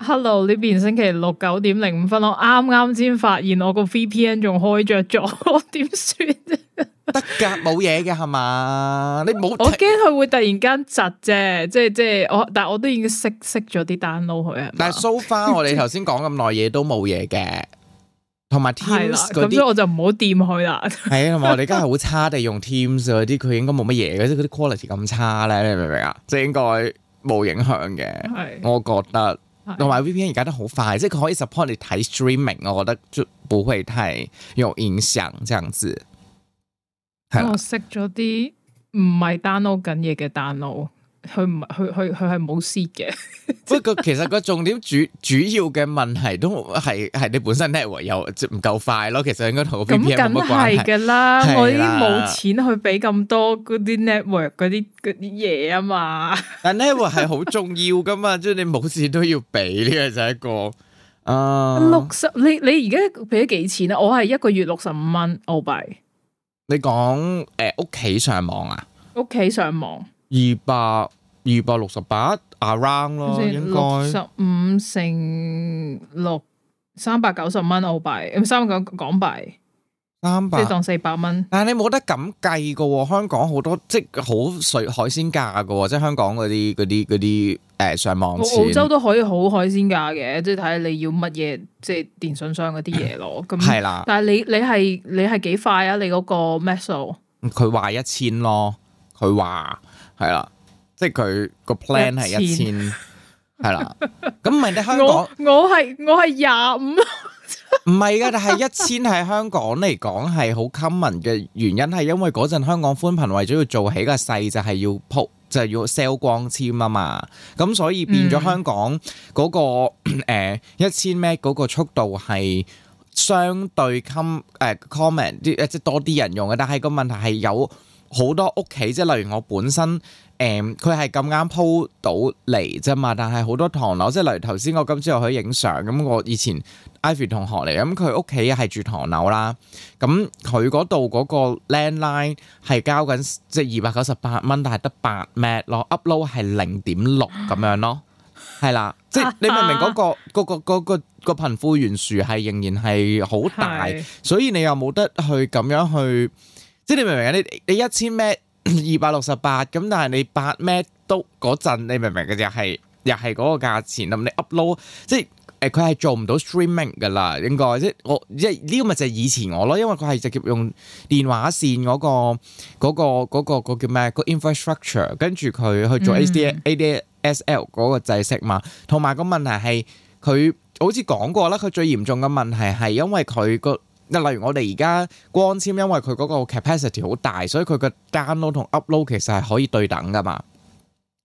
Hello，呢邊星期六九點零五分，我啱啱先發現我個 VPN 仲開着咗，點 算？得噶，冇嘢嘅係嘛？你冇，我驚佢會突然間窒啫，即係即係我，但我都已經熄熄咗啲 download 佢啊。但係 so far 我哋頭先講咁耐嘢都冇嘢嘅，同埋 Teams 咁，所以我就唔好掂佢啦。係 啊，我哋而家係好差地用 Teams 嗰啲，佢應該冇乜嘢嘅，即係嗰啲 quality 咁差咧，你明唔明啊？即係應該冇影響嘅，係的我覺得。同埋 VPN 而家都好快，即係佢可以 support 你睇 streaming，我覺得就唔會太有影響，這樣子。嗯、係啦。我識咗啲唔係 download 緊嘢嘅 download。佢唔佢佢佢係冇泄嘅。不過其實個重點主主要嘅問題都係係你本身 network，又唔夠快咯。其實應該同 BPM 冇關係。咁梗係噶啦，我已經冇錢去俾咁多嗰啲 network 嗰啲嗰啲嘢啊嘛。但 network 係好重要噶嘛，即係你冇錢都要俾呢個就一個。啊，六十，你你而家俾咗幾錢啊？我係一個月六十五蚊澳幣。你講誒屋企上網啊？屋企上網二百。二百六十八 around 咯，應該六十五乘六三百九十蚊澳幣，唔三九港幣，三百 300, 即當四百蚊。但係你冇得咁計噶喎，香港好多即好水海鮮價噶，即係香港嗰啲嗰啲嗰啲誒上網。澳洲都可以好海鮮價嘅，即係睇下你要乜嘢，即係電訊商嗰啲嘢咯。咁係 那啦。但係你你係你係幾快啊？你嗰個咩數？佢話一千咯，佢話係啦。即係佢個 plan 係一千，係啦。咁唔係你香港，我係我係廿五。唔係噶，但係一千喺香港嚟講係好 common 嘅原因，係因為嗰陣香港寬頻為咗要做起個勢，就係要鋪，就係要 sell 光纖啊嘛。咁所以變咗香港嗰個誒一千 Mbps 嗰個速度係相對 com 誒 common 啲，誒即係多啲人用嘅。但係個問題係有好多屋企，即係例如我本身。誒佢係咁啱鋪到嚟啫嘛，但係好多唐樓，即係例如頭先我今朝又去影相，咁我以前 Ivy 同學嚟，咁佢屋企係住唐樓啦，咁佢嗰度嗰個 landline 係交緊，即係二百九十八蚊，但係得八 Mbps，upload 係零點六咁樣咯，係 啦，即係你明唔明嗰個嗰個嗰個嗰個嗰個嗰個貧富懸殊係仍然係好大， 所以你又冇得去咁樣去，即係你明唔明啊？你你一千 Mbps 二百六十八咁，但係你八咩都嗰陣，你明唔明嘅？就係又係嗰個價錢，咁你 upload 即係誒，佢係做唔到 streaming 噶啦，應該即係我即係呢個咪就係以前我咯，因為佢係直接用電話線嗰、嗰個嗰、嗰個嗰、嗰個嗰個嗰個叫咩個 infrastructure，跟住佢去做 ADADSL、嗯、嗰個制式嘛，同埋個問題係佢好似講過啦，佢最嚴重嘅問題係因為佢個。那例如我哋而家光纖，因為佢嗰個 capacity 好大，所以佢嘅 download 同 upload 其實係可以對等噶嘛，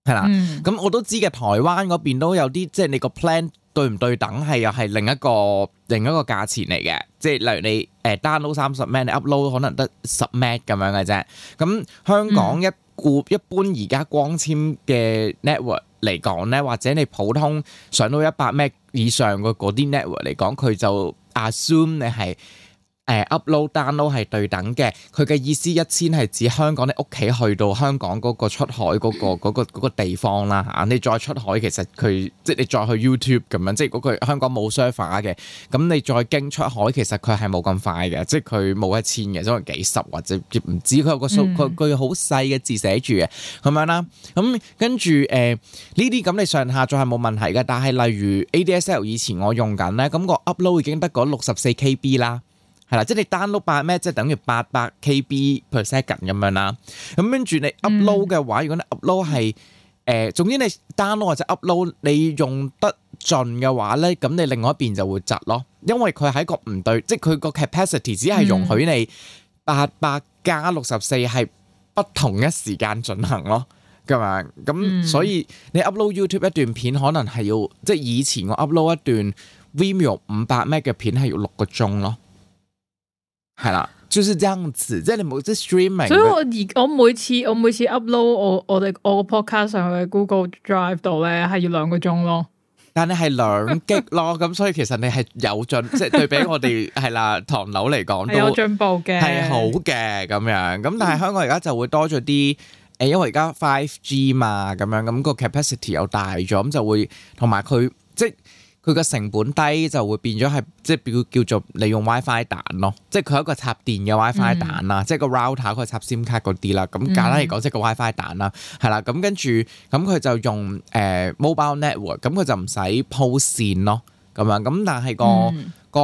係啦。咁、嗯嗯、我都知嘅，台灣嗰邊都有啲，即係你個 plan 對唔對等係又係另一個另一個價錢嚟嘅。即係例如你誒、呃、download 三十 Mbps，你 upload 可能得十 Mbps 咁樣嘅啫。咁、嗯嗯、香港一固一般而家光纖嘅 network 嚟講咧，或者你普通上到一百 Mbps 以上嘅嗰啲 network 嚟講，佢就 assume 你係。誒、uh, upload、download 係對等嘅。佢嘅意思一千係指香港你屋企去到香港嗰個出海嗰、那個嗰、那個那個、地方啦嚇、啊。你再出海其實佢即係你再去 YouTube 咁樣，即係如果香港冇 server 嘅，咁你再經出海其實佢係冇咁快嘅，即係佢冇一千嘅，因係幾十或者唔知佢個數，佢佢好細嘅字寫住嘅咁樣啦。咁跟住誒呢啲咁你上下再係冇問題嘅。但係例如 ADSL 以前我用緊咧，咁、那個 upload 已經得嗰六十四 KB 啦。嗯、即係你 download 八咩，即係等於八百 KB per second 咁樣啦。咁跟住你 upload 嘅話，如果你 upload 係誒，總之你 download 或者 upload 你用得盡嘅話咧，咁你另外一邊就會窒咯，因為佢係一個唔對，即係佢個 capacity 只係容許你八百加六十四係不同一時間進行咯，㗎嘛咁，所以你 upload YouTube 一段片可能係要即係以前我 upload 一段 Vimeo 五百 MB 嘅片係要六個鐘咯。係啦，就是這樣子。即係你冇即係 streaming，所以我而我每次我每次 upload 我我哋我個 podcast 上去 Google Drive 度咧，係要兩個鐘咯。但係係兩 G 咯，咁 所以其實你係有進，即係對比我哋係 啦唐樓嚟講，都有進步嘅，係好嘅咁樣。咁但係香港而家就會多咗啲，誒，因為而家 Five G 嘛，咁樣咁個 capacity 又大咗，咁就會同埋佢。佢個成本低就會變咗係即係叫叫做利用 WiFi 蛋咯，即係佢係一個插電嘅 WiFi 蛋啦，嗯、即係個 router 佢插 SIM 卡嗰啲啦。咁簡單嚟講，即係個 WiFi 蛋啦，係、嗯、啦。咁跟住咁佢就用誒 mobile network，咁佢就唔使鋪線咯，咁樣咁。但係、嗰個、嗯、個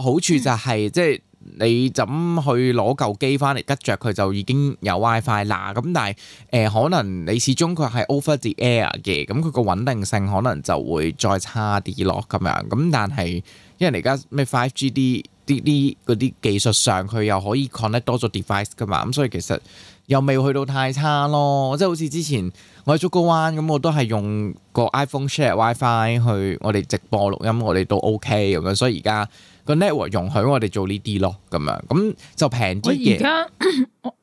好處就係、是嗯、即係。你怎去攞舊機翻嚟吉着佢就已經有 WiFi 啦咁，但係誒、呃、可能你始終佢係 over the air 嘅，咁佢個穩定性可能就會再差啲咯咁樣。咁但係因為而家咩 5G 啲啲嗰啲技術上佢又可以 connect 多咗 device 噶嘛，咁所以其實又未去到太差咯。即係好似之前我喺竹篙灣咁，我都係用個 iPhone share WiFi 去我哋直播錄音，我哋都 OK 咁樣，所以而家。個 network 容許我哋做呢啲咯，咁樣咁就平啲。我而家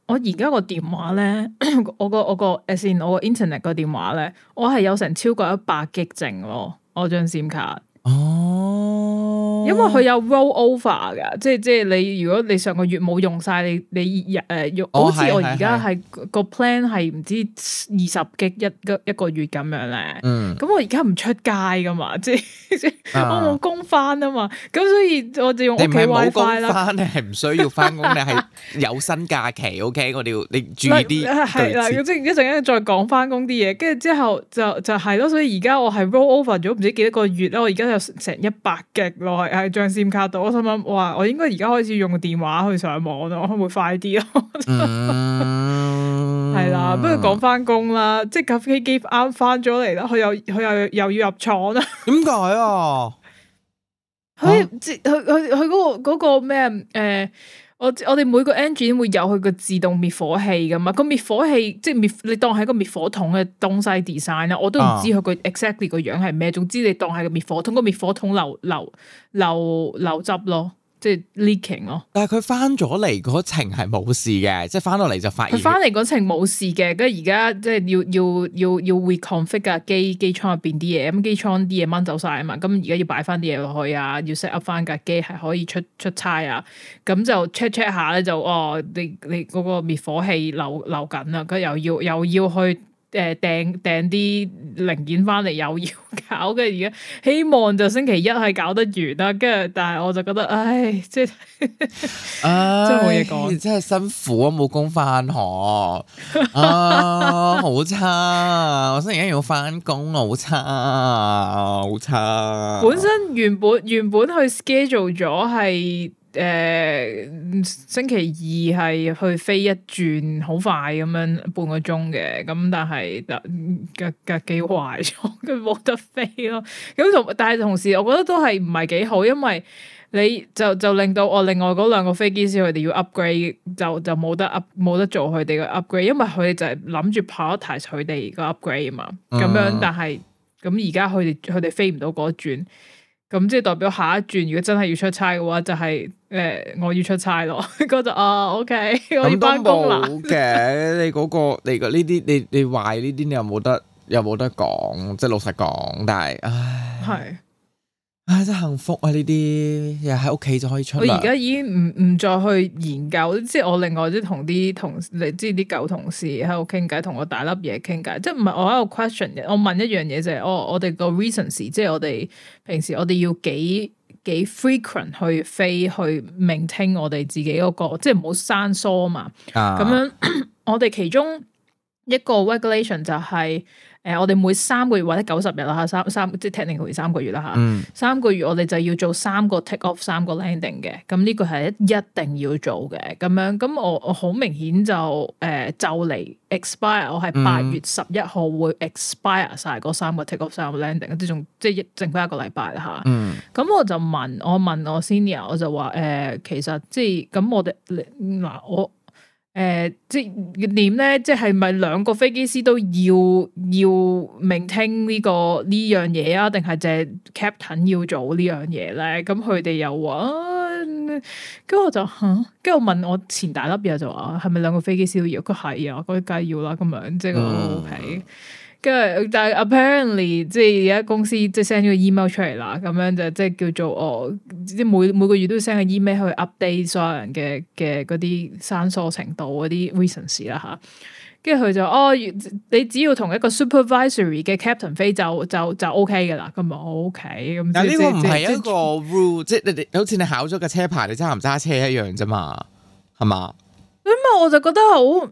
我而家個電話咧，我個我個誒線，我個 in internet 個電話咧，我係有成超過一百 G 剩咯，我張 sim 卡。哦，因為佢有 roll over 噶即係即係你如果你上個月冇用晒你你誒用，好似我而家係個 plan 係唔知二十幾一一個月咁樣咧。哦、嗯，咁我而家唔出街噶嘛，即係、啊、 我冇工翻啊嘛。咁所以我就用屋企 WiFi。你唔係冇工翻，你係唔需要翻工，你係有薪假期。 OK，我哋要你注意啲。係啦，咁即係一陣間再講翻工啲嘢，跟住之後就就係咯。所以而家我係 roll over 咗唔知幾多個月啦，我而家。就成一百 G 咯，喺喺張 SIM 卡度。我心諗，哇！我應該而家開始用電話去上網咯，會，會快啲咯、啊。係 啦、嗯， 不如講翻工啦。即係架咖啡機啱翻咗嚟啦，佢又佢又又，又要入廠啦。點解啊？佢佢佢嗰個、那個咩誒？呃我我哋每個 engine 都會有佢個自動滅火器噶嘛，個滅火器即係滅，你當係一個滅火筒嘅東西 design 啦，我都唔知佢個、啊、exactly 個樣係咩，總之你當係個滅火筒，個滅火筒流流流流汁咯。即係 leaking 咯，但係佢翻咗嚟嗰程係冇事嘅，即係翻到嚟就發現。佢翻嚟嗰程冇事嘅，跟住而家即係要要要要 reconfigure 機機艙入邊啲嘢，咁機艙啲嘢掹走晒啊嘛，咁而家要擺翻啲嘢落去啊，要 set up 翻架機係可以出出差啊，咁就 check check 下咧就哦，你你嗰個滅火器漏漏緊啊，跟住又要又要去。誒、呃，訂訂啲零件翻嚟又要搞嘅，而家希望就星期一係搞得完啦。跟住，但係我就覺得，唉，即係，唉、 哎，真係冇嘢講，真係辛苦啊！冇工翻學啊，好 差！我星期一要翻工，好差，好差。本身原本原本去 schedule 咗係。誒、呃，星期二係去飛一轉，好快咁樣半個鐘嘅，咁但係架架架機壞咗，佢冇得飛咯、啊。咁同但係同時，我覺得都係唔係幾好，因為你就就令到我另外嗰兩個飛機師佢哋要 upgrade，就就冇得 up 冇得做佢哋嘅 upgrade，因為佢哋就係諗住跑一題佢哋個 upgrade 嘛。咁樣，嗯、但係咁而家佢哋佢哋飛唔到嗰一轉。咁即係代表下一轉，如果真係要出差嘅話，就係、是、誒、呃，我要出差咯。嗰陣啊，OK， 我要翻工啦。咁冇嘅， 你嗰、個，你、個呢啲，你你壞呢啲，你又冇得又冇得講。即係老實講，但係，唉。係。啊！真幸福啊！呢啲日喺屋企就可以出。我而家已經唔唔再去研究，即係我另外都同啲同事，即係啲舊同事喺度傾偈，同我大粒嘢傾偈。即係唔係我喺度 question 嘅，我問一樣嘢就係我我哋個 reasons 即係我哋平時我哋要幾幾 frequent 去去去 maintain 我哋自己嗰個，即係唔好生疏嘛。咁、啊、樣、啊、 我哋其中一個 regulation 就係、是。誒、呃，我哋每三個月或者九十日啦吓，三三即係 technically 三個月啦吓，嗯、三個月我哋就要做三個 take off，三個 landing 嘅。咁、這、呢個係一一定要做嘅，咁樣，咁我我好明顯就誒、呃、就嚟 expire，我係八月十一號會 expire 晒個三個 take off，三個 landing，即仲即係剩翻一個禮拜啦吓，咁、嗯嗯、我就問，我問我 senior，我就話誒、呃，其實即係咁我哋嗱我。誒、呃，即係點咧？即係咪兩個飛機師都要要明聽呢個呢樣嘢啊？定係淨係 captain 要做呢樣嘢咧？咁佢哋又話，跟住我就吓，咁我問我前大粒嘢，就話，係咪兩個飛機師都要？佢係、這個這個、啊，佢梗係要啦，咁樣，我、嗯、我大大是是我樣即係個 OK。啊跟住，但係 apparently 即係而家公司即係 send 咗個 email 出嚟啦，咁樣就即係叫做哦，即係每每個月都要 send 個 email 去 update 所有人嘅嘅嗰啲生疏程度嗰啲 reasons 啦吓。跟住佢就哦，你只要同一個 supervisory 嘅 Captain 飛，飛就，就就就 OK 噶啦，咁啊 OK。但係呢個唔係一個 rule，即係你你好似你考咗個車牌，你揸唔揸車一樣啫嘛，係嘛？咁啊，我就覺得好。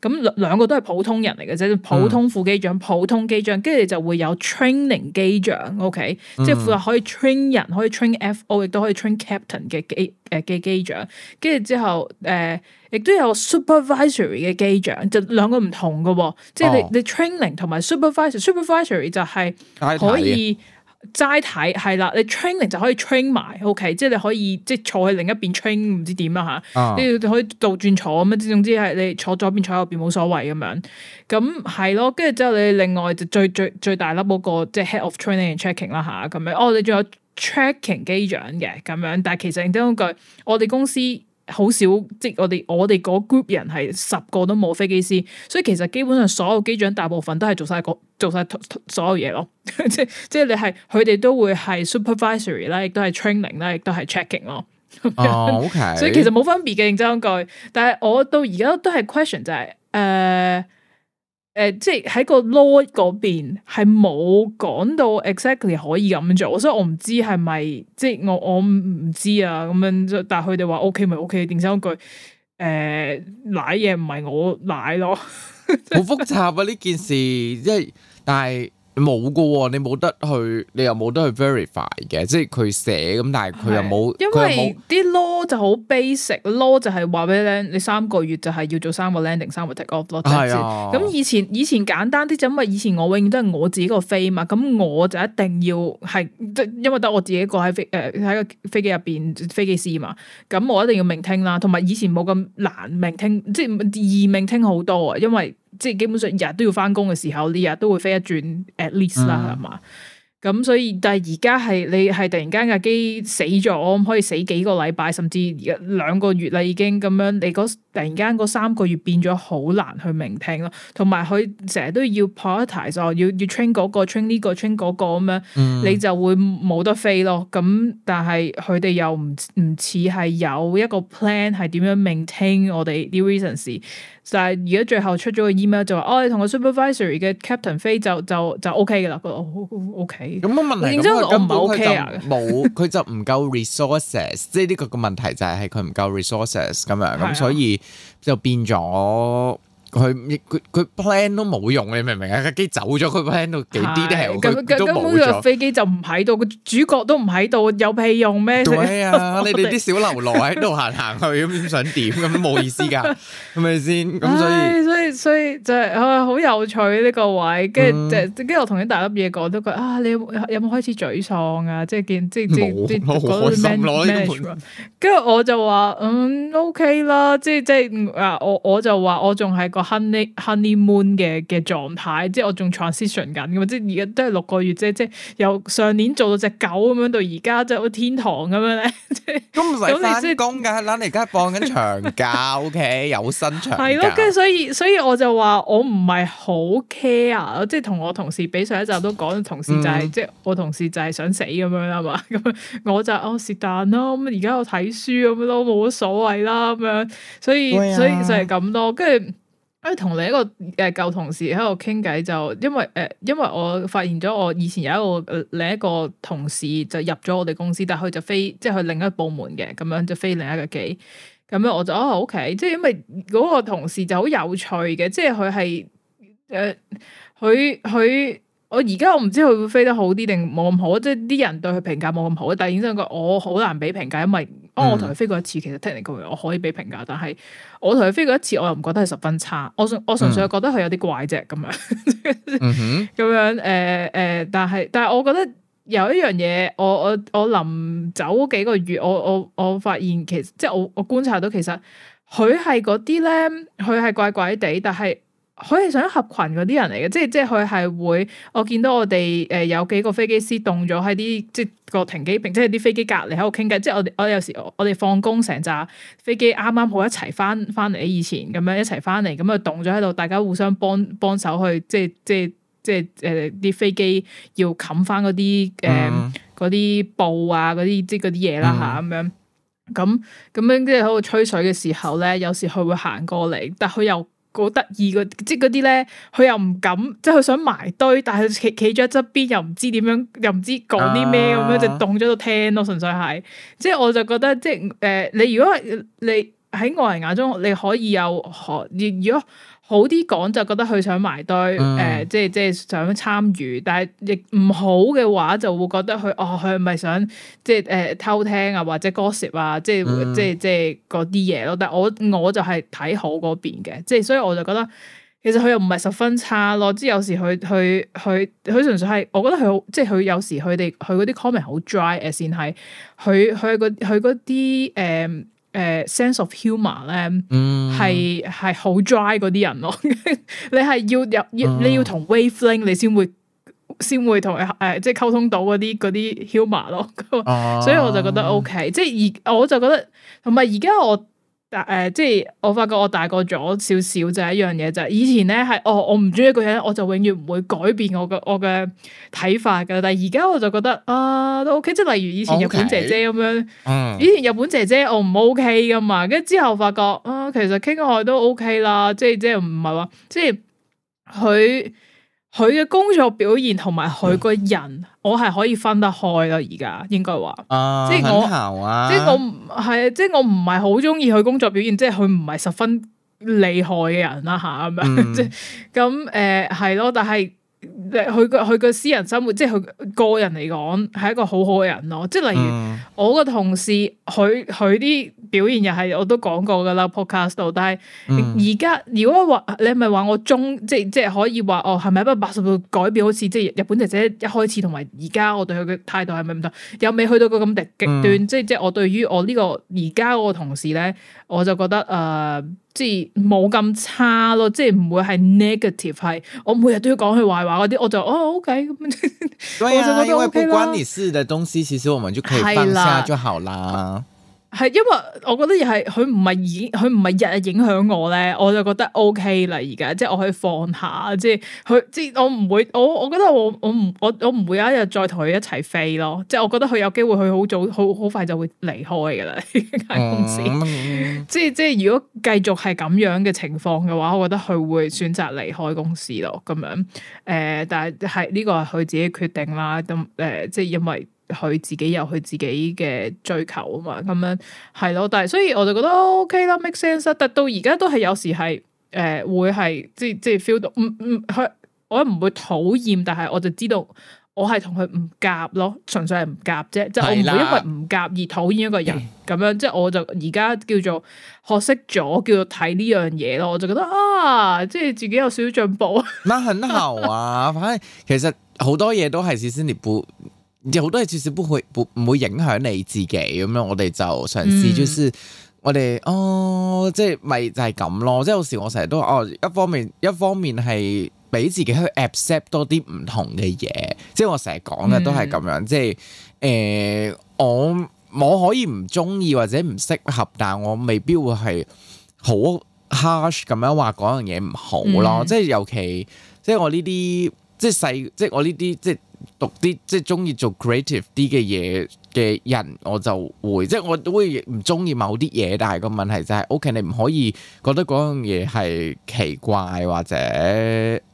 咁兩兩個都係普通人嚟嘅啫，普通副機長、普通機長，跟住就會有 training 機長，OK，嗯、即係負責可以 train 人、可以 train FO，亦都可以 train captain 嘅機誒嘅機長。跟住之後誒，亦、呃、都有 supervisory 嘅機長，就兩個唔同嘅喎。即係你你 training 同埋 supervisory，supervisory 就係可以。齋睇係啦，你 training 就可以 train 埋，OK，即係你可以即係坐喺另一邊 train 唔知點啦吓，啊、你要可以倒轉坐咁樣，總之係你坐左邊坐右邊冇所謂咁樣，咁係咯，跟住之後你另外就最最最大粒嗰個即係 head of training and checking Tr 啦吓，咁樣哦，你仲有 checking 機長嘅咁樣，但係其實你聽嗰句，我哋公司。好少，即我哋我哋嗰 group 人係十個都冇飛機師，所以其實基本上所有機長大部分都係做晒個做晒所有嘢咯，即係即係你係佢哋都會係 supervisory 啦，亦都係 training 啦，亦都係 checking 咯。哦 o、oh, okay. 所以其實冇分別嘅，認真一句。但係我到而家都係 question 就係、是、誒。呃誒、呃，即係喺個 law 嗰邊係冇講到 exactly 可以咁做，所以我唔知係咪即係我我唔知啊咁樣，但係佢哋話 OK 咪 OK，點解嗰句誒奶嘢唔係我奶咯？ 好 複雜啊呢件事，即係但係。冇噶喎，你冇得去，你又冇得去 verify 嘅，即係佢寫咁，但係佢又冇，因為又啲 law 就好 basic，law 就係話俾你聽，你三個月就係要做三個 landing，三個 takeoff 多啲先。咁是、啊、以前以前簡單啲就因為以前我永遠都係我自己個飛嘛，咁我就一定要係，因為得我自己一個喺飛誒喺、呃、個飛機入邊飛機師嘛，咁我一定要命聽啦，同埋以前冇咁難命聽，即係易命聽好多啊，因為。即係基本上日都要返工嘅時候，呢日都會飛一轉 at least 啦、嗯，係嘛？咁所以但係而家係你係突然間架機死咗，可以死幾個禮拜，甚至兩個月啦已經咁樣。你嗰突然間嗰三個月變咗好難去聆聽咯，同埋佢成日都要 parties 哦，要要 train 嗰、那個 train 呢、這個 train 嗰、那個咁樣，嗯、你就會冇得飛咯。咁但係佢哋又唔唔似係有一個 plan 係點樣聆聽我哋啲 reasons。但係如果最後出咗個 email 就話哦，你同個 supervisory 嘅 captain 飛就就就 OK 嘅啦，哦，OK。咁個問題係點解佢唔 OK，根本就冇，佢就唔夠 resources，即係呢個個問題就係係佢唔夠 resources 咁樣，咁所以就變咗。佢佢佢 plan 都冇用，你明唔明啊？架機走咗，佢 plan 到幾啲都係佢都冇咗。根本個飛機就唔喺度，個主角都唔喺度，有屁用咩？對啊，你哋啲小流浪喺度行行去，咁想點？咁都冇意思噶，係咪先？咁所以所以所以就係啊，好有趣呢個位。跟住即係跟住我同啲大粒嘢講，都佢啊，你有有冇開始沮喪啊？即係見即即即講咁咯。跟住我就話嗯，OK 啦，即即啊我我就話我仲喺個。honey honeymoon 嘅嘅狀態，即係我仲 transition 緊㗎嘛，即係而家都係六個月，啫。即係由上年做到隻狗咁樣，到而家即係好似天堂咁樣咧。咁唔使翻工噶，嗱， 即你而家放緊長假 ，O、okay, K，有新長假。係咯，跟住所以所以，所以我就話我唔係好 care，即係同我同事比上一集都講，同事就係即係我同事就係想死咁樣啊嘛，咁我就哦，是但咯，咁而家我睇書咁樣咯，冇乜所謂啦咁樣，所以，所以，、啊、所，以所以就係咁咯，跟住。因為同另一個誒舊、呃、同事喺度傾偈，就因為誒、呃，因為我發現咗我以前有一個、呃、另一個同事就入咗我哋公司，但佢就飛即係去另一個部門嘅，咁樣就飛另一個機，咁樣我就哦 O、okay、K，即係因為嗰個同事就好有趣嘅，即係佢係誒佢佢我而家我唔知佢會飛得好啲定冇咁好，即係啲人對佢評價冇咁好，但係點解我好難俾評價，因為。哦，我同佢飛過一次，其實 technical 我可以俾評價，但係我同佢飛過一次，我又唔覺得係十分差。我純我純粹係覺得佢有啲怪啫咁樣，咁樣誒誒、嗯哼呃呃，但係但係我覺得有一樣嘢，我我我臨走幾個月，我我我發現其實即係我我觀察到其實佢係嗰啲咧，佢係怪怪地，但係。佢係想合群嗰啲人嚟嘅，即係即係佢係會，我見到我哋誒、呃、有幾個飛機師凍咗喺啲即係個停機坪，即係啲飛機隔籬喺度傾偈。即係我哋，我哋有時我哋放工成紮飛機啱啱好一齊翻翻嚟，以前咁樣一齊翻嚟，咁啊，凍咗喺度，大家互相幫幫手去，即係即係即係誒啲飛機要冚翻嗰啲誒嗰啲布啊，嗰啲即係嗰啲嘢啦下咁樣，咁咁樣，樣即係喺度吹水嘅時候咧，有時佢會行過嚟，但佢又。好得意嘅，即嗰啲咧，佢又唔敢，即佢想埋堆，但係企企咗喺側邊又唔知點樣，又唔知講啲咩咁樣，就凍咗度聽咯，純粹係，即我就覺得，即誒、呃，你如果你喺外人眼中，你可以有可，而如果。好啲講就覺得佢想埋堆，誒、嗯呃，即係即係想參與，但係亦唔好嘅話就會覺得佢哦，佢唔係想即係誒、呃、偷聽啊，或者 gossip 啊，即係、嗯、即係即係嗰啲嘢咯。但我我就係睇好嗰邊嘅，即係所以我就覺得其實佢又唔係十分差咯。即係有時佢佢佢佢純粹係，我覺得佢即係佢有時佢哋佢嗰啲 comment 好 dry 誒先係，佢佢個佢嗰啲誒。誒、uh, sense of humour 咧係係、mm。好 dry 嗰啲人咯 你，你係要入要你要同 wavelength 你先會先會同誒、呃、即係溝通到嗰啲嗰啲 humor 咯 ，uh。所以我就覺得 OK，即係而我就覺得同埋而家我。但誒、呃，即係我發覺我大個咗少少，就係、是、一樣嘢就係，以前咧係，哦，我唔中意一個人，我就永遠唔會改變我嘅我嘅睇法嘅。但係而家我就覺得啊，都 OK。即係例如以前日本姐姐咁樣，Okay. 以前日本姐姐我唔 OK 噶嘛，跟住之後發覺啊，其實傾開都 OK 啦。即係即係唔係話即係佢。佢嘅工作表現同埋佢個人， 我係可以分得開啦。而家應該話，即係我，即係我唔係啊，即係我唔係好中意佢工作表現，即係佢唔係十分厲害嘅人啦下，咁樣。即係咁，誒係咯，但係。佢個佢個私人生活，即係佢個人嚟講，係一個好好嘅人咯。即係例如、嗯、我個同事，佢佢啲表現又係我都講過㗎喇，podcast 度，但係而家如果話你係咪話我中，即係即係可以話哦，係咪一百八十度改變？好似即係日本姐姐一開始同埋而家我對佢嘅態度係咪唔同？又未去到個咁極極端，嗯、即係即我對於我呢個而家我同事咧。我就覺得誒、呃，即係冇咁差咯，即係唔會係 negative，係我每日都要講佢壞話嗰啲，我就哦 OK 咁、 啊。對 我就覺得、okay，因為不關你事嘅東西，其實我們就可以放下就好啦。係，因為我覺得又係佢唔係影，佢唔係日日影響我咧，我就覺得 OK 啦。而家即係我可以放下，即係佢，即係我唔會，我我覺得我我唔我我唔會有一日再同佢一齊飛咯。即係我覺得佢有機會，佢好早好好快就會離開噶啦呢間公司。嗯、即係即係如果繼續係咁樣嘅情況嘅話，我覺得佢會選擇離開公司咯。咁樣誒、呃，但係呢個係佢自己決定啦。咁誒、呃，即係因為。佢自己有佢自己嘅追求啊嘛，咁樣係咯，但係所以我就覺得 OK 啦，make sense 啦，但到而家都係有時係誒、呃，會係即係即係 feel 到，唔唔，佢我唔會討厭，但係我就知道我係同佢唔夾咯，純粹係唔夾啫。即係我唔會因為唔夾而討厭一個人咁樣。即係我就而家叫做學識咗，叫做睇呢樣嘢咯。我就覺得啊，即係自己有少少進步。那很好啊，反正 其實好多嘢都係小勝利有好多嘢至少不會唔會影響你自己咁樣，我哋就嘗試，就是、mm. 我哋哦，即係咪就係咁咯？即係有時我成日都哦，一方面一方面係俾自己去 accept 多啲唔同嘅嘢，即係我成日講嘅都係咁樣，mm. 即係誒、呃、我我可以唔中意或者唔適合，但係我未必會係好 harsh 咁樣話嗰樣嘢唔好咯。Mm. 即係尤其即係我呢啲即係細即係我呢啲即係。讀啲即係鍾意做 creative 啲嘅嘢嘅人，我就會即係我都會唔鍾意某啲嘢，但係個問題就係，OK 你唔可以覺得嗰樣嘢係奇怪或者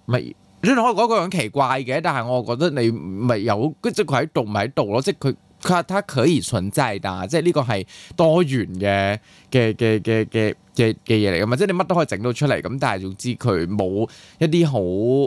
咪，即係可以覺得樣奇怪嘅，但係我覺得你咪有即佢喺度咪喺度咯，即係佢佢話可以存在，但係即係呢個係多元嘅嘅嘅嘅嘅嘅嘅嘢嚟嘅嘛，即係你乜都可以整到出嚟咁，但係總之佢冇一啲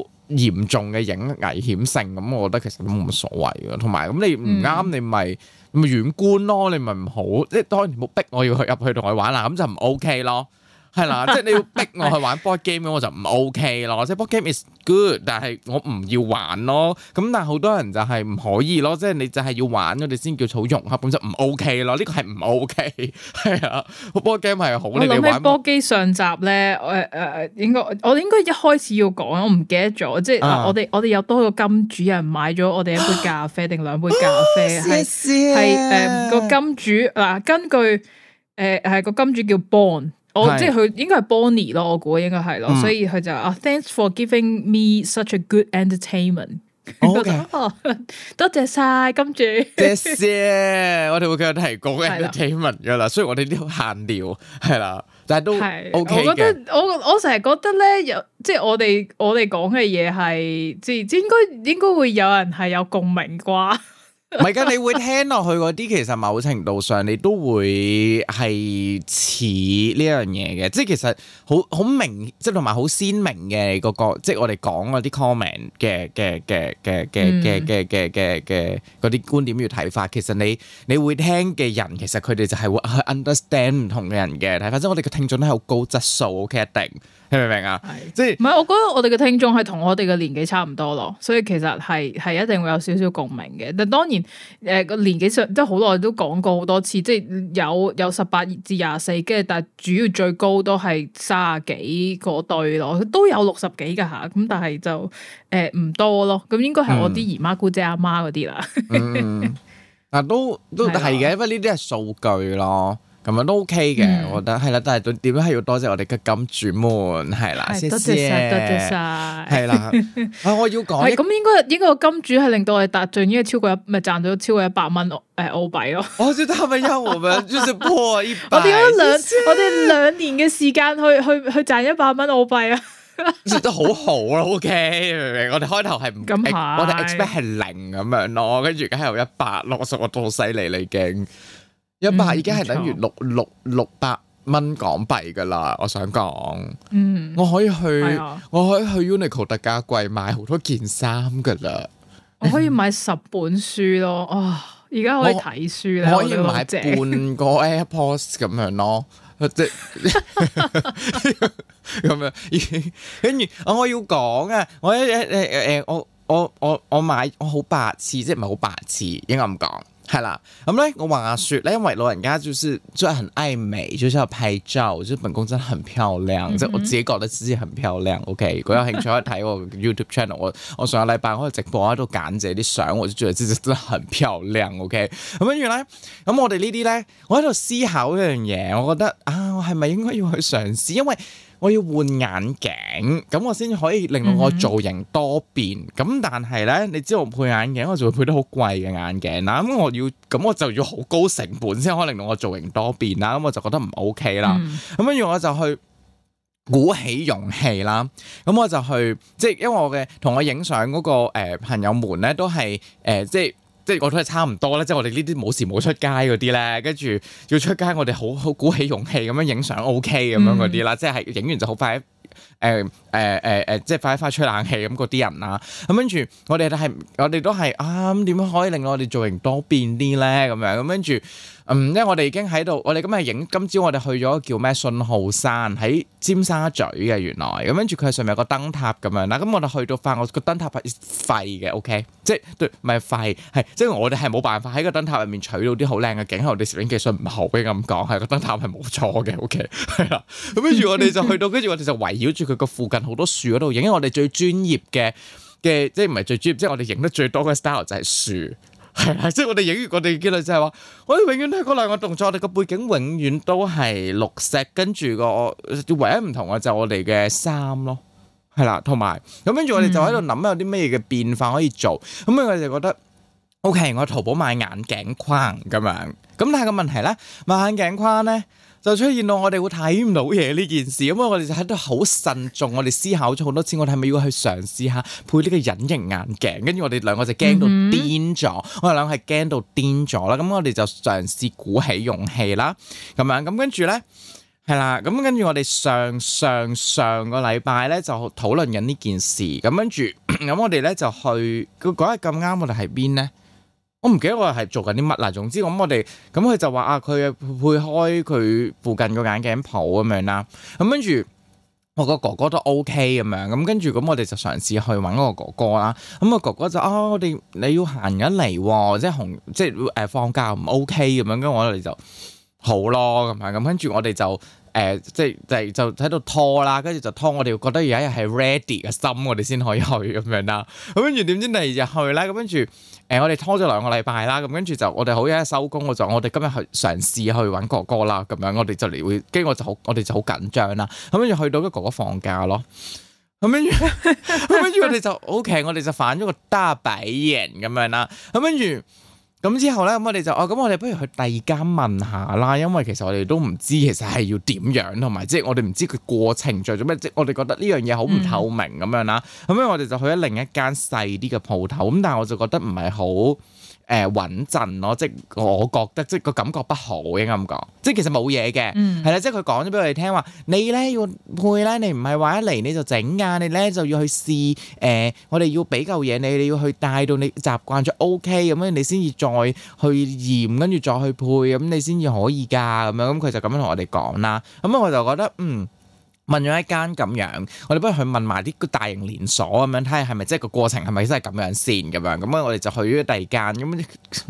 好。嚴重嘅影危險性，咁我覺得其實都冇乜所謂嘅。同埋咁你唔啱、嗯，你咪咪遠觀咯，你咪唔好，即係當然冇逼我要去入去同佢玩啦，咁就唔 OK 咯。係啦，即係你要逼我去玩 board game 咁，我就唔 OK 咯。即係 board game is good，但係我唔要玩咯。咁但係好多人就係唔可以咯，即係你就係要玩我哋先叫草融合，咁就唔 OK 咯。呢個係唔 OK，係啊，board game 係好。我諗起 board game 上集咧，誒誒誒，應該我應該一開始要講，我唔記得咗。即係嗱，我哋我哋有多個金主人買咗我哋一杯咖啡定兩杯咖啡啊，係誒個金主嗱，根據誒係個金主叫 Born。我即係佢應該係 Bonnie 咯，我估應該係咯，所以佢就啊，Thanks for giving me such a good entertainment。哦 okay. 多謝晒，跟住，謝，謝我哋會繼續提供 entertainment 噶啦的，雖然我哋都好閒聊，係啦，但係都 OK。我覺得的我我成日覺得咧，有即係我哋我哋講嘅嘢係，即係應該應該會有人係有共鳴啩。唔係㗎，你會聽落去嗰啲，其實某程度上你都會係似呢樣嘢嘅。即係其實好好明，即係同埋好鮮明嘅嗰個，即係我哋講嗰啲 comment 嘅嘅嘅嘅嘅嘅嘅嘅嘅嘅嗰啲觀點要睇法。其實你你會聽嘅人，其實佢哋就係會去 understand 唔同嘅人嘅睇法。反正我哋嘅聽眾都係好高質素 o、okay? 一定。聽唔明啊？係是即係，唔係我覺得我哋嘅聽眾係同我哋嘅年紀差唔多咯，所以其實係係一定會有少少共鳴嘅。但當然，誒、呃、個年紀上即係好耐都講過好多次，即係有有十八至廿四，跟住但係主要最高都係卅幾嗰對咯，都有六十幾噶吓，咁但係就誒唔、呃、多咯，咁應該係我啲姨媽姑姐阿媽嗰啲啦。嗱，都都係嘅，因為呢啲係數據咯。咁樣都 OK 嘅，我覺得係啦，但係點點樣係要多謝我哋嘅金主們係啦，多謝多謝晒係啦，啊我要講，咁應該應該個金主係令到我哋達，就已經超過一，咪賺咗超過一百蚊誒澳幣咯。我知得，我哋兩我哋兩年嘅時間去去去賺一百蚊澳幣啊，都好好咯，OK，我哋開頭係唔，咁吓，我哋 expect 係零咁樣咯，跟住而家又一百，囉嗦我都好犀利你驚。一百、嗯、已經係等於六六六百蚊港幣㗎喇，我想講，嗯、我可以去，哎、呦我可以去 Uniqlo 特價櫃買好多件衫㗎喇，我可以買十本書咯，啊，而家可以睇書咧，可以買半個 AirPods 咁樣咯，即係咁樣，跟住我要講啊，我誒誒誒我我我我買我好白痴，即係唔係好白痴，應該咁講。係啦，咁咧、啊、我話說，因為老人家就是真係很愛美，就是要拍照，覺、就、得、是、本宮真係很漂亮，嗯、哼我自己覺得自己很漂亮。OK， 如果有興趣可以睇我 YouTube channel，我我上個禮拜我喺度直播，我喺度揀者啲相，我就覺得自己真係很漂亮。OK，咁原來咁我哋呢啲咧，我喺度思考一樣嘢，我覺得啊，我係咪應該要去嘗試，因為。我要換眼鏡，咁我先可以令到我造型多變。咁、mm hmm. 但係咧，你知道我配眼鏡我就會配得好貴嘅眼鏡。嗱，咁我要，咁我就要好高成本先可以令到我造型多變啦。咁我就覺得唔 OK 啦。咁跟住、mm hmm. 我就去鼓起勇氣啦。咁我就去，即係因為我嘅同我影相嗰個、呃、朋友們咧，都係誒、呃、即係。即係我都係差唔多咧，即係我哋呢啲冇時冇出街嗰啲咧，跟住要出街我哋好好鼓起勇氣咁樣影相，OK 咁樣嗰啲啦，即係影完就好快誒誒誒誒，即係快快吹冷氣咁嗰啲人啦。咁跟住我哋咧係我哋都係啊，咁點樣可以令我哋造型多變啲咧？咁樣咁跟住。嗯，因為我哋已經喺度，我哋今日影今朝我哋去咗叫咩信號山喺尖沙咀嘅，原來咁跟住佢上面有個燈塔咁樣，嗱咁我哋去到發現個燈塔係廢嘅，OK，即係對，唔係廢係，即係我哋係冇辦法喺個燈塔入面取到啲好靚嘅景，因為我哋攝影技術唔好，我咁講係個燈塔係冇錯嘅，OK，係啦，咁跟住我哋就去到，跟住我哋就圍繞住佢個附近好多樹嗰度影，我哋最專業嘅嘅，即係唔係最專業，即係我哋影得最多嘅 style 就係樹。係啦，即係我哋影完我哋嘅結論就係話，我哋永遠都係嗰兩個動作，我哋個背景永遠都係綠色，跟住個唯一唔同嘅就係我哋嘅衫咯，係啦，同埋咁跟住我哋就喺度諗有啲咩嘅變化可以做，咁樣，我哋就覺得。O.K. 我淘寶買眼鏡框咁樣，咁但係個問題咧，買眼鏡框咧就出現到我哋會睇唔到嘢呢件事，咁我哋就喺度好慎重，我哋思考咗好多次，我哋係咪要去嘗試下配呢個隱形眼鏡？跟住我哋兩個就驚到癲咗，mm hmm. 我哋兩個係驚到癲咗啦。咁我哋就嘗試鼓起勇氣啦，咁樣咁跟住咧，係啦，咁跟住我哋上上上個禮拜咧就討論緊呢件事，咁跟住咁我哋咧就去個嗰日咁啱，我哋喺邊咧？我唔記得我係做緊啲乜啦。總之咁，我哋咁佢就話啊，佢配開佢附近個眼鏡鋪咁樣啦。咁跟住我個哥哥都 OK 咁樣。咁跟住咁，我哋就嘗試去揾嗰個哥哥啦。咁個哥哥就啊，我哋、哦、你要行緊嚟喎，即係紅即係誒、呃、放假唔 OK 咁樣。跟住我哋就好咯。咁樣咁跟住我哋就。誒、呃、即係就喺度拖啦，跟住就拖，我哋覺得而家日係 ready 嘅心，我哋先可以去咁樣啦。咁跟住點知第二日去啦，咁跟住誒我哋拖咗兩個禮拜啦，咁跟住就我哋好一收工，我就我哋今日去嘗試去揾哥哥啦，咁樣我哋就嚟會，跟住我就好，我哋就好緊張啦。咁跟住去到咧，哥哥放假咯，咁樣，咁跟住我哋就 OK，我哋就反咗個大白眼咁樣啦，咁跟住。咁之後咧，咁我哋就哦，咁我哋不如去第二間問下啦，因為其實我哋都唔知其實係要點樣，同埋即係我哋唔知佢過程做咗咩，即我哋覺得呢樣嘢好唔透明咁、嗯、樣啦。咁咧，我哋就去咗另一間細啲嘅鋪頭，咁但係我就覺得唔係好。誒穩、呃、陣咯，即我覺得即係個感覺不好應該咁講，即其實冇嘢嘅，係啦、嗯，即係佢講咗俾我哋聽話，你咧要配咧，你唔係話一嚟你就整㗎、啊，你咧就要去試誒、呃，我哋要俾嚿嘢你，你要去帶到你習慣咗 OK 咁、嗯、樣，你先至再去驗，跟住再去配，咁、嗯、你先至可以㗎咁樣，咁佢就咁樣同我哋講啦，咁我就覺得嗯。問咗一間咁樣，我哋不如去問埋啲大型連鎖咁樣，睇下係咪即係個過程係咪真係咁樣先咁樣，咁啊我哋就去咗第二間，咁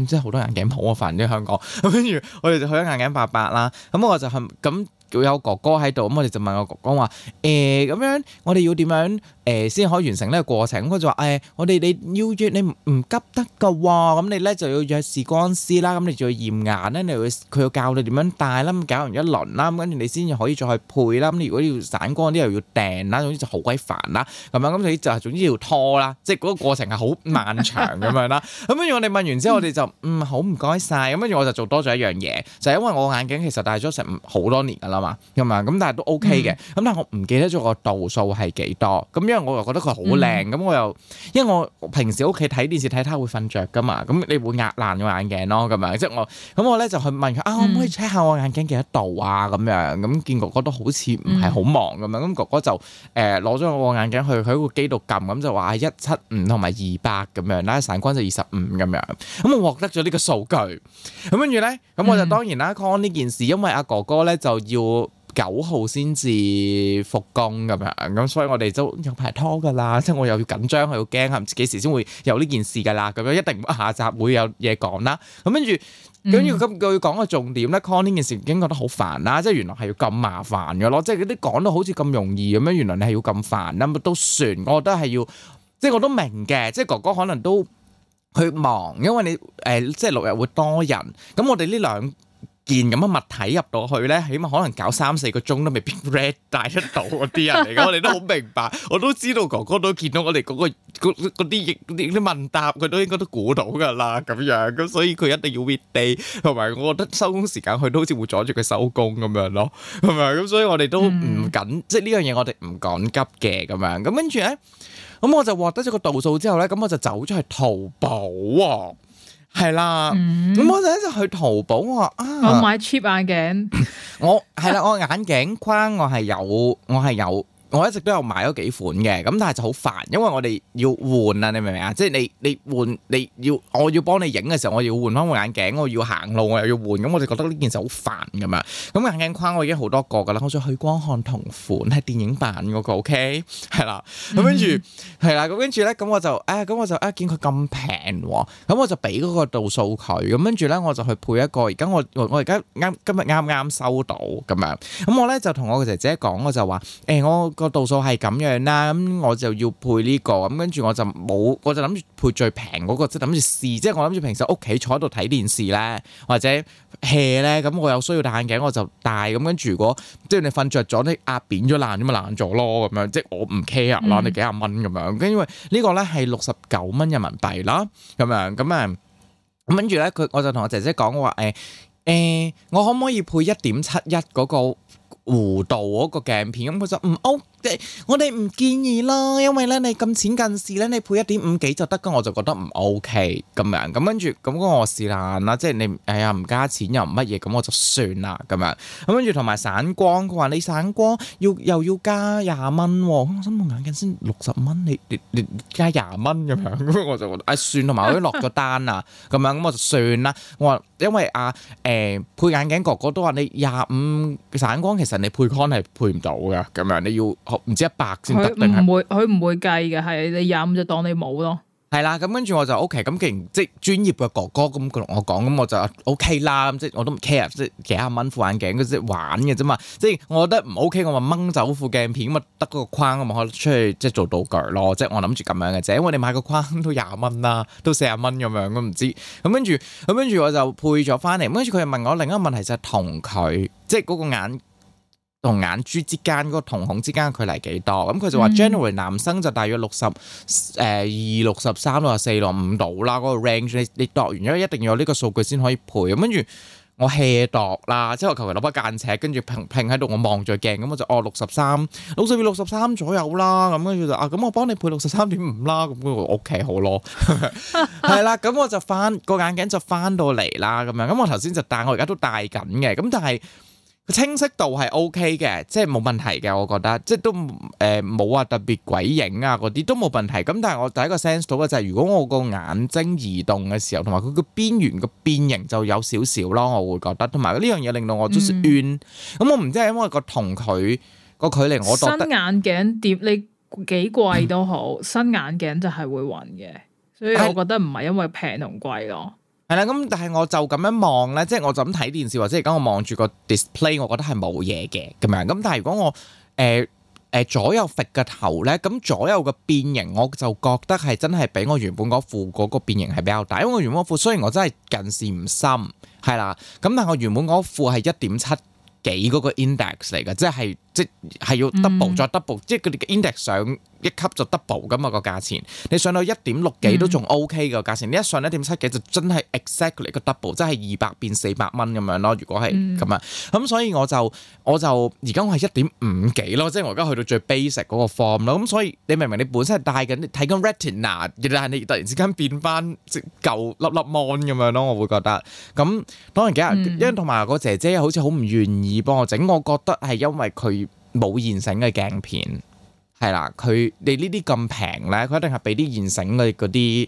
即係好多眼鏡鋪啊，反正香港，跟住我哋就去咗眼鏡八八啦，咁我就係咁。有哥哥喺度，咁我哋就問我哥哥話，誒、欸、咁樣，樣，我哋要點樣誒先可以完成呢個過程？佢就話誒，我哋你要約，你唔急得㗎喎，咁你咧就要約試光師啦，咁你就要驗眼咧，你要佢、嗯要，嗯、要，要，要教你點樣戴啦，咁搞完一輪啦，咁跟住你先至可以再去配啦，咁、嗯、你如果要散光啲又要訂啦，總之就好鬼煩啦，咁樣咁你就總之就要拖啦，即係嗰個過程係好漫長咁樣啦。咁跟住我哋問完之後，我哋就嗯好唔該晒。」咁跟住我就做多咗一樣嘢，就係、是、因為我眼鏡其實戴咗成好多年㗎啦。咁啊，咁但係都 O K 嘅，咁、嗯、但係我唔記得咗個度數係幾多，咁因為我又覺得佢好靚，咁我又，因為我平時屋企睇電視睇睇會瞓着噶嘛，咁你會壓爛個眼鏡咯，咁樣，即係我，咁我咧就去問佢，嗯、啊，可唔可以 check 下我眼鏡幾多度啊？咁樣，咁見哥哥都好似唔係好忙咁樣，咁、嗯、哥哥就誒攞咗我眼鏡去佢個機度撳，咁就話係一七五同埋二百咁樣，啦散光就二十五咁樣，咁我獲得咗呢個數據，咁跟住咧，咁我就當然啦 con 呢件事，因為阿哥哥咧就要。九號先至複工咁樣，咁所以我哋就有排拖噶啦，即係我又要緊張，又要驚，唔知幾時先會有呢件事噶啦，咁樣一定下集會有嘢講啦。咁跟住，跟住咁，佢講嘅重點咧，con 呢件事已經覺得好煩啦，即係原來係要咁麻煩噶咯，即係嗰啲講到好似咁容易咁樣，原來你係要咁煩啦。咁都算，我覺得係要，即係我都明嘅，即係哥哥可能都去忙，因為你誒，即係六日會多人，咁我哋呢兩。件咁嘅物體入到去咧，起碼可能搞三四個鐘都未必 read 大得到嗰啲人嚟講， 我哋都好明白，我都知道哥哥都見到我哋嗰啲嘢啲問答，佢都應該都估到噶啦咁樣，咁所以佢一定要 bid day，同埋我覺得收工時間佢都好似會阻住佢收工咁樣咯，係咪？咁所以我哋都唔緊，嗯、即係呢樣嘢我哋唔趕急嘅咁樣。咁跟住咧，咁我就獲得咗個度數之後咧，咁我就走咗去淘寶喎。係啦，咁、嗯、我就一直去淘寶，我話啊，我買 cheap 眼鏡 ，我係啦，我眼鏡框我係有，我係有。我一直都有買咗幾款嘅，咁但係就好煩，因為我哋要換啊，你明唔明啊？即係你你換你要，我要幫你影嘅時候，我要換翻個眼鏡，我要行路，我又要換，咁我就覺得呢件事好煩㗎嘛。咁眼鏡框我已經好多個㗎啦，我想去光看同款，係電影版嗰個，OK，係啦。咁跟住係啦，咁跟住咧，咁我就，唉，咁我就，啊，見佢咁平喎，咁我就俾嗰個度數佢。咁跟住咧，我就去配一個。咁我我而家啱今日啱啱收到咁樣，咁我咧就同我個姐姐講，我就話，誒我。個度數係咁樣啦，咁我就要配呢、這個，咁跟住我就冇，我就諗住配最平嗰個，即係諗住試，即係我諗住平時屋企坐喺度睇電視咧，或者 hea 咧，咁我有需要戴眼鏡我就戴，咁跟住如果即係你瞓着咗咧壓扁咗爛啫嘛爛咗咯，咁樣即係我唔 care 啦，你，嗯、你幾廿蚊咁樣，因為呢個咧係六十九蚊人民幣啦，咁樣咁啊，跟住咧佢我就同我姐姐講話，誒、呃、誒、呃，我可唔可以配一點七一嗰個弧度嗰個鏡片？咁佢就唔 OK。即 我哋唔建議啦，因為咧你咁淺近視咧，你配一點五幾就得㗎，我就覺得唔 OK 咁樣。咁跟住咁我試爛啦，即係你係啊唔加錢又唔乜嘢，咁我就算啦咁樣。咁跟住同埋散光，佢話你散光要又要加廿蚊，我、喔、心眼鏡先六十蚊，你你，你加廿蚊咁樣，咁我就覺得啊算。同埋我都落咗單啦，咁 樣咁我就算啦。我話因為啊誒、呃、配眼鏡哥哥，哥都話你廿五散光，其實你配 Con 係配唔到㗎，咁樣你要。唔知一百先得，唔會佢唔是會計嘅，係你廿五就當你冇咯。係啦，咁跟住我就 O K，咁既然即係專業嘅哥哥咁佢同我講，咁我就 OK 啦。咁即係我都唔 care，即係幾廿蚊副眼鏡，即玩嘅啫嘛。即係我覺得唔 O K，我話掹走副鏡片咁啊，得嗰個框，咁咪可以出去即係做道具咯。即係我諗住咁樣嘅啫。因為你買個框都廿蚊啦，都四十蚊咁樣，咁唔知。咁跟住，咁跟住我就配咗翻嚟。咁跟住佢又問我另一個問題就，就係同佢即係嗰個眼。同眼珠之間嗰、嗰個瞳孔之間距離幾多？咁佢就話 generally 男生就大約六十誒二、六十三、六十四、六十五度啦。嗰個 range 你、你度完咗，一定要有呢個數據先可以配。咁跟住我 hea 度啦，即係我求其攞把間尺，跟住拼拼喺度，我望住鏡，咁我就哦六十三，六十二、六十三左右啦。咁跟住就啊，咁我幫你配六十三點五啦。咁嗰個 OK 好咯，係 啦。 咁我就翻個眼鏡就翻到嚟啦。咁樣咁、嗯、我頭先就戴，我而家都戴緊嘅。咁但係。清晰度係 O K 嘅，即係冇問題嘅，我覺得即係都誒冇話特別鬼影啊，嗰啲都冇問題。咁但係我第一個 sense 到嘅就係、是，如果我個眼睛移動嘅時候，同埋佢個邊緣個變形就有少少咯，我會覺得，同埋呢樣嘢令到我都是暈。咁我唔知係因為個同佢個距離，我覺、嗯、新眼鏡點你幾貴都好，嗯、新眼鏡就係會暈嘅，所以我覺得唔係因為平同貴咯。係啦，咁但係我就咁樣望咧，即係我就咁睇電視或者而家我望住個 display，我覺得係冇嘢嘅，咁樣。咁但係如果我誒誒、呃呃、左右揈個頭咧，咁左右嘅變形，我就覺得係真係比我原本嗰副嗰個變形係比較大。因為我原本副雖然我真係近視唔深，係啦，咁但係我原本嗰副係一點七幾嗰個 index 嚟嘅，即係即係要 double、嗯、再 double，即係佢哋嘅 index 上。一級就 double 噶嘛，個價錢，你上到一點六幾都仲 OK 嘅個價錢，嗯、你一上一點七幾就真係 exactly 個 double，即係二百變四百蚊咁樣咯。如果係咁啊，咁、嗯嗯、所以我就我就而家我係一點五幾咯，即係我而家去到最 basic 嗰個 form 咯、嗯。咁所以你明唔明？你本身係戴緊睇緊 retina，但係你突然之間變翻即舊粒粒 mon 咁樣咯，我會覺得。咁、嗯嗯、當然幾啊，嗯、因為同埋個姐姐好似好唔願意幫我整，我覺得係因為佢冇現成嘅鏡片。係啦，佢你呢啲咁平咧，佢一定係俾啲現成嘅嗰啲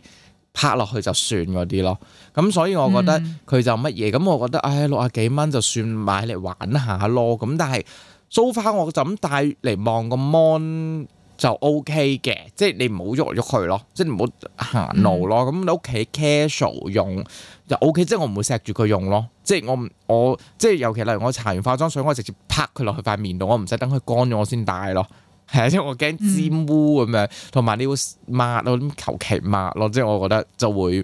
拍落去就算嗰啲咯。咁所以我覺得佢就乜嘢咁，嗯、我覺得唉六啊幾蚊就算買嚟玩下咯。咁但係梳化我帶就咁戴嚟望個 mon 就 OK 嘅，即係你唔好喐喐去咯，即係唔好行路咯。咁、嗯、你屋企 casual 用就 OK，即係我唔會錫住佢用咯。即係我我即係尤其例如我搽完化妝水，我直接拍佢落去塊面度，我唔使等佢乾咗，我先戴咯。係，因為我驚沾污，咁樣，同埋你要抹，咁求其抹咯，即係我覺得就會咁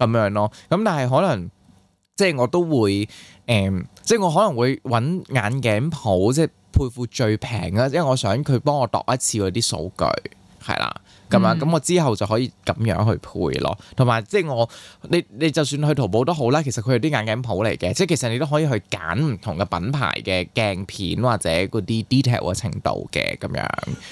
樣咯。咁但係可能即係、就是、我都會，誒、呃、即、就、係、是、我可能會搵眼鏡鋪，即、就、係、是、配副最平啦，因為我想佢幫我度一次嗰啲數據，係啦。咁啊，咁、嗯、我之後就可以咁樣去配咯，同埋即係我你你就算去淘寶都好啦，其實佢係啲眼鏡鋪嚟嘅，即係其實你都可以去揀唔同嘅品牌嘅鏡片或者嗰啲 detail 嘅程度嘅咁樣，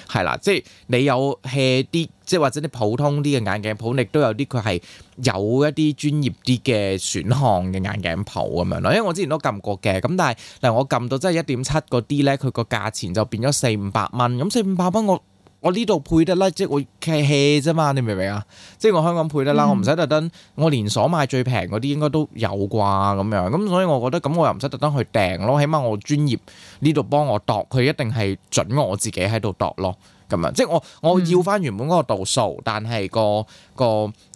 係啦，即係你有 hea 啲，即係或者啲普通啲嘅眼鏡鋪，你都有啲佢係有一啲專業啲嘅選項嘅眼鏡鋪咁樣咯。因為我之前都撳過嘅，咁但係嗱我撳到即係一點七嗰啲咧，佢個價錢就變咗四五百蚊，咁四五百蚊我。我呢度配得啦，即係我 hea 啫嘛，你明唔明啊？即係我香港配得啦，嗯、我唔使特登。我連鎖買最平嗰啲應該都有啩咁樣，咁所以我覺得咁我又唔使特登去訂咯。起碼我專業呢度幫我度，佢一定係準我自己喺度度咯。咁樣即係我我要返原本嗰個度數，但係個、嗯、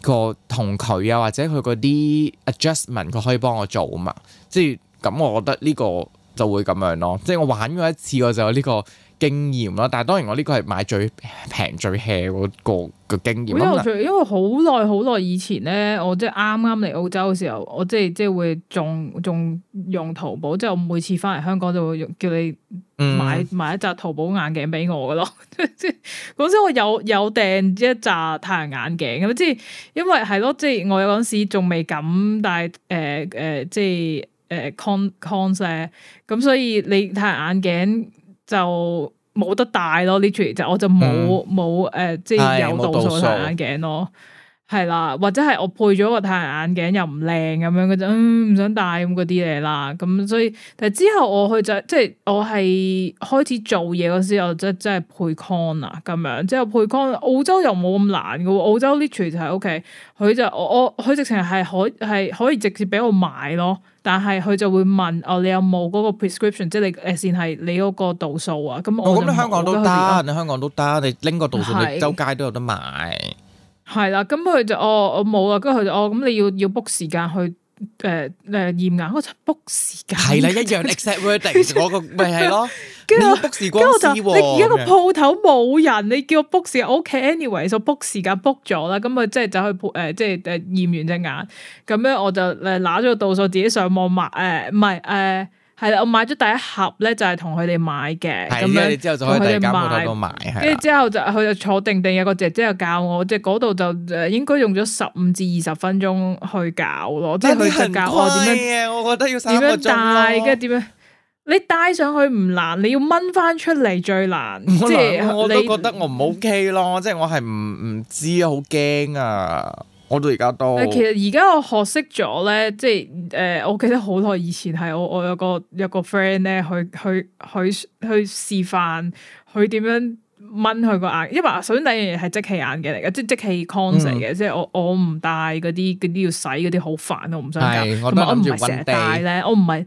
個個同佢啊，或者佢嗰啲 adjustment，佢可以幫我做啊嘛。即係咁，我覺得呢個就會咁樣咯。即係我玩過一次，我就呢個。經驗啦，但係當然我呢個係買最平最 hea 嗰個經驗。用嗯、因為因為好耐好耐以前咧，我即係啱啱嚟澳洲嘅時候，我即係即係會仲仲用淘寶，即係我每次翻嚟香港就會叫你買、嗯、買,買一紮淘寶眼鏡俾我嘅咯。講真，我有有訂一紮太陽眼鏡咁，即係因為係咯，即係我有嗰陣時仲未敢戴誒誒，即係誒 concon 咧，咁所以你太陽眼鏡。就冇得戴咯，literally 就我就冇冇誒，即係有度數太陽眼鏡咯，係、哎、啦，或者係我配咗個太陽眼鏡又唔靚咁樣就，嗯，唔想戴咁嗰啲嘢啦，咁所以但係之後我去就即係我係開始做嘢嗰時候，我就即即係配 con 啊、er、咁樣，之後配 con、er，澳洲又冇咁難嘅喎，澳洲 literally 就係 O K，佢就我我佢直情係可係可以直接俾我買咯。但係佢就會問哦，你有冇嗰個 prescription？即係你誒，先係你嗰個度數啊。咁我覺得後你香港都得你香港都得，你拎個度數是的 你周街都有得買。係啦，咁佢就哦，我冇啊。跟住佢就哦，咁你要要 book 時間去誒誒驗眼，嗰就 book 時間。係啦，一樣 exact wording，我個咪係咯。跟住我 book 時間，你而家個鋪頭冇人，你叫我 book 時間，屋企 anyway 就 book 時間 book 咗啦。咁啊，即係走去鋪誒，即係誒驗完隻眼，咁樣我就誒拿咗個度數，自己上網買誒，唔係誒，係、哎、啦，我買咗第一盒咧，就係同佢哋買嘅。係啊，之後就去間鋪頭買。跟住之後就佢就坐定定 Oregon, n, on,，有個姐姐就教我，即係嗰度就誒，應該用咗十五至二十分鐘去搞咯，即係去教我點樣，我覺得要三個鐘，跟住點樣？你戴上去唔難，你要掹翻出嚟最難。即係是我都覺得我唔 OK 咯，你即係我係唔唔知啊，好驚啊！我到而家都。其實而家我學識咗咧，即係誒、呃，我記得好耐以前係我我有個有個 friend 咧，去去去去示範，佢點樣掹佢個眼，因為首先第一樣嘢係即氣眼鏡嚟嘅，即係即氣 con 嚟嘅，嗯、即係我我唔戴嗰啲嗰啲要洗嗰啲好煩，我唔想戴。係我都諗住成日戴咧，我唔係。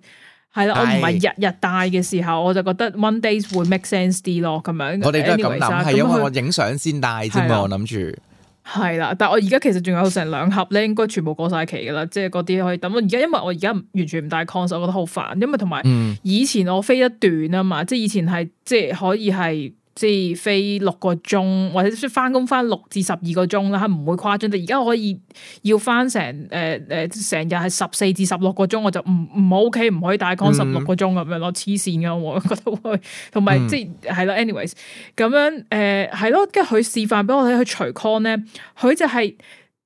係啦，我唔係日日戴嘅時候，我就覺得 one day 會 make sense 啲咯，咁樣。我哋都係咁諗，係 anyways, 因為我影相先戴啫嘛，它的我諗住。係啦，但係我而家其實仲有成兩盒咧，應該全部過晒期噶啦，即係嗰啲可以等。我而家因為我而家完全唔戴 con，cept, 我覺得好煩，因為同埋以前我飛一段啊嘛，嗯、即係以前係即係可以係。即係飛六個鐘，或者翻工翻六至十二個鐘啦，係唔會誇張。但而家可以要翻成誒誒成日係十四至十六個鐘，我就唔唔 OK，唔可以戴 con 十六個鐘咁樣咯，黐線噶，我覺得會同埋即係咯，anyways 咁樣誒係咯，跟住佢、就是嗯、示範俾我睇，佢除 con 咧，佢就係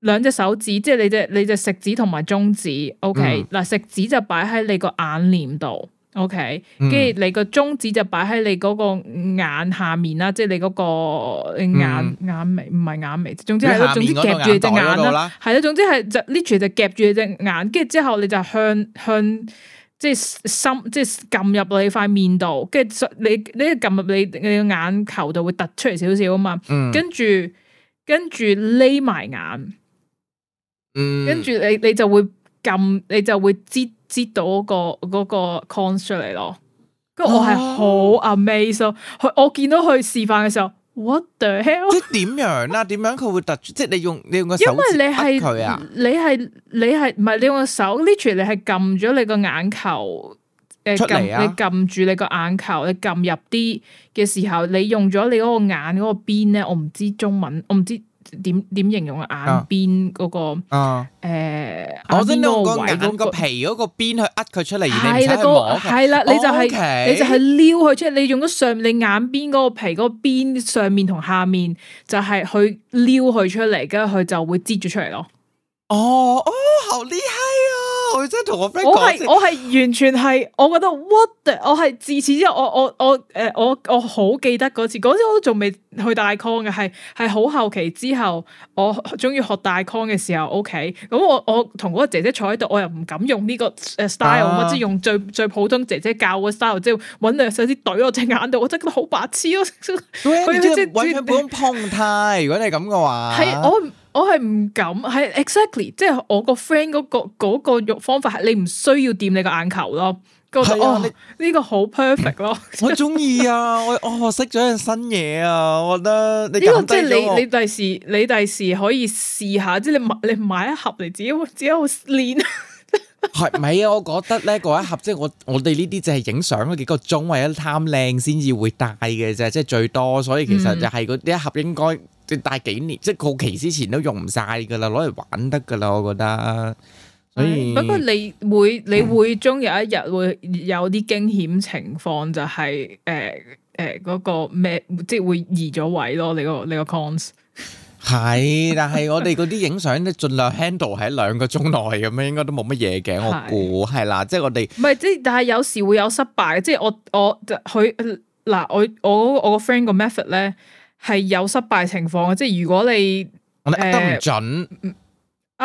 兩隻手指，即、就、係、是、你隻你隻食指同埋中指，OK 嗱、嗯、食指就擺喺你個眼簾度。O K，跟住你個中指就擺喺你嗰個眼下面啦，嗯、即係你嗰個眼、嗯、眼眉，唔係眼眉，總之係咯，總之夾住隻眼啦，係啦，總之係就 literally 就夾住隻眼，跟住之後你就向向即係心，即係撳入你塊面度，跟住你你撳入你你個眼球就會突出嚟少少啊嘛，跟住跟住匿埋眼，跟住你你就會撳，你就會知。知道嗰、那個嗰、那個 concept 嚟咯，咁我係好 amazing 佢我見到佢示範嘅時候，what the hell？點樣點、啊、樣佢會突出？即係你用你用因為你係佢啊，你係你係唔係你用手 literally 住？你係撳咗你個眼球，誒、呃來啊、你撳住你個眼球，你撳入啲嘅時候，你用咗你嗰個眼嗰個邊咧？我唔知中文，我唔知。點點形容啊？眼邊嗰、那個誒，哦呃、我先你講個，個眼皮嗰個邊去呃佢出嚟，的而你唔拆係啦，你就係、是、okay? 你就係撩佢出嚟。你用咗上你眼邊嗰個皮嗰個邊上面同下面就係去撩佢出嚟，跟住佢就會擠住出嚟咯。哦哦，好厲害！我真係同我 friend，我係我係完全係，我覺得 what the? 我係自此之後，我我我誒，我我，我，我好記得嗰次，嗰次我都仲未去大 con 嘅，係係好後期之後，我中意學大 con 嘅時候，OK，咁我我同嗰個姐姐坐喺度，我又唔敢用呢個誒 style，我只用最最普通姐姐教嘅 style，之後搵兩隻手指懟我隻眼度，我真係覺得好白痴咯。佢哋真係完全普通碰太，如果你咁嘅話，係我。我係唔敢，係 exactly，即係我、嗰個 friend 嗰、嗰個嗰個用方法係你唔需要掂你個眼球咯，覺得、啊、哦呢你個好 perfect 咯。 我中意啊，我、哦、我識咗一樣新嘢啊，我覺得你減即係你你第時你第時可以試下，即係你買你買一盒你自己自己練。係 咪啊？我覺得咧嗰一盒即係、就是、我我哋呢啲只係影相嗰幾個鐘，或者貪靚先至會戴嘅啫，即係最多，所以其實就係呢一盒應該。即係帶幾年，即係過期之前都用唔晒噶啦，攞嚟玩得噶啦，我覺得。所以不過、嗯、你會你會終有一日會有啲驚險情況，就係誒誒嗰個咩，即係會移咗位咯。你、呢個呢個 cons 係， 但係我哋嗰啲影相都盡量 handle 喺兩個鐘內咁樣， 應該都冇乜嘢嘅。我估係啦的，即係我哋唔係即係，但係有時會有失敗。即、就、係、是、我我佢嗱、啊、我我我 friend 個 method 咧。係有失敗情況嘅，即係如果你唔，誒，我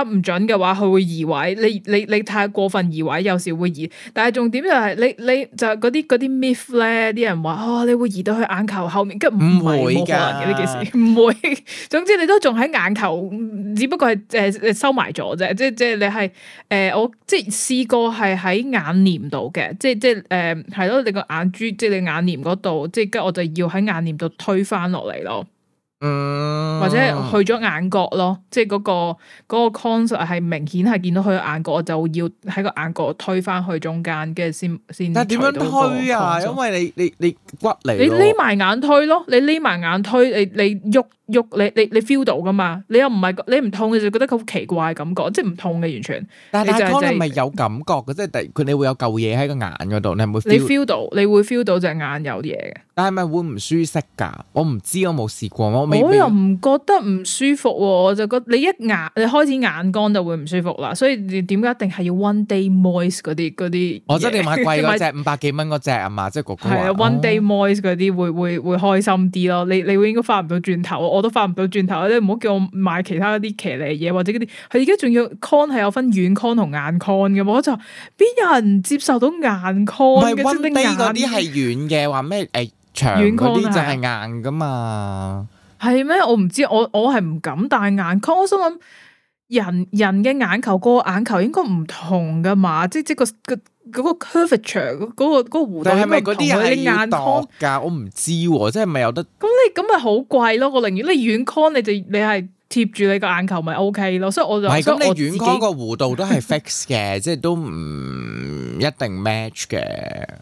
唔準嘅話，佢會移位。你你你太過分移位，有時會移。但係重點就係、是、你你就係嗰啲嗰啲 myth 咧，啲人話哦，你會移到去眼球後面，跟唔會噶呢件事，唔會。會 總之你都仲喺眼球，只不過係誒誒收埋咗啫。即即係你係誒、呃，我即係試過係喺眼簾度嘅，即即係誒係咯，你個眼珠即係你眼簾嗰度，即係跟我就要喺眼簾度推返落嚟咯。嗯、或者去咗眼角咯，即係嗰個嗰個 con 係明顯係見到佢嘅眼角，我就要喺個眼角推返去中間跟住先先。但係點樣推啊？因為你你你，你骨嚟，你匿埋眼推咯，你匿埋眼推，你你喐。肉，你你你 feel 到㗎嘛？你又唔係你唔痛，嘅，就覺得佢好奇怪感覺，即係唔痛嘅完全。但係大哥你唔、就、係、是、有感覺嘅，即係第佢你會有舊嘢喺個眼嗰度，你有冇 feel,？feel 到，你會 feel 到隻眼有啲嘢嘅。但係咪會唔舒適㗎、啊？我唔知我冇試過。我,我又唔覺得唔舒服喎、啊，我就覺得你一眼你開始眼乾就會唔舒服啦、啊。所以點解一定係要 one day moist 嗰啲嗰啲？我真係買貴嗰隻五百幾蚊嗰隻啊嘛，即、就、係、是、哥哥話係啊、哦、，one day moist 嗰啲會會會,會開心啲咯。你你會應該返唔到轉頭我都翻唔到轉頭，或者唔好叫我買其他啲騎呢嘢，或者嗰啲，佢而家仲要 con 係有分軟 con 同硬 con 嘅，我就邊有人接受到、欸、硬 con 嘅？One Day 嗰啲係軟嘅，話咩誒長嗰啲就係硬噶嘛？係咩？我唔知，我我係唔敢戴眼，但係硬 con，我心諗人人嘅眼球、個眼球應該唔同噶嘛？即即個個。嗰個 curvature 嗰、嗰個嗰、嗰個弧度同佢眼康㗎，我唔知喎、啊，即係咪有得？咁你咁咪好貴咯？我寧願你軟 con，你就你係貼住你個眼球咪 OK 咯。所以我就唔係咁你軟 con 個弧度都係 fix 嘅， 即係都唔一定 match 嘅。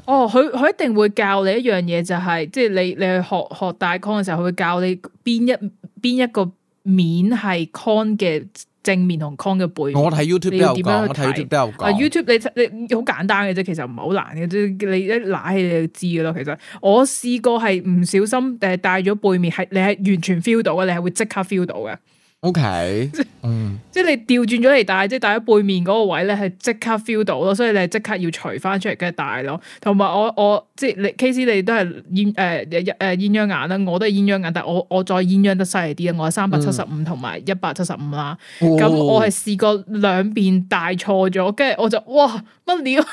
哦，佢佢一定會教你一樣嘢、就係，就係即係你你去學學大 con 嘅時候，佢會教你邊一邊一個面係 con 嘅。正面同 con 嘅背面，我睇 YouTube 都有講，我 YouTube 都有講，YouTube 你你好簡單嘅啫，其實唔係好難嘅啫。你一攋起你就知噶咯。其實我試過係唔小心誒戴咗背面，係你係完全 feel 到嘅，你係會即刻 feel 到嘅。O Okay , K， 即係，即你調轉咗嚟戴，即係戴喺背面嗰個位咧，係即刻 feel 到咯，所以你即刻要除翻出嚟跟住戴咯。同埋我我即係你 K C 你都係鴛誒誒鴛鴦眼啦，我都係鴛鴦眼，但我我再鴛鴦得犀利啲啊！我係三百七十五同埋一百七十五啦，咁、嗯哦、我係試過兩遍戴錯咗，跟住我就哇乜料？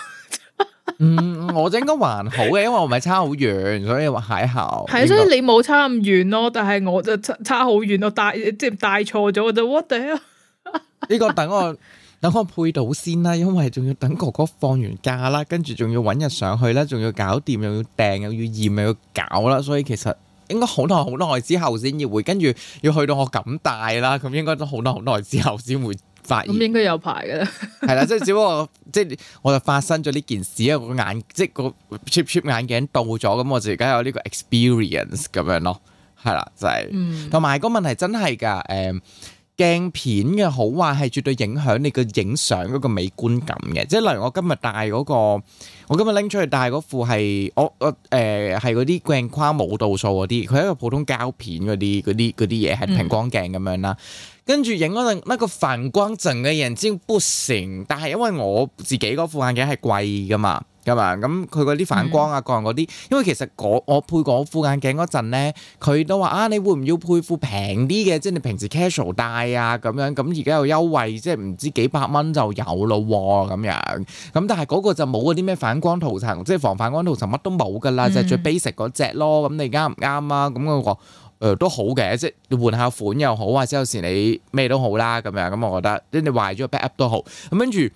嗯，我就應該還好嘅，因為我唔係差好遠，所以話邂逅。係、 這個，所以你冇差咁遠咯，但係我就差差好遠咯，帶即係帶錯咗我就 what，呢個等我等我配到先啦，因為仲要等哥哥放完假啦，跟住仲要搵日上去啦，仲要搞掂，又要訂，又要驗，又要搞啦，所以其實應該好耐好耐之後先要會，跟住要去到我咁大啦，咁應該都好耐好耐之後先會。咁應該有排㗎啦，係 啦，即係只不過即係我就發生咗呢件事啊！個眼即係個 cheap cheap 眼鏡到咗，咁我就而家有呢個 experience 咁樣咯，係啦，就係、是。同埋個問題真係㗎，誒、欸、鏡片嘅好壞係絕對影響你個影相嗰個美觀感嘅。即係例如我今日戴嗰個，我今日拎出去戴嗰副係我我誒係嗰啲鏡框冇度數嗰啲，佢係一個普通膠片嗰啲嗰啲啲嘢係平光鏡咁樣啦。嗯跟住影嗰陣，那個反光，陣嘅眼睛不成？但係因為我自己嗰副眼鏡係貴噶嘛，噶嘛，咁佢嗰啲反光啊、各人嗰啲，因為其實我，我配嗰副眼鏡嗰陣咧，佢都話啊，你會唔要配副平啲嘅？即係你平時 casual 戴啊咁樣，咁而家又優惠，即係唔知幾百蚊就有咯喎咁樣。咁但係嗰個就冇嗰啲咩反光圖層，即係防反光圖層乜都冇噶啦，嗯、就最 basic 嗰隻咯。咁你啱唔啱啊？咁我。誒、嗯、都好嘅，即換下款又好，或者有時你咩都好啦。咁樣咁，我覺得即你壞咗 backup 都好。咁跟住嗰、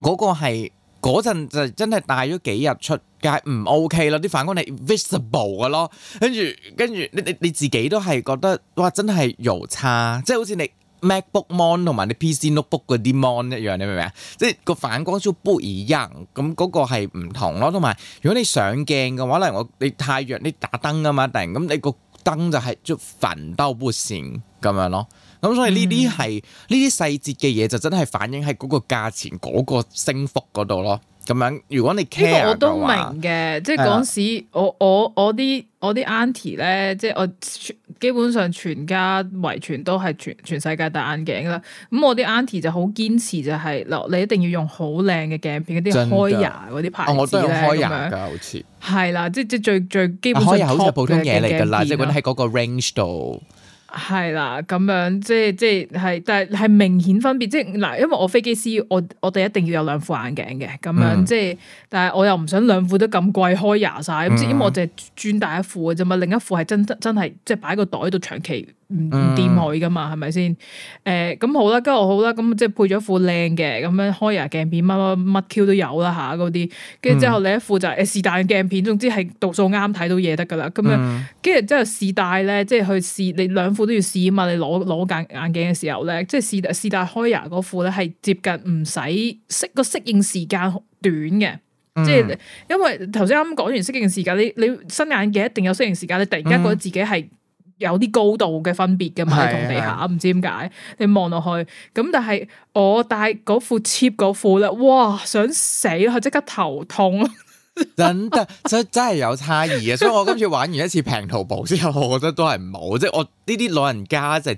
那個係嗰陣就真係戴咗幾日出街唔 OK 咯，啲反光係 visible 嘅咯。跟住跟住你你你自己都係覺得哇，真係又差，即係好似你 MacBook Mon 同埋你 PC notebook 嗰啲 Mon 一樣，你明唔明啊？即個反光都唔一樣。咁、那、嗰個係唔同咯。同埋如果你上鏡嘅話，可能我你太陽，你打燈啊嘛，突然咁你個。燈就係就奮鬥不行咁樣咯，咁所以呢啲係呢啲細節嘅嘢就真係反映喺嗰個價錢、嗰個升幅嗰度咯。咁樣，如果你 care 嘅，呢個我都明嘅，嗯、即係講時，我我我啲我啲 auntie 咧，即係我基本上全家遺傳都係全全世界戴眼鏡啦。咁我啲 auntie 就好堅持就係嗱，你一定要用好靚嘅鏡片嗰啲，的開牙嗰啲牌子。哦，我都用開牙噶。樣好似係啦，即即最最基本最開牙口就普通嘢嚟噶啦，即係喺嗰個 range 度。係啦，咁樣即係即係但係係明顯分別，即係嗱，因為我飛機師，我我哋一定要有兩副眼鏡嘅，咁樣即係，嗯、但係我又唔想兩副都咁貴開牙晒，咁所以我淨係專戴一副嘅咋嘛，另一副係真真係即係擺喺個袋度長期。唔掂佢噶嘛，係咪先？誒，咁好啦，跟住我好啦，咁即係配咗副靚嘅，咁樣開眼鏡片，乜乜乜 Q 都有啦吓，嗰啲。跟住之後你一副就是嗯、誒，是但鏡片，總之係度數啱睇到嘢得噶啦。咁樣，跟住之後試戴咧，即係去試，你兩副都要試啊嘛。你攞攞眼眼鏡嘅時候咧，即係試戴試戴開眼嗰副咧，係接近唔使適個適應時間短嘅，嗯、即係因為頭先啱啱講完適應時間，你你，你新眼鏡一定有適應時間，你突然間覺得自己係，嗯有啲高度嘅分別嘅嘛，同是的 地下唔知點解你望落去咁，但係我戴嗰副 cheap 嗰副咧，哇，想死佢即刻頭痛。 真嘅，所以真係有差異嘅。所以我今次玩完一次平頭步之後，我覺得都係唔好，即係我呢啲老人家就賤，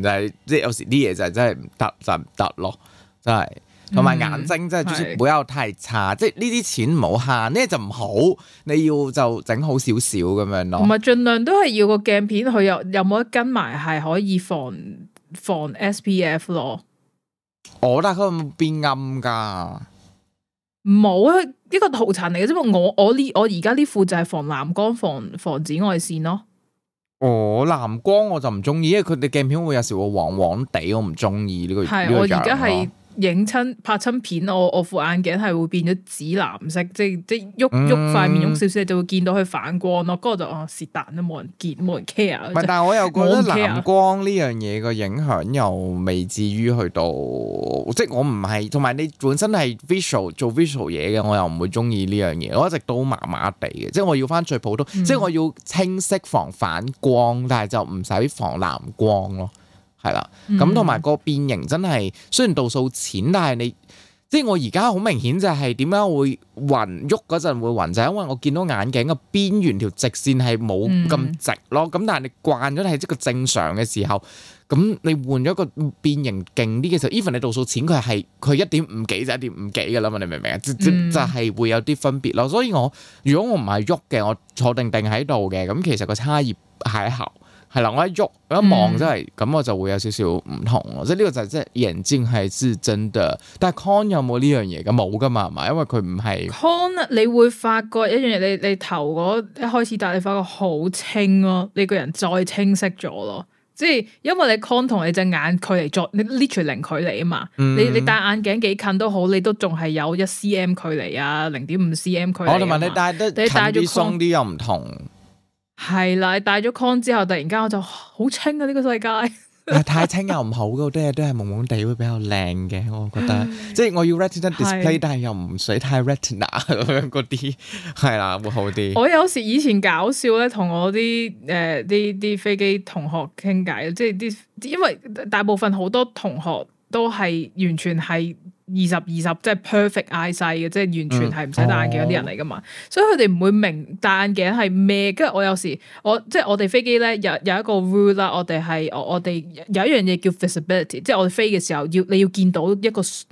就即係有時啲嘢就真係唔得，就唔得咯，真係。同埋、嗯、眼睛真係唔會有太差，是即係呢啲錢唔好慳呢就唔好，你要就整好少少咁樣咯。同埋盡量都係要個鏡片，佢有有冇得跟埋係可以防防 S P F 咯。我覺得佢變暗噶，冇啊！呢個塗層嚟嘅啫嘛。我我呢我而家呢副就係防藍光、防防紫外線咯。我、哦、藍光我就唔中意，因為佢哋鏡片會有時會黃黃地，我唔中意呢個呢個架。影親拍親片，我我副眼鏡係會變咗紫藍色，即係即係喐喐塊面喐少少，嗯、就會見到佢反光咯。嗰個就啊是但啦，冇、哦、人見冇人 care。唔係不，就但我又覺得藍光呢樣嘢個影響又未至於去到，即係我唔係同埋你本身係 visual 做 visual 嘢嘅，我又唔會中意呢樣嘢。我一直都麻麻地嘅，即係我要返最普通，嗯、即係我要清晰防反光，但係就唔使防藍光咯。係啦，咁同埋個變形真係雖然度數淺，但係你即係我而家好明顯就係點樣會暈喐嗰陣會暈，就係、是、因為我見到眼鏡個邊緣條直線係冇咁直咯。咁、嗯、但係你慣咗喺即係個正常嘅時候，咁你換咗個變形勁啲嘅時候，even 你度數淺佢係佢一點五幾就一點五幾㗎啦嘛，你明唔明啊？就、嗯、就係會有啲分別咯。所以我如果我唔係喐嘅，我坐定定喺度嘅，咁其實個差異係好。係啦，我一喐我一望真係，咁、嗯、我就會有少少唔同咯。即係呢個就係即係眼鏡係至真嘅。但係 Con 有冇呢樣嘢？咁冇㗎嘛，係咪？因為佢唔係 Con，你會發覺一樣嘢，你你頭嗰一開始，戴，你發覺好清咯，你個人再清晰咗咯。即係因為你 Con 同你隻眼距離再你 literally 零距離啊嘛，嗯、你你戴眼鏡幾近都好，你都仲係有一 cm 距離啊，零點五 cm 距離。我哋問你戴得近啲鬆啲又唔同。係啦，戴咗 con 之後，突然間我就好清啊！呢、這個世界 太清又唔好噶，好多 都係朦朦地會比較靚嘅，我覺得。 即係我要 retina display，的但係又唔使太 retina 咁 樣那嗰些啲，係 啦會好啲。我有時以前搞笑咧，同我啲誒啲啲飛機同學傾偈，即係啲因為大部分好多同學都係完全係。二十二十即係 perfect eyesight，即係完全係唔使戴眼鏡嗰啲人嚟㗎嘛，嗯哦、所以佢哋唔會明戴眼鏡係咩。跟住我有時我即係、就是、我哋飛機咧有有一個 rule 啦，我哋係我我哋有一樣嘢叫 visibility，即係我哋飛嘅時候你要你要見到一個誒。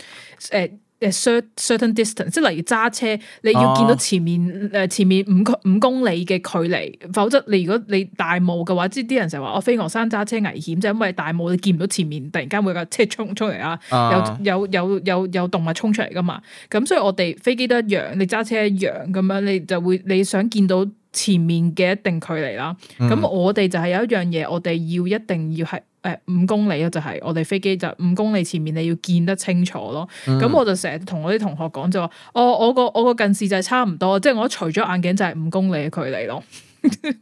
呃誒 certain distance，即係例如揸車，你要見到前面誒、oh. 前面五公五公里嘅距離，否則你如果你大霧嘅話，即啲人成日話我飛鵝山揸車危險，就因為大霧你見唔到前面，突然間會有架車衝出嚟啊，有有有有有動物衝出嚟噶嘛，咁所以我哋飛機都一樣，你揸車一樣咁樣，你就會你想見到前面嘅一定距離啦。咁、mm. 我哋就係有一樣嘢，我哋要一定要係。誒，五公里咯，就是，就係我哋飛機就五公里前面你要見得清楚咯。咁、嗯、我就成日同我啲同學講就話，我我個我個近視就係差唔多，即、就、係、是、我除咗眼鏡就係五公里嘅距離咯。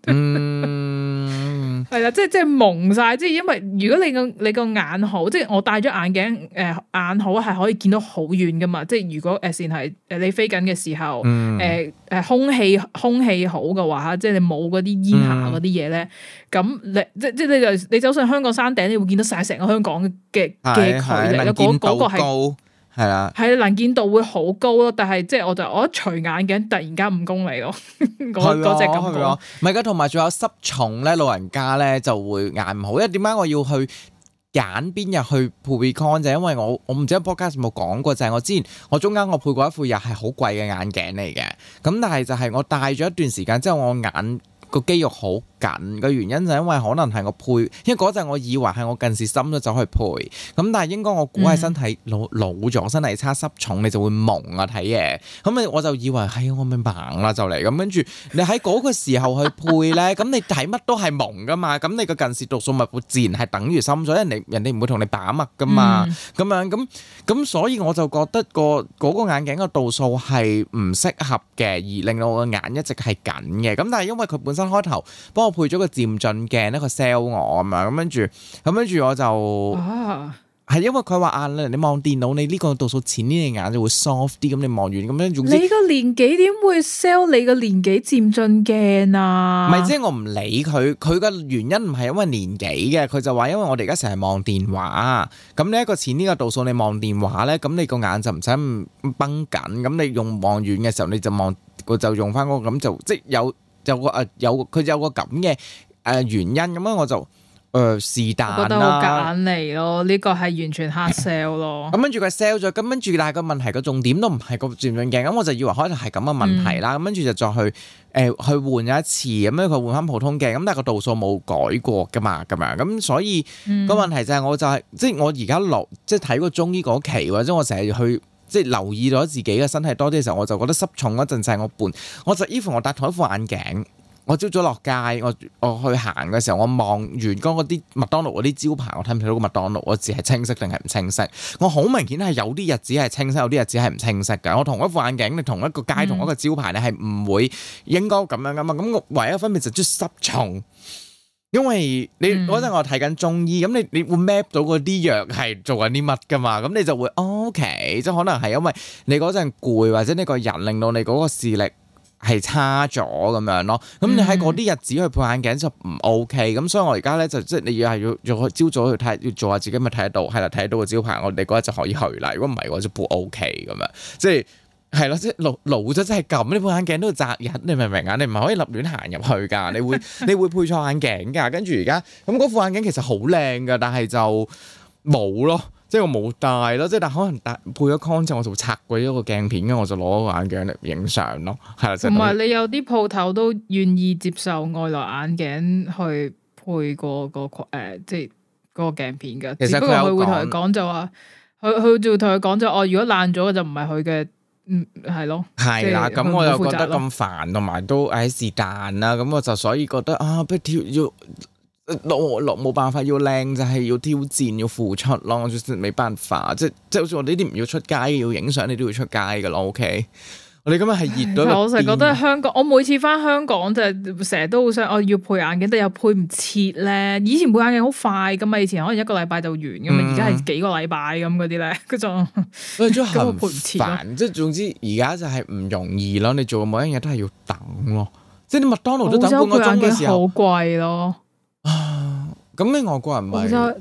嗯 comp，係啦，即係即係蒙晒，即係因為如果你個你個眼好，即係我戴咗眼鏡，誒眼好係可以見到好遠噶嘛。即係如果誒，先係誒你飛緊嘅時候，誒誒空氣空氣好嘅話，即係你冇嗰啲煙霞嗰啲嘢咧，咁你即即你就你走上香港山頂，你會見到晒成個香港嘅嘅距離嗰嗰個係。係啦，係能見度會好高咯，但係即係我就我一除眼鏡突然間五公里咯，嗰隻咁。唔係噶，同埋仲有濕重咧，老人家咧就會眼唔好。因為點解我要去揀邊日去配 con 就係因為我我唔知喺 podcast 有冇講過，就係、是、我之前我中間我配過一副又係好貴嘅眼鏡嚟嘅，咁但係就係我戴咗一段時間之後我眼、個肌肉好。緊嘅原因就因為可能係我配，因為嗰陣我以為係我近視深咗走去配，咁但係應該我估係身體老、嗯、老咗，身體差濕重，你就會朦啊睇嘢，咁咪我就以為係我咪盲啦就嚟，咁跟住你喺嗰個時候去配呢，咁 你睇乜都係朦噶嘛，咁你個近視度數咪自然係等於深咗，人哋人哋唔會同你把脈噶嘛，咁、嗯、樣咁咁所以我就覺得個嗰個眼鏡個度數係唔適合嘅，而令到我個眼一直係緊嘅，咁但係因為佢本身開頭我配咗個漸進鏡，一個 sell 我咁樣，咁跟住咁跟住我就係、啊、因為佢話，啊，你望電腦你呢個度數淺啲，隻眼就會 soft 啲，咁你望遠咁樣，用你個年紀點會 sell 你個年紀漸進鏡啊？唔係，即係我唔理佢，佢嘅原因唔係因為年紀嘅，佢就話因為我哋而家成日望電話，咁呢一個淺啲嘅度數你望電話咧，咁你個眼就唔使繃緊，咁你用望遠嘅時候你就望個就用翻、那、嗰個咁就即有。有，有個誒有佢有個咁嘅誒原因咁啊，我就誒、呃、是但啦。覺得嚟咯，呢個係完全黑 sell 咯。 咁跟住佢 sell 咗，咁跟住但係個問題個重點都唔係個轉唔轉鏡，咁我就以為可能係咁嘅問題啦。咁跟住就再去誒、呃、去換一次，咁樣佢換翻普通鏡，咁但係個度數冇改過噶嘛，咁樣咁所以個問題就係我就係、是嗯、即係我而家落即係睇個中醫嗰期或者我成日去。即係留意咗自己嘅身體多啲嘅時候，我就覺得濕重嗰陣就係我伴，我就依副我戴同一副眼鏡，我朝早落街，我我去行嘅時候，我望完嗰啲麥當勞嗰啲招牌，我睇唔睇到個麥當勞，我字係清晰定係唔清晰？我好明顯係有啲日子係清晰，有啲日子係唔清晰嘅。我同一副眼鏡，你同一個街同一個招牌你係唔會應該咁樣噶嘛？咁我唯一分別就係濕重。因為你嗰陣、嗯、我睇緊中醫，咁你你會 map 到嗰啲藥係做緊啲乜噶嘛？咁你就會 O K，即係可能係因為你嗰陣攰，或者你個人令到你嗰個視力係差咗咁樣咯。咁你喺嗰啲日子去配眼鏡就唔 O K，咁所以我而家咧，就即係你要係要要去朝早去睇，要做下自己咪睇得到係啦，睇到個招牌，我哋嗰日就可以去啦。如果唔係我就冇 O K 咁樣，即係。係咯，即係、嗯、老老咗，即係撳呢副眼鏡都要扎人，你明唔明啊？你唔係可以立亂行入去噶，你會你會配錯眼鏡噶。跟住而家咁嗰副眼鏡其實好靚噶，但係就冇咯，即係我冇戴咯。即係但可能戴配咗 con 之後，我就拆過一個鏡片，咁我就攞個眼鏡嚟影相咯。係啦，同埋你有啲鋪頭都願意接受外來眼鏡去配過、嗰個、呃、即係個鏡片噶。其實佢會同佢講就話，佢佢就同佢講就話，如果爛咗嘅就唔係佢嘅。嗯，係咯，係啦，咁我又覺得咁煩，同埋、嗯、都係是但啦，咁、啊、我就所以覺得啊，不挑要落冇、哦、辦法，要靚就係要挑戰，要付出咯，冇辦法，即即好似我哋呢啲唔要出街要影相，你都要出街嘅咯，OK。你今日係熱到，我成日覺得香港，我每次翻香港就成日都好想我要配眼鏡，但又配唔切咧。以前配眼鏡好快噶嘛，以前可能一個禮拜就完噶嘛，而家係幾個禮拜咁嗰啲咧，嗰種咁又配唔切。煩，即係總之而家就係唔容易咯。你做每一日都係要等咯。即係你麥當勞都等半個鐘嘅時候，好貴咯。啊，咁你外國人咪、就係？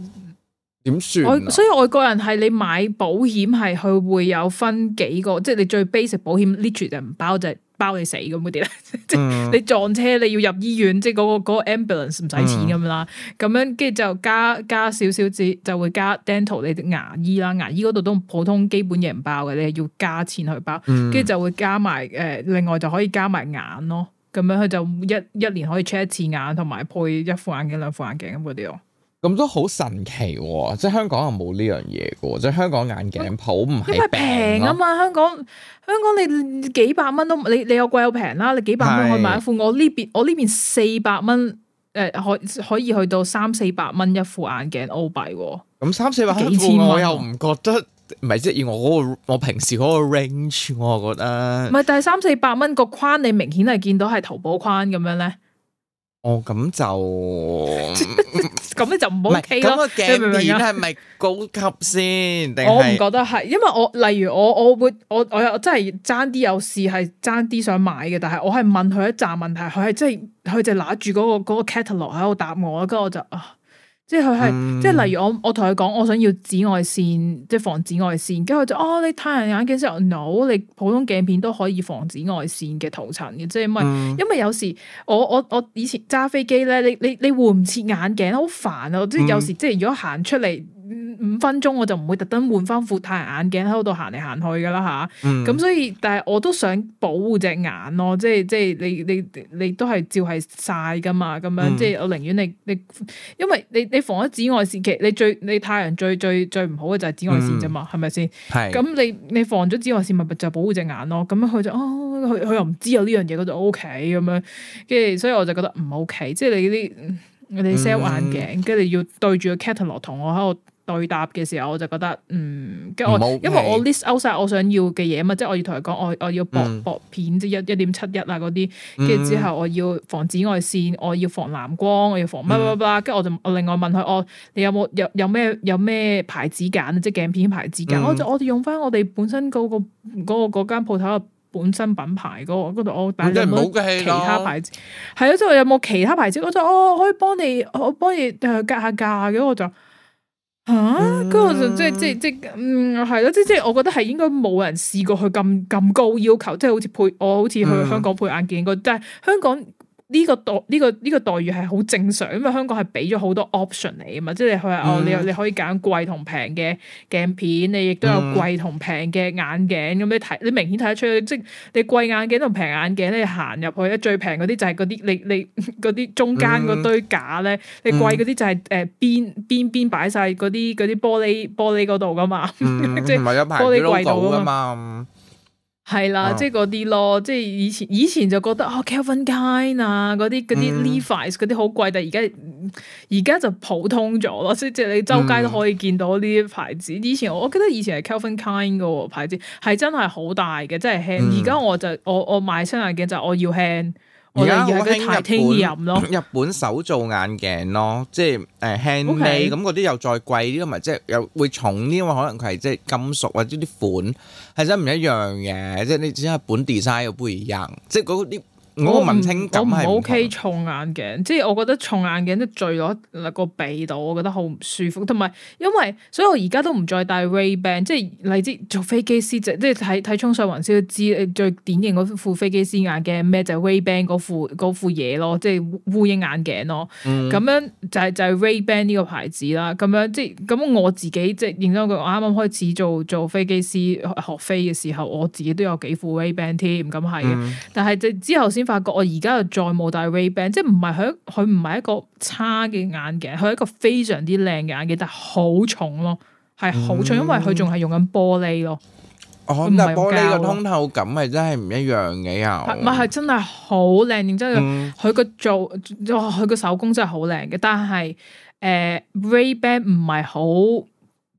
點算？啊、所以外國人係你買保險係佢會有分幾個，即係你最 basic 保險 literally 就唔包，就係、是、包你死咁嗰啲咧。即係、嗯、 你撞車你要入醫院，即係、那、嗰個嗰、那個 ambulance 唔使錢咁啦。咁、嗯、樣跟住就加加少少紙就會加 dental 你牙醫啦，牙醫嗰度都普通基本嘢唔包嘅，你係要加錢去包。跟住、嗯、就會加埋誒、呃，另外就可以加埋眼咯。咁樣佢就一一,一年可以 check 一次眼，同埋配一副眼鏡、兩副眼鏡咁嗰啲咯。咁都好神奇喎，啊！即係香港又冇呢樣嘢嘅，即係香港眼鏡鋪唔係平啊嘛，啊！香港香港你幾百蚊都你你有貴有平啦，你幾百蚊可以買一副。是我呢邊我呢邊四百蚊誒，可以可以去到三四百蚊一副眼鏡歐幣，啊。咁三四百蚊幾我又唔覺得，唔係即係以我、嗰個、我平時嗰個 range，我就覺得唔係。但係三四百蚊個框，你明顯係見到係淘寶框咁樣咧。哦，咁就咁你 就唔好 o 咁咯。你明唔明啊？鏡片係咪高級先定？ 是我唔覺得係，因為我例如我我會我我又真係爭啲有事係爭啲想買嘅，但係我係問佢一紮問題，佢係真係佢就攞住嗰個嗰、嗰個 catalog 喺度答我，跟住我就啊～即係佢係，嗯、即係例如我我同佢講我想要紫外線，即係防紫外線，跟住佢就哦，你太陽眼鏡先，no，你普通鏡片都可以防紫外線嘅塗層嘅，即係唔係？嗯、因為有時我我我以前揸飛機咧，你你你換唔切眼鏡，好煩啊！即係有時、嗯、即係如果行出嚟。五分鐘我就唔會特登換翻副太陽眼鏡喺嗰度行嚟行去噶啦嚇，咁所以但係我都想保護隻眼咯，即係即係你你你都係照係晒噶嘛，咁樣、嗯、即係我寧願你你，因為你你防咗紫外線，其實你最你太陽最最最唔好嘅就係紫外線啫嘛，係咪先？咁你你防咗紫外線，咪咪就保護隻眼咯。咁樣佢就哦，佢、啊、佢又唔知有呢樣嘢，佢就 O K 咁樣，跟住所以我就覺得唔 O K，即係你嗰啲你 sell 眼鏡，跟住要對住個 catalogue 同我喺度，對答嘅時候，我就覺得嗯，跟住我因為我 list out 晒我想要嘅嘢嘛。不行 即係我要同佢講，我我要薄薄、嗯、片即係一一點七一啊嗰啲，跟住之後我要防紫外線，我要防藍光，我要防乜乜乜，跟住、嗯、我就我另外問佢，哦，你有冇有有咩有咩牌子揀，即係鏡片牌子揀，嗯、我就我哋用翻我哋本身嗰個嗰個嗰間鋪頭嘅本身品牌嗰個嗰度，我但係冇其他牌子，係咯，即係我有冇其他牌子？我就哦可以幫你，我幫你誒格下價嘅，我就。嚇！嗰個就即係，即係，即 係， 嗯，係咯，即即係。我覺得係應該冇人試過去咁咁高要求，即係好似配我好似去香港配眼鏡嗰，但係香港。.呢、這個待呢個呢個待遇係好正常，因為香港係俾咗好多 option 你啊嘛。嗯、即係你去啊，你你可以揀貴同平嘅鏡片，你亦都有貴同平嘅眼鏡，咁你睇，嗯、你明顯睇得出，即係你貴眼鏡同平眼鏡咧你行入去咧，最平嗰啲就係嗰啲你你嗰啲中間嗰堆架咧，嗯、你貴嗰啲就係誒邊、邊邊邊擺晒嗰啲嗰啲玻璃玻璃嗰度噶嘛，嗯、 即係玻璃櫃度噶嘛。嗯嗯嗯。係啦，啊、即係嗰啲咯，即係以前以前就覺得哦 Calvin Klein 啊嗰啲嗰啲 Levi's 嗰啲好貴，但係而家而家就普通咗咯，即係你周街都可以見到呢啲牌子。以前我我記得以前係 Calvin Klein 嘅牌子，係真係好大嘅，真係輕。而家、嗯、我就我我買新眼鏡就我要輕。而家我聽日本，日本手造眼鏡咯，即係誒輕微咁，嗰啲 Okay. 又再貴啲，同埋即係又會重啲，因為可能佢係即係金屬或者啲款係真唔一樣嘅，即係你只係本 design 嘅，不會認，即係嗰啲。我唔，我唔 OK 重眼鏡，即係我覺得重眼鏡都墜落嗱個鼻度，我覺得好唔舒服。同埋因為，所以我而家都唔再戴 Ray Ban，即係例如做飛機師就即係睇睇衝上雲霄都知，最典型嗰副飛機師眼鏡咩就係、是、Ray Ban 嗰副嗰副嘢咯，即係烏烏蠅眼鏡咯。咁、嗯、樣就係就係 Ray Ban 呢個牌子啦。咁樣即係咁，我自己即係認到我啱啱開始做做飛機師學飛嘅時候，我自己都有幾副 Ray Ban 添，咁係嘅。嗯、但係就之後先。發覺我而家又再冇戴 Ray Ban，即係唔係佢佢唔係一個差嘅眼鏡，佢係一個非常之靚嘅眼鏡，但係好重咯，係好重，因為佢仲係用緊玻璃咯。嗯、哦，嗯、但係玻璃嘅通透感係真係唔一樣嘅呀，唔係、啊啊、真係好靚，然之後佢個做佢個、哦、手工真係好靚嘅，但係誒、呃、Ray Ban 唔係好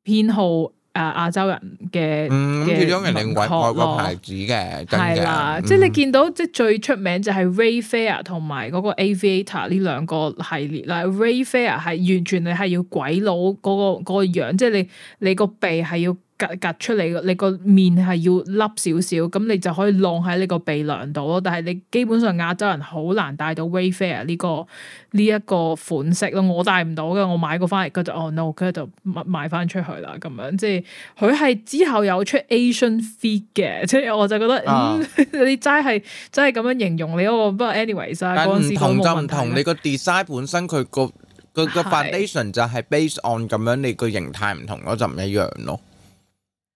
偏好。啊！亞洲人嘅嘅唔錯咯，嗯、牌子嘅係啦，的嗯、即係你見到，即係最出名就係 Rayfair 同埋嗰個 Aviator 呢兩個系列啦。Rayfair 係完全你係要鬼佬嗰、那個嗰、那個樣，即係你你個鼻係要。夾出嚟你個面係要凹少少，咁你就可以晾喺呢個鼻梁度咯。但係你基本上亞洲人好難戴到 Wayfarer 呢個呢一、這個這個款式咯。我戴唔到嘅，我買過翻嚟，佢就哦、oh, no，佢就賣賣翻出去啦。咁樣即係佢係之後有出 Asian Fit 嘅，即係我就覺得、啊嗯、 你齋係真係咁樣形容你嗰、那個。Anyways，不過 anyways 啊，唔同就唔同。你個 design 本身佢、那個個個 foundation 就係 based on 咁樣，你個形態唔同咯，就唔一樣咯。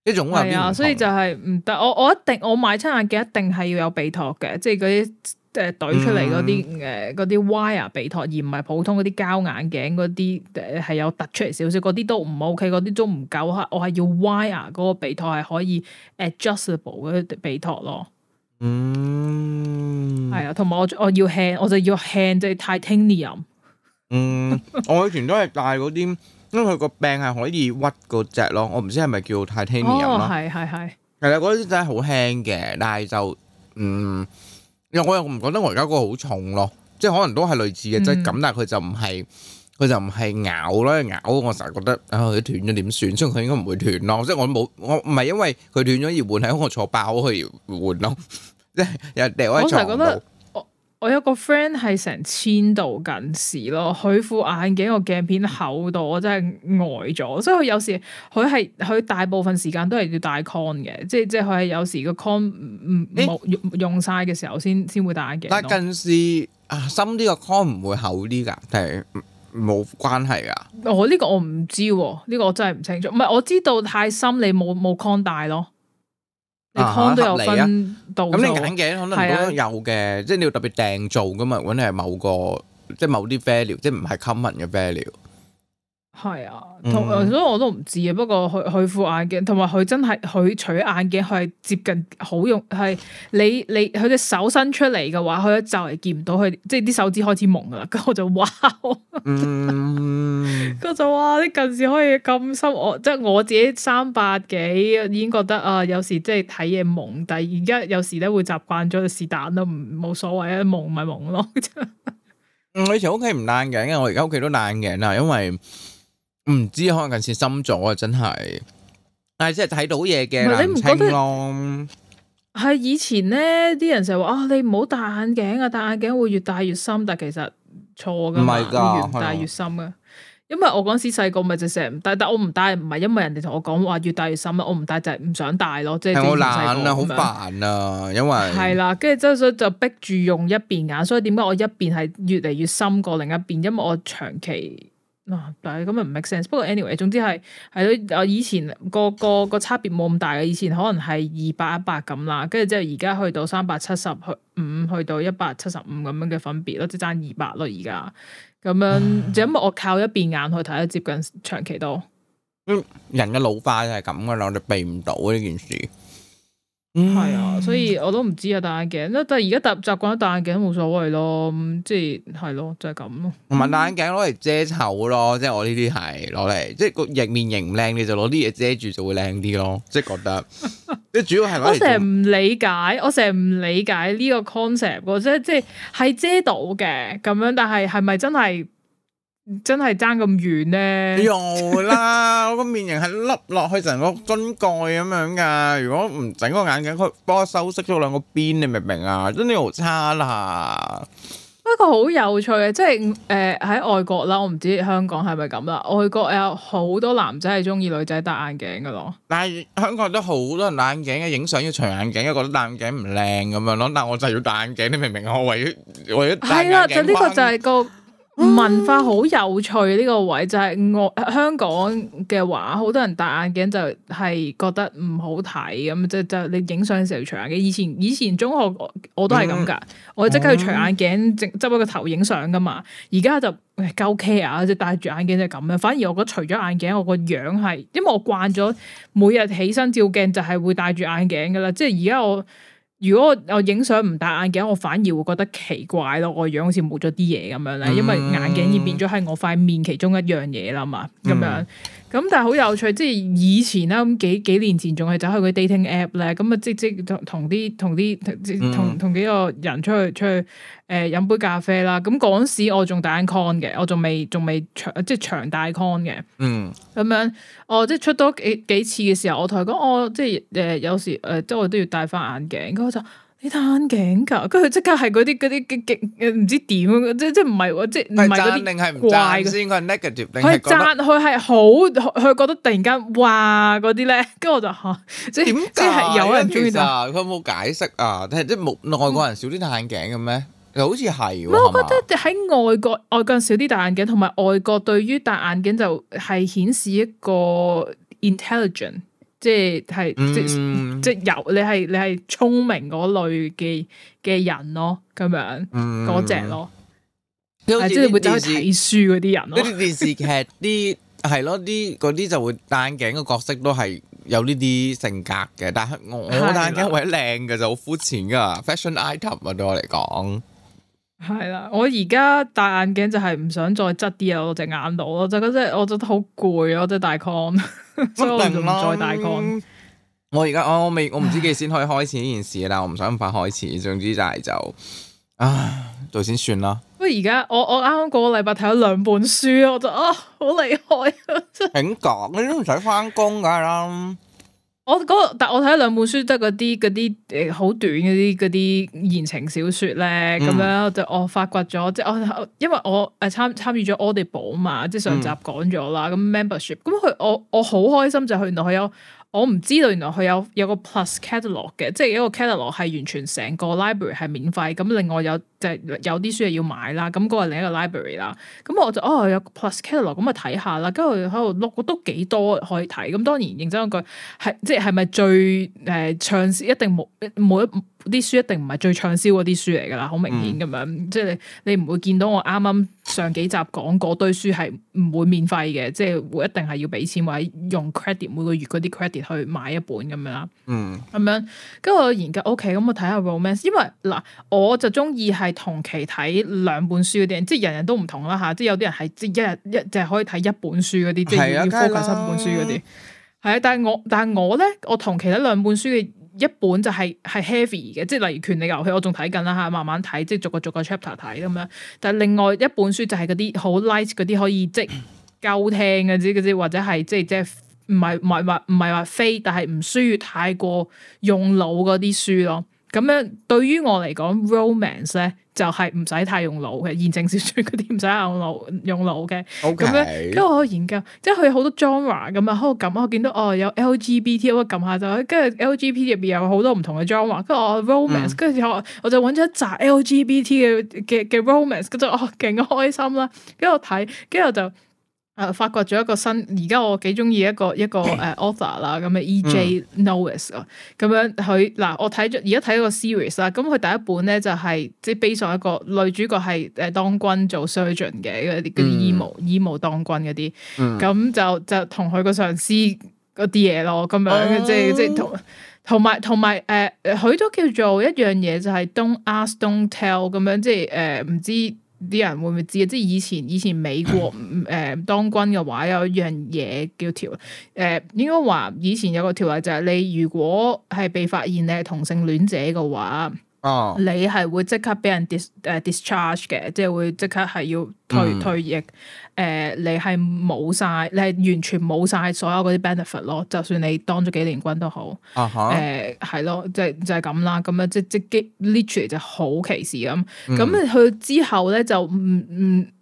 呢種係啊，所以就係唔得。我我一定我買親眼鏡一定係要有鼻托嘅，即係嗰啲誒懟出嚟嗰啲誒嗰啲 wire 鼻托，而唔係普通嗰啲膠眼鏡嗰啲誒係有凸出嚟少少，嗰啲都唔 ok，嗰啲都唔夠。我我係要 wire 嗰個鼻托係可以 adjustable 嗰啲鼻托咯。嗯，係啊，同埋我我要 hand，我就要 hand 即係 titanium。嗯， 我以前都係戴嗰啲。因為佢個病係可以屈嗰隻咯，我唔知係咪叫 Titanium 咯，係係係。其實嗰啲真係好輕嘅，但係就嗯，因為我又唔覺得我而家個好重咯，即係可能都係類似嘅即係咁，嗯、但係佢就唔係佢就唔係咬咯咬，我成日覺得啊佢斷咗點算？所以佢應該唔會斷咯，即係我冇我唔係因為佢斷咗而換，係因為我坐爆去換咯，即 係又掉喺牀度。我有個 friend 係成千度近視咯，佢副眼鏡個鏡片厚到，我真係呆咗。所以佢有時佢係佢大部分時間都係要戴 con 嘅，即係即係佢係有時個 con 唔唔冇用用曬嘅時候先先會戴眼鏡。但近視啊，深啲個 con 唔會厚啲㗎，但係冇關係㗎。我呢、哦呢個我唔知喎、啊，呢、呢個我真係唔清楚。唔係我知道太深，你冇冇 con 戴咯。你有啊，合理啊，咁你揀嘅可能都有嘅，啊、即係你要特別訂做㗎嘛，如果你係某個即係某啲 value，即係唔係 common 嘅 value。係啊，同所以我都唔知啊。不過佢佢副眼鏡，同埋佢真係佢取眼鏡佢係接近好用，係你你佢隻手伸出嚟嘅話，佢一就係見唔到佢，即係啲手指開始蒙噶啦。咁我就哇，咁、嗯、 就哇，啲近視可以咁深，我即係我自己三百幾已經覺得啊、呃，有時即係睇嘢蒙，但係而家有時咧會習慣咗，是但都唔冇所謂啊，蒙咪蒙咯 。我以前屋企唔戴嘅，因為，我而家屋企都戴嘅，啦，因為。唔知可能近視深咗啊！真係，但係真係睇到嘢嘅你唔鏡咯。係以前咧，啲人成日話，哦，你唔好戴眼鏡啊，戴眼鏡會越戴越深。但其實錯噶，唔係噶，越戴越深啊。因為我嗰時細個咪就成日唔戴，但我唔戴唔係因為人哋同我講話越戴越深啊，我唔戴就係唔想戴咯。即係好懶啊，好煩啊，因為係啦，跟住之後就逼住用一邊眼，所以點解我一邊係越嚟越深過另一邊？因為我長期。嗱，但係咁又唔 make sense。不過 anyway，總之係係咯，我以前個個個差別冇咁大嘅，以前可能係二百一百咁啦，跟住之後而家去到三百七十去五，去到一百七十五咁樣嘅分別咯，即係差二百咯而家咁樣，就因為我靠一邊眼去睇，接近長期到。人嘅老化就係咁噶啦，我哋避唔到呢件事。係、嗯、啊，所以我都唔知啊戴眼鏡，但係而家戴習慣咗戴眼鏡都冇所謂、啊就是、咯，即係係咯，就係咁咯。唔係戴眼鏡攞嚟遮醜咯，即係我呢啲係攞嚟，即係個形面型唔靚，你就攞啲嘢遮住就會靚啲咯，即係覺得。 即係主要係我成日唔理解，我成日唔理解呢個 concept，即係即係係遮到嘅咁樣，但係係咪真係？真係爭咁遠咧！又啦， 我個面型係凹落去成個樽蓋咁樣噶。如果唔整個眼鏡框，幫我修飾咗兩個邊，你明唔明啊？真係好差啦！不過好有趣嘅，即係誒喺外國啦，我唔知香港係咪咁啦。外國有好多男仔係中意女仔戴眼鏡噶咯。但係香港都好多人戴眼鏡嘅，影相要除眼鏡，又覺得戴眼鏡唔靚咁樣咯。但我就要戴眼鏡，你明唔明？我為咗為咗係啊，就呢個就係個。文化好有趣呢個位，就係、是、我香港嘅話，好多人戴眼鏡就係覺得唔好睇咁，即就，就你影相時候要除眼鏡。以前以前中學我都係咁噶我即刻去除眼鏡，執執一個頭影相噶嘛。而家就夠 care，啊，即戴住眼鏡就咁樣。反而我覺得除咗眼鏡，我個樣係，因為我慣咗每日起身照鏡就係會戴住眼鏡噶啦。即係而家我。如果我影相唔戴眼鏡，我反而會覺得奇怪咯，我樣好似冇咗啲嘢咁樣咧，因為眼鏡已變咗係我塊面其中一樣嘢啦嘛，咁樣咁、嗯、但係好有趣，即係以前啦，咁幾幾年前仲係走去個 dating app 咧，咁啊即即同同啲同啲同同幾個人出去出去。誒，飲杯咖啡啦。咁嗰陣時我仲戴眼 con 嘅，我仲未仲未長即係長戴 con 嘅。嗯，咁樣，哦，即係出多幾幾次嘅時候，我同佢講，我即係誒有時誒，即係我都要戴翻眼鏡。佢就你戴眼鏡噶？跟佢即刻係嗰啲嗰啲嘅嘅唔知點即係即唔係即係唔係嗰啲。係讚定係唔讚先？佢係 negative，佢係讚佢係好，佢覺得突然間哇嗰啲咧。跟住我就吓，即係點？即係有人中意佢有冇解釋啊？即係即係外國人少啲戴眼鏡嘅咩？又好似係，唔 吧我覺得喺外國外國人少啲戴眼鏡，同埋外國對於戴眼鏡就係顯示一個 intelligent，即係、嗯、即即由你係你係聰明嗰類嘅嘅人咯，咁樣嗰隻、嗯、咯。即係會睇書嗰啲人咯，嗰啲電，電視劇啲係咯啲啲就會戴眼鏡嘅角色都係有呢啲性格嘅，但係我戴眼鏡為靚嘅就好膚淺噶，fashion item 啊對我嚟講。係啦，我而家戴眼鏡就係唔想再執啲啊，我隻眼度咯，就覺得我覺得好攰啊，我隻大 con， 我唔再大 con。我而家我未我唔知幾時先可以開始呢件事啦，我唔想咁快開始，總之就係就啊，到先算啦。不過而家我我啱啱過個禮拜睇咗兩本書，我就啊、哦、好厲害啊！點講你都唔使翻工噶啦。我嗰個，但我睇兩本書得嗰啲嗰啲誒，好短嗰啲嗰啲言情小說咧，咁、嗯、樣就我發掘咗，即我因為我誒參參與咗 Audible 嘛，即上集講咗啦，咁、嗯、membership，咁佢我我好開心就去到佢有。我唔知道，原來佢有有個 Plus Catalog 嘅，即係一個 Catalog 係完全成個 library 係免費，咁另外有就係、是、有啲書係要買啦，咁嗰個係另一個 library 啦。咁我就哦有個 Plus Catalog，咁咪睇下啦，跟住喺度 look，都幾多可以睇。咁當然認真嗰句，係即係咪最誒暢銷一定冇冇一？啲書一定唔係最暢銷嗰啲書嚟噶啦，好明顯咁樣，嗯、即係你唔會見到我啱啱上幾集講嗰堆書係唔會免費嘅，即係會一定係要俾錢或者用 credit 每個月嗰啲 credit 去買一本咁樣啦。嗯，咁樣跟住我研究，OK，咁我睇下 romance，因為嗱，我就中意係同期睇兩本書嗰啲，即係人人都唔同啦下，即係有啲人係一日一淨係可以睇一本書嗰啲，即係要 focus 一的本書嗰啲，係啊的，但係我但係我咧，我同期睇兩本書嘅。一本就係係 heavy 嘅，即係例如權力遊戲，我仲睇緊啦嚇，慢慢睇，即係逐個逐個 chapter 睇咁樣。但係另外一本書就係嗰啲好 light 嗰啲，可以即係夠聽嘅之嗰啲，或者係即係即係唔係唔係話唔係話飛，但係唔需要太過用腦嗰啲書咯。咁樣對於我嚟講，romance 咧就係唔使太用腦嘅言情小說嗰啲唔使用腦用腦嘅。咁樣，跟住我研究，即係佢好多 genre 咁樣，我撳、哦嗯，我見到哦有 LGBT，我撳下就，跟住 LGBT 入邊有好多唔同嘅 genre，跟住我 romance，跟住我我就揾咗一紮 LGBT 嘅嘅嘅 romance，跟住我，勁開心啦，跟住我睇，跟住我就。發掘咗一個新，而家我幾鍾意一個一個誒 Hey. author 啦、e. 嗯，咁嘅 EJ Knowles 咯，咁樣佢嗱我睇咗，而家睇咗個 series 啦，咁佢第一本咧就係、是、即係 based on 一個女主角係誒當軍做 surgeon 嘅嗰啲嗰啲醫務、嗯、醫務當軍嗰啲，咁、嗯、就就同佢個上司嗰啲嘢咯，咁樣、嗯、即係即係同同埋同埋誒，佢、呃呃、都叫做一樣嘢就係、是、Don't ask, don't tell 咁樣，即係誒唔知。啲人會唔會知啊？即係以前以前美國誒、呃、當軍嘅話有一樣嘢叫條誒、呃，應該話以前有個條例就係你如果係被發現你係同性戀者嘅話，哦、你係會即刻俾人 dis 誒 discharge 嘅，即係會即刻係要退、嗯、退役。誒，你係冇晒，你係完全冇晒所有嗰啲 benefit 咯。就算你當咗幾年軍都好，誒、啊喊，係咯、嗯即係，就就係咁啦。咁樣即即，literally 就好歧視咁。咁佢之後咧就唔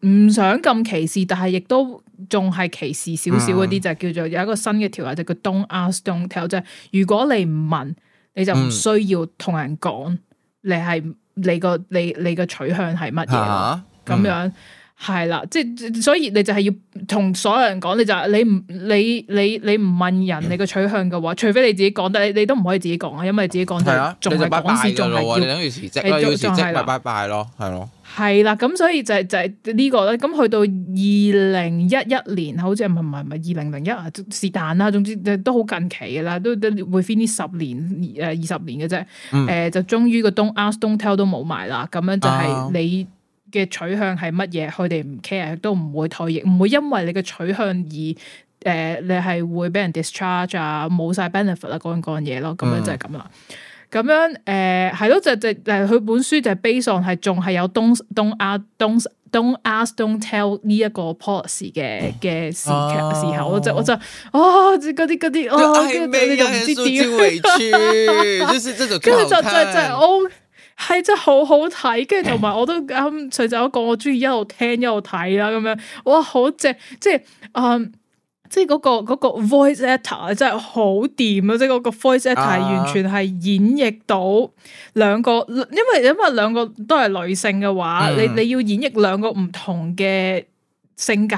唔唔想咁歧視，但係亦都仲係歧視少少嗰啲，就叫做有一個新嘅條例，就係、叫 Don’t ask, don’t tell，即係如果你唔問，你就唔需要同、да 嗯、人講你係你個你你個取向係乜嘢，咁、啊、喊樣。嗯係啦，即係所以你就係要同所有人講，你就你唔你你你唔問人你個取向嘅話，嗯、除非你自己講，得，你都唔可以自己講啊，因為你自己講就仲係講先，仲係的的要你等於辭職啊，的要辭職拜拜咯，係咯的。係啦的，咁所以就就係呢個啦。咁去到二零一一年，好似唔係唔係二零零一啊，是但啦。總之都好近期噶啦，都都會 fit 呢十年二十年嘅啫。誒、嗯呃，就終於個 Don’t Ask，Don’t Tell 都冇埋啦。咁樣就係你。嗯嘅取向係乜嘢？佢哋唔 care，都唔會退役，唔會因為你嘅取向而誒、呃，你係會俾人 discharge、哦哦、啊，冇晒 benefit 啦，嗰樣嗰樣嘢咯，咁樣就係咁啦。咁樣誒，係咯，就就誒，佢本書就係 based on，係仲係有 don't don't don't don't ask don't tell 呢一個 policy 嘅嘅時候時即係我就哦，啊，嗰啲嗰啲啊，你嘢唔知點去，就係這種，就就就哦。係真係好好睇，跟住同埋我都啱、那個，隨住一個我中意一路聽一路睇啦，咁樣哇好正！即係，嗯、呃，即係、那、嗰個、那個 voice actor 啊，真係好掂啊！即係嗰個 voice actor、啊、完全係演繹到兩個，因為因為兩個都係女性嘅話，嗯嗯你你要演繹兩個唔同嘅。性格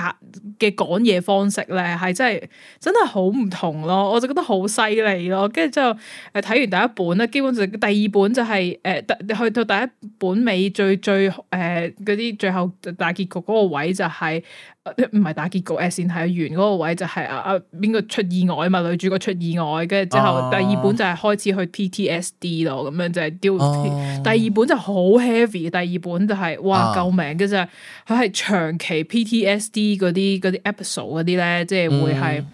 嘅講嘢方式咧，係真係真係好唔同咯，我就覺得好犀利咯。跟住之後，誒、呃、睇完第一本咧，基本上第二本就係、是、誒，去、呃、到第一本尾最最誒嗰啲最後大結局嗰個位就係、是。呃唔係打結局，先睇完嗰個位就係啊。阿、啊、邊個出意外嘛，女主角出意外，跟住之後第二本就係開始去 PTSD 咯，咁樣就係、是 uh, 第二本就好 heavy，第二本就係、是、哇救命，uh. 其實佢係長期 PTSD 嗰啲嗰啲 episode 嗰啲咧，即係會係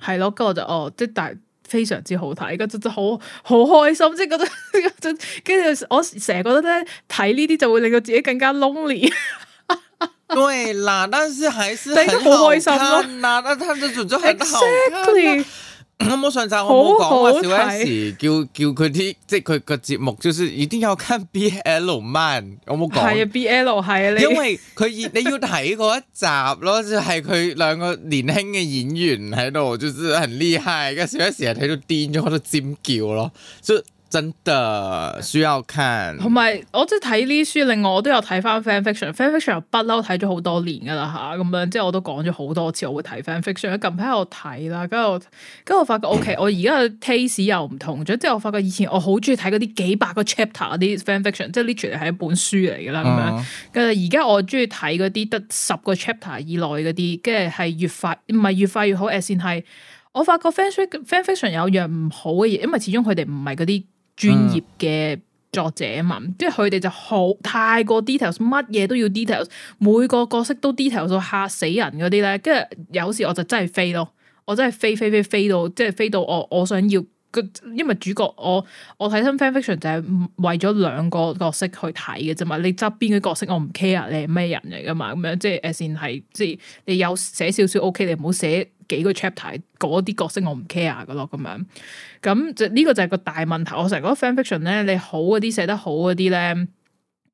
係咯。咁、嗯、我就哦，即係但係非常之好睇，咁就就好好開心，即係覺得跟住我成日覺得咧睇呢啲就會令到自己更加 lonely。 對啦，但是還是很好看啦，但係就嘅主角係好睇。我冇 Exactly.、嗯、上集我好好，我冇講啊。小 S 叫叫佢啲，即係佢個節目，就算一定要看 BL man 我冇講係啊，B L 係啊。 因為佢你要睇嗰一集咯，就係佢兩個年輕嘅演員喺度，就真、是、係很厲害。個小 S 係睇到癲咗，喺度尖叫咯，就、so。真的需要看，同埋我即係睇呢書，另外我都有睇翻 fan fiction。fan fiction 又不嬲睇咗好多年噶啦吓，咁、啊、樣即係我都講咗好多次，我會睇 fan fiction。近排我睇啦，跟住跟住我發覺 ，OK，我而家嘅 taste 又唔同咗。即係我發覺以前我好中意睇嗰啲幾百個 chapter 嗰啲 fan fiction，即係 literally 係一本書嚟噶啦咁樣。跟住而家我中意睇嗰啲得十個 chapter 以內嗰啲，跟住係越發唔係越發越好。而且係我發覺 fan fiction 有樣唔好嘅嘢，因為始終佢哋唔係嗰啲，專業嘅作者啊嘛，即係佢哋就好太過 details，乜嘢都要 details，每個角色都 details 到嚇死人嗰啲咧，跟住有時我就真係飛咯，我真係飛飛飛飛到，即係飛到我我想要。個，因為主角我我睇親 fan fiction 就係為咗兩個角色去睇嘅啫嘛，你側邊嘅角色我唔 care 你係咩人嚟噶嘛，咁樣即係 Asian 係即係你有寫少少 ok，你唔好寫幾個 chapter 嗰啲角色我唔 care 噶咯，咁樣咁就呢個就係個大問題。我成日覺得 fan fiction 咧，你好嗰啲寫得好嗰啲咧，誒、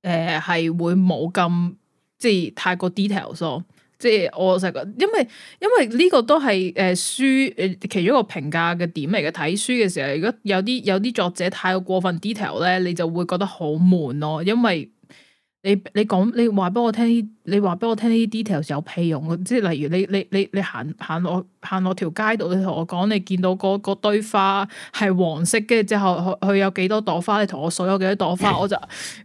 呃、係會冇咁即係太過 details 咯。即係我成日，因為因為呢個都係誒、呃、書誒、呃、其中一個評價嘅點嚟嘅。睇書嘅時候，如果有啲有啲作者太過分 detail 咧，你就會覺得好悶咯，因為。你你講你話俾我聽呢啲，你話俾我聽呢啲 details 有屁用？即係例如你你你你行行落行落條街度，你同我講你見到嗰堆花係黃色，嘅，之後佢有幾多朵花，你同我數有幾多朵花， 我就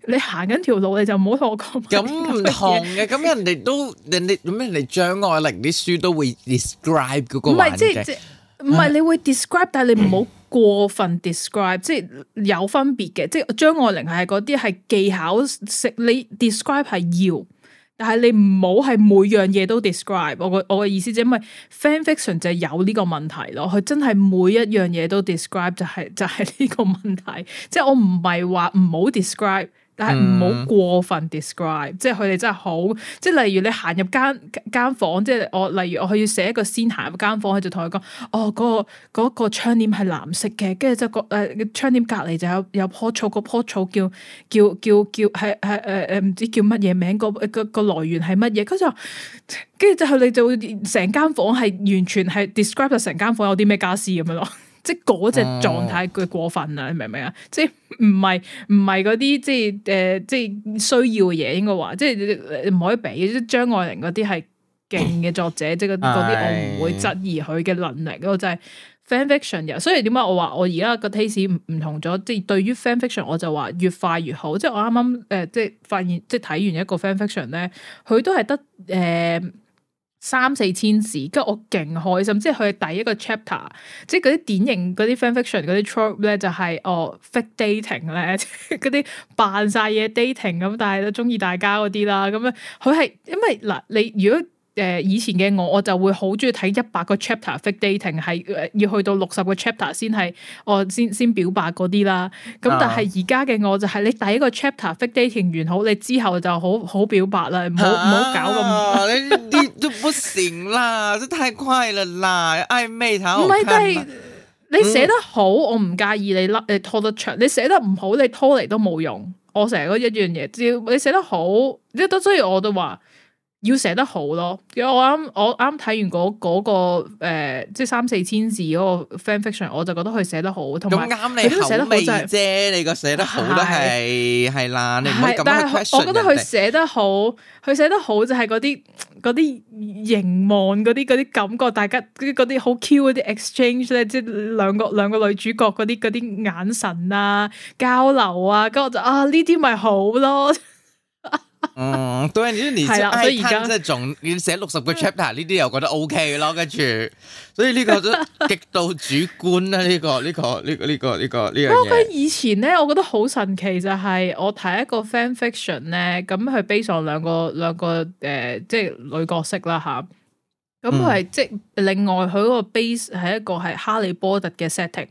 你行緊條路，你就唔好同我講咁唔同嘅，咁 人哋都人哋，咁人哋張愛玲啲書都會 describe 嗰個環境。唔係你會 describe，但係你唔好過分 describe，即係有分別嘅。即係張愛玲係嗰啲係技巧識，你 describe 係要，但係你唔好係每樣嘢都 describe。我個我嘅意思就因為 fan fiction 就係有呢個問題咯，佢真係每一樣嘢都 describe 就係、是、就係、是、呢個問題。即係我唔係話唔好 describe。但係唔好過分 describe，嗯、即係佢哋真係好，即係例如你行入間間房，即係我例如我去要寫一個先行入間房，佢就同佢講，哦嗰、個嗰、個窗簾係藍色嘅，跟住就個誒、呃、窗簾隔籬就有有棵草，嗰棵草叫叫叫叫係係誒誒唔知叫乜嘢名，個個個來源係乜嘢，跟住就佢你就成間房係完全係 describe 晒成間房有啲咩家私咁樣咯。 即係嗰隻狀態佢過分啦，嗯、你明唔明啊？即係唔係唔係嗰啲即係誒，即係需要嘅嘢，應該話即係唔可以比張愛玲嗰啲係勁嘅作者，嗯、即係嗰嗰啲我唔會質疑佢嘅能力咯，唉就係 fan fiction 又，所以點解我話我而家個 taste 唔唔同咗？即係對於 fan fiction，我就話越快越好。即係我啱啱誒，即係發現即係睇完一個 fan fiction 咧，佢都係得誒。呃三四千字，跟住我勁開心，即係佢係第一個 chapter，即係嗰啲典型嗰啲 fan fiction 嗰啲 trope 咧，就是，就係哦 fake dating 咧，即係嗰啲扮晒嘢 dating 咁，但係都中意大家嗰啲啦，咁樣佢係因為嗱你如果。誒，以前嘅我，我就會好中意睇一百個 chapter fake dating，係要去到六十個 chapter 先係我先先表白嗰啲啦。咁但係而家嘅我就係、是、你第一個 chapter fake dating 完好，你之後就好好表白啦，唔好唔好搞咁、啊。 你啲都不行啦，都太快啦啦，曖昧太唔係，但係、嗯、你寫得好，我唔介意你拉誒拖得長，你寫得唔好，你拖嚟都冇用。我成日嗰一樣嘢，只要你寫得好，即都所以我都話。要寫得好咯，我啱我啱睇完嗰、嗰、嗰個誒、嗰個呃，即係三四千字嗰個 fan fiction，我就覺得佢寫得好，同埋佢寫得好就是、你個寫得好都係係啦，你唔係咁樣 question 嘅。但係我覺得佢寫得好，佢寫家得好就係嗰啲啲凝望嗰啲啲感覺，大家嗰啲好 Q 嗰啲 exchange 咧，即係兩個兩個女主角嗰啲啲眼神啊交流啊，咁我就啊呢啲咪好咯。 嗯，對啊，呢啲，而且而家即係仲要寫六十個 chapter，呢啲又覺得 O K 咯，跟住，所以呢個都極度主觀啦，呢、 呢個，呢、呢個，呢、呢個，呢、呢個，呢、呢個。不過， 我覺得以前咧，我覺得好神奇就係，我睇一個 fan fiction 咧，咁佢 base 上兩個兩個誒、呃，即係女角色啦吓，咁佢係即另外佢嗰個 base 係一個係哈利波特嘅 setting。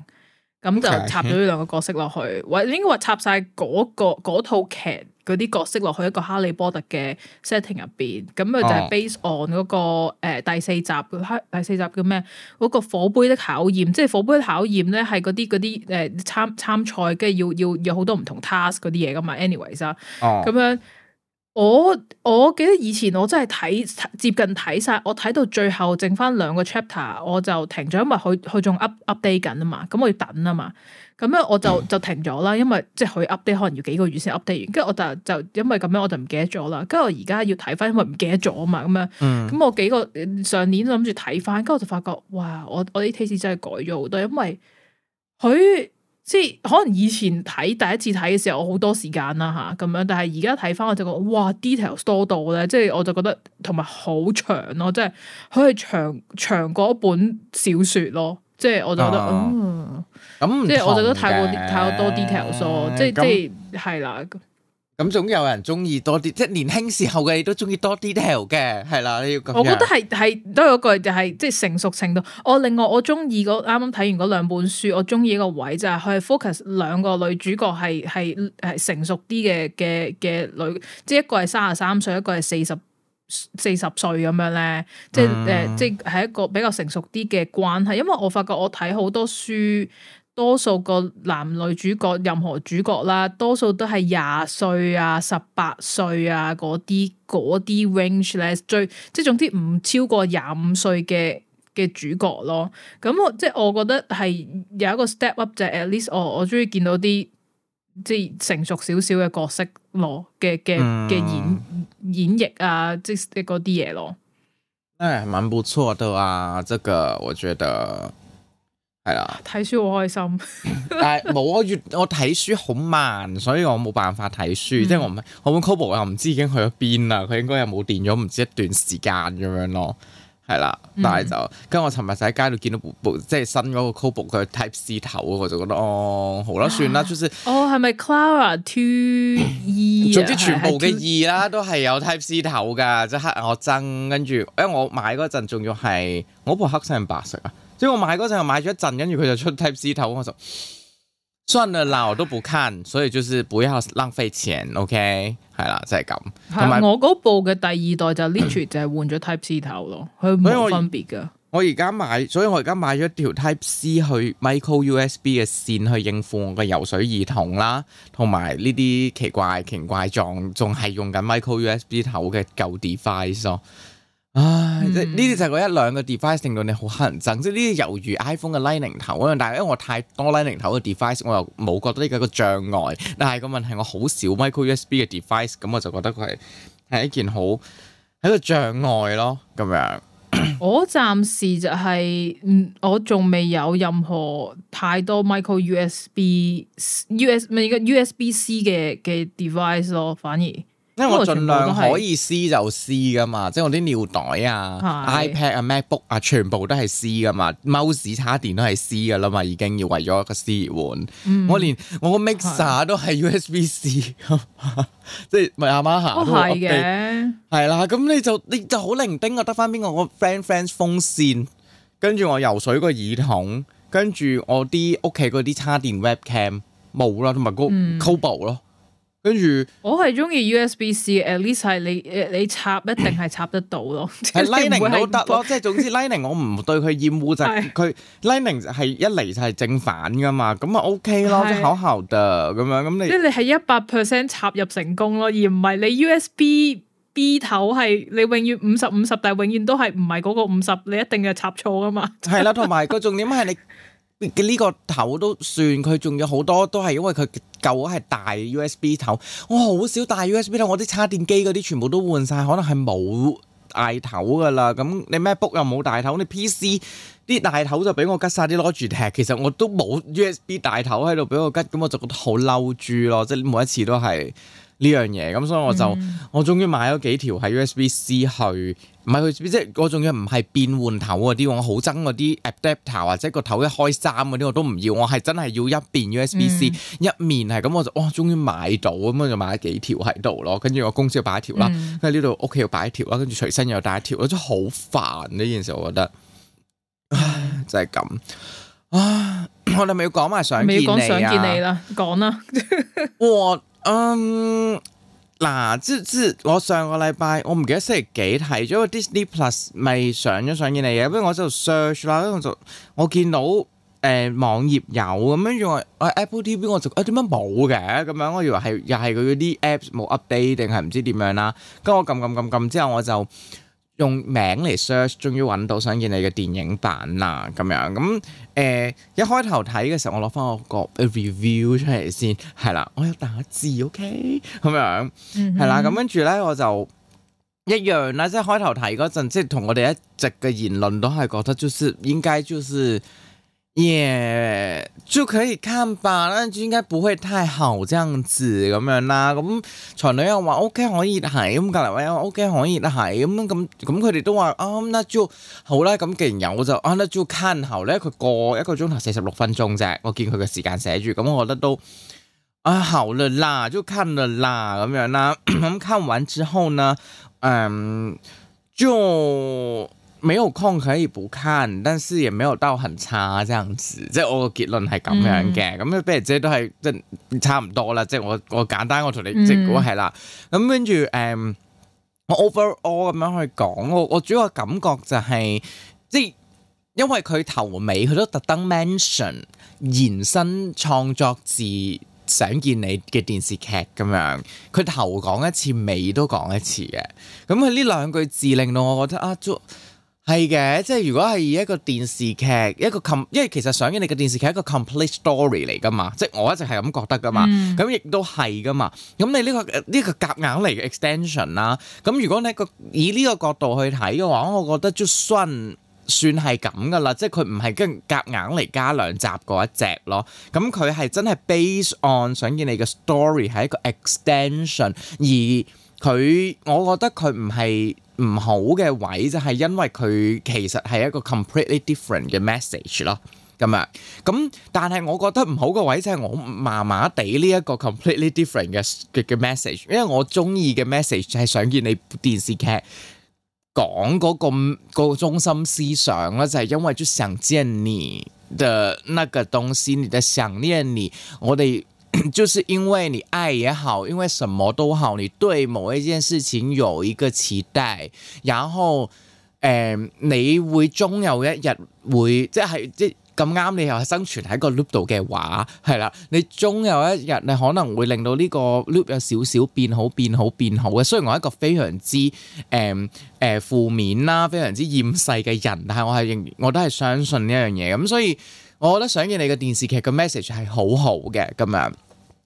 咁就插咗呢兩個角色落去，或 Okay. 應該話插晒嗰、那個套劇嗰啲角色落去一個哈利波特嘅 setting 入邊，咁佢就係 base on 嗰、那個誒、呃、第四集，第四集叫咩？嗰、那個火杯的考驗，即係火杯的考驗咧，係嗰啲嗰啲誒參參賽，跟、呃、住要要有好多唔同 task 嗰啲嘢㗎嘛。Anyways 啊，咁樣。Oh. 我我記得以前我真係睇接近睇晒，我睇到最後剩翻兩個 chapter，我就停咗，因為佢佢仲 up update 緊啊嘛，咁我要等啊嘛，咁樣我就就停咗啦，因為即係佢 update 可能要幾個月先 update 完，跟住我就就因為咁樣我就唔記得咗啦，跟住我而家要睇翻，因為唔記得咗啊嘛，咁樣，咁我幾個上年諗住睇翻，跟住我就發覺哇，我我啲 taste 真係改咗好多，因為佢。即係可能以前睇第一次睇嘅時候，我好多時間啦吓咁樣，但係而家睇翻我就覺得哇 details 多到咧，即係我就覺得同埋好長咯，即係可以長長過一本小說咯，即係我就覺得、哦、嗯，即係、嗯、我就覺得太過太過多 details 咯，即係即係係啦。那咁總有人中意多啲，即係年輕時候嘅你都中意多啲 detail 嘅，係啦，你要咁。我覺得係係都有一句，就係即係成熟程度。我另外我中意嗰，啱啱睇完嗰兩本書，我中意一個位就係佢係 focus 兩個女主角係係係成熟啲嘅嘅嘅女，即係一個係三十三歲，一個係四十四十歲咁樣咧。即係誒、嗯呃，即係係一個比較成熟啲嘅關係。因為我發覺我睇好多書。多數個男女主角，任何主角啦，多數都係廿歲啊、十八歲啊嗰啲嗰啲 range 咧，最即係總之唔超過廿五歲嘅嘅主角咯。咁我即係我覺得係有一個 step up，就係 at least 我我中意見到啲即係成熟少少嘅角色咯嘅嘅嘅演演繹啊，即係嗰啲嘢咯。誒，蠻不錯的啊，這個我覺得。係啦，睇書好開心，但係冇啊。呃我睇書好慢，所以我冇辦法睇書。嗯、即係我我部 Kobo 又唔知已經去咗邊啦，佢應該又冇電咗，唔知一段時間咁樣咯。係啦，但係就、嗯、跟住我尋日就喺街度見到部即係新嗰個 Kobo 佢 type C 頭啊，我就覺得哦，好啦，算啦，就是哦，係咪 Clara Two 二？ 總之全部嘅二啦，都係有 type C 頭噶，即係黑我憎。跟住因為我買嗰陣仲要係我部黑色定白色啊？所以我買嗰陣又買咗一陣，跟住佢就出 Type C 頭，我話做算了啦，我都不看，所以就是不要浪費錢，OK 係啦，就係、是、咁。同埋我嗰部嘅第二代就 Link、是、t 就係換咗 Type C 頭咯，佢冇分別噶。我而家買，所以我而家買咗條 Type C 去 Micro USB 嘅線去應付我嘅游水耳筒啦，同埋呢啲奇怪奇怪狀，仲係用緊 Micro USB 頭嘅舊 device 咯、哦。唉，呢啲、嗯、就係嗰一兩個 device 令到你好乞人憎，即係呢啲猶如 iPhone 嘅 lightning 頭啊。但係因為我太多 lightning 頭嘅 device，我又冇覺得呢個個障礙。但係個問題我 device、嗯，我好少 micro USB 嘅 device，咁我就覺得佢係係一件好係個障礙咯。咁樣，我暫時就係、是，我仲未有任何太多 micro USB USB 唔係 USB C 嘅嘅 device 咯，反而。因為我盡量可以 C 就 C 噶嘛，即係我啲尿袋啊、的 iPad 啊、MacBook 啊，全部都係 C 噶嘛，mouse 叉電都係 C 噶啦嘛，已經要為咗一個 C 而換。嗯、我連我個 mixer 的都係 USB C， 即係咪阿媽行都係嘅。係啦，咁你就你就好伶仃，啊。得翻邊個我 friend friend 風扇，跟住我游水個耳筒，跟住我啲屋企嗰啲叉電 webcam 冇啦，同埋個 cable 咯。跟住，我係中意 USB C，at least 係你誒，你插一定係插得到咯。係 Lightning 都得咯， 即係 總之 Lightning 我唔對佢厭惡就佢它 Lightning 係一嚟就係正反噶嘛，咁啊 OK 咯， 好好即有效的咁樣咁你即係你係一百 percent 插入成功咯，而唔係你 USB B 頭係你永遠五十五十，但係永遠都係唔係嗰個五十，你一定係插錯噶嘛。係啦，同埋嗰重點係你。 呢個頭都算，佢仲有好多都係因為佢舊咗係大 USB 頭，我好少大 USB 頭，我啲插電機嗰啲全部都換晒，可能係冇大頭噶啦。咁你 MacBook 又冇大頭，你 PC 啲大頭就俾我吉晒啲攞住踢，其實我都冇 USB 大頭喺度俾我吉，咁我就覺得好嬲豬咯，即係每一次都係。呢樣嘢咁，所以我就、嗯、我終於買咗幾條喺 USB C 去，唔係去即係我仲要唔係變換頭嗰啲喎，我好憎嗰啲 adapter 或者個頭一開三嗰啲我都唔要，我係真係要一邊 USB C、嗯、一面係咁，我就哇終於買到咁，就買咗幾條喺度咯，跟住我公司又擺一條啦，跟住呢度屋企又擺一條啦，跟住隨身又帶一條，我真係好煩呢件事，我覺得唉就係咁啊！嗯、我哋咪要講埋上想見你啊，講啦，嗯，嗱、um,，即即我上個禮拜我唔記得星期幾睇咗個 Disney Plus，咪上咗上映嚟嘅，不過我就 search 啦，跟住就我見到誒、呃、網頁有咁，跟住我喺 Apple TV 我就啊，點解冇嘅咁樣，我以為係又係佢嗰啲 apps 冇 update 定係唔知點樣啦，跟住我撳撳撳撳之後我就。用名嚟 search，終於揾到想見你嘅電影版啦，咁樣咁誒、呃，一開頭睇嘅時候，我攞翻我個 review 出嚟先，係啦，我有打字，OK，咁樣，係啦、mm，咁、hmm. 跟住咧我就一樣啦、啊，即係開頭睇嗰陣，即係同我哋一直嘅言論都係覺得，就是應該就是。也、yeah, 就可以看吧，那就應該不會太好這，這樣子咁樣啦。咁傳媒又話 OK 可以係，咁隔籬話又 OK 可以係，咁咁咁佢哋都話啊，那就好啦。咁既然有，就啊，那就看好咧，佢過一個鐘頭四十六分鐘啫。我見佢嘅時間寫住，咁、嗯、我覺得都啊好了啦，就看了啦，咁樣啦、啊。咁 看完之後呢，誒、呃、就。沒有空可以補看，但是也沒有到很差這樣子，即係我個結論係咁樣嘅。咁啊、嗯，如都不如、嗯、即都係即差唔多啦。即係我我簡單我同你即係係啦。咁跟住誒，我 overall 咁樣去講我，我主要嘅感覺就係、是、即係因為佢頭尾佢都特登 mention 延伸創作自想見你嘅電視劇咁樣，佢頭講一次，尾都講一次嘅。咁佢呢兩句字令到我覺得啊，係嘅，即係如果係一個電視劇一個 com, 因為其實《想見你》嘅電視劇係一個 complete story 嚟噶嘛，即係我一直係咁覺得噶嘛，咁亦、mm. 都係噶嘛。咁你呢、呢個呢、呢個夾硬嚟嘅 extension 啦、啊，咁如果你個以呢個角度去睇嘅話，我覺得就算算係咁噶啦，即係佢唔係跟夾硬嚟加兩集嗰一隻咯。咁佢係真係 base on《想見你》嘅 story 係一個 extension，而佢我覺得佢唔係。唔好嘅位就係因為佢其實係一個 completely different 嘅 message 咯，咁樣咁，但係我覺得唔好嘅位就係我麻麻地呢一個 completely different 嘅嘅 message，因為我中意嘅 message 就係想見你電視劇講嗰個中心思想咧，就係、是、因為就想見你的那個東西，你的想念你，我哋。就是因為你愛也好，因為什麼都好，你對某一件事情有一個期待，然後，誒、呃，你會終有一日會，即係即咁啱，剛剛你又生存喺個 loop 度嘅話，係啦，你終有一日你可能會令到呢個 loop 有少少變好，變好，變好嘅。雖然我係一個非常之誒誒、呃呃、負面啦、啊，非常之厭世嘅人，但係我係認我都係相信呢一樣嘢，咁、嗯、所以。我覺得想見你個電視劇嘅 message 係好好嘅咁樣，咁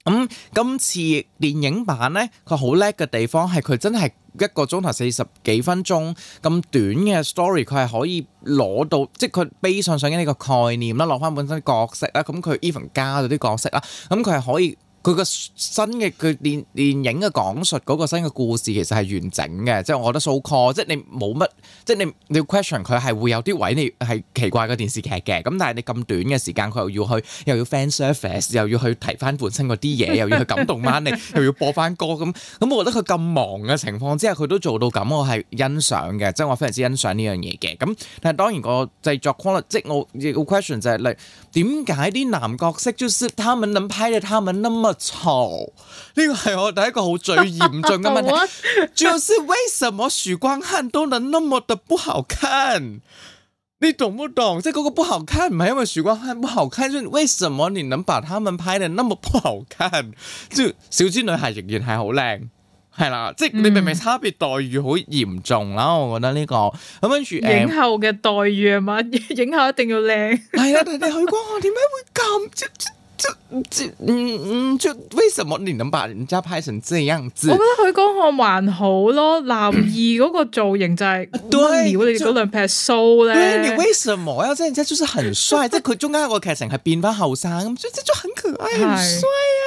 今，嗯、今次電影版咧，佢好叻嘅地方係佢真係一個鐘頭四十幾分鐘咁短嘅 story，佢係可以攞到，即係佢悲傷上鏡呢個概念啦，攞翻本身角色啦，咁佢 even 加咗啲角色啦，咁佢係可以。佢個新嘅佢電電影嘅講述嗰個新嘅故事其實係完整嘅，即係我覺得 so call，即係你冇乜，即係你你 question 佢係會有啲位你係奇怪嘅電視劇嘅，咁但係你咁短嘅時間佢又要去又要 fan service，又要去提翻本身嗰啲嘢，又要去感動翻你， 又要播翻歌咁，咁我覺得佢咁忙嘅情況之下佢都做到咁，我係欣賞嘅，即係我非常之欣賞呢樣嘢嘅。咁但係當然個製作 q 即係我亦個 question 就係嚟點解啲男角色，就是他們拍到他呢個係我第一個好最嚴重嘅問題，就、啊啊、 是為什麼許光漢都能那麼的不好看？你懂不懂？這、就、個、是、個不好看嘛？唔係因為許光漢不好看，就為什麼你能把他們拍的那麼不好看？就小豬女孩仍然係好靚，係啦，即係你、嗯、明明差別待遇好嚴重啦，我覺得呢、這個咁跟住影后嘅待遇啊嘛，影后一定要靚，係 啊，但係許光漢點解會咁？即，即，嗯嗯，就為什麼你能把人家拍成這樣子？我覺得許光漢還好咯，男二嗰 個造型就係、是，對，我哋嗰兩撇鬚咧。你為什麼要即係，即係就是很帥？即係佢中間個劇情係變翻後生，咁就這就很可愛，唔帥啊！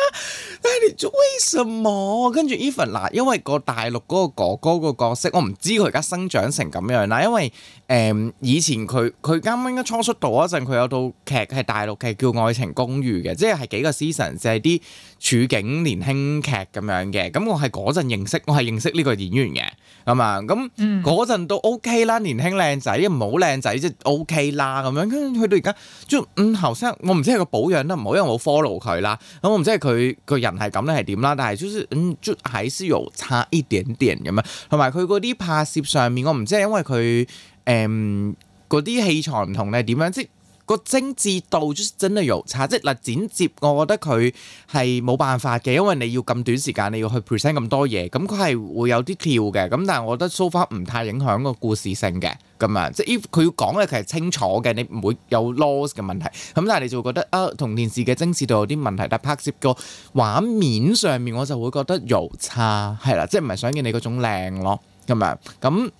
但係是、哎、你做為什麼？跟住 Evan 嗱，因為個大陸嗰個哥哥個角色，我唔知佢而家生長成咁樣啦。因為誒、嗯，以前佢佢啱啱啱初出道嗰陣，佢有套劇係大陸劇叫，叫《愛情公寓》嘅。即係係幾個 season，就係啲處境年輕劇咁樣嘅，咁我係嗰陣認識，我係認識呢個演員嘅，咁啊，咁嗰陣都 OK 啦，年輕靚仔，唔好靚仔即係，OK 啦咁樣。跟住去到而家，就嗯後生，我唔知係個保養得唔好，因為 fo、嗯、我 follow 佢啦，咁我唔知係佢個人係咁咧，係點啦？但係少少嗯，就喺 style 差一點點咁樣，同埋佢嗰啲拍攝上面，我唔知係因為佢誒嗰啲器材唔同咧，點樣即個精緻度真係有差，即係剪接，我覺得佢係冇辦法嘅，因為你要咁短時間你要去 present 咁多嘢，咁佢係會有啲跳嘅，咁但係我覺得 so far 唔太影響個故事性嘅，咁樣即係佢要講嘅其實清楚嘅，你唔會有 loss 嘅問題，咁但係你就會覺得啊同電視嘅精緻度有啲問題，但拍攝個畫面上面我就會覺得有差，係啦，即係唔係想見你嗰種靚咯，咁樣咁，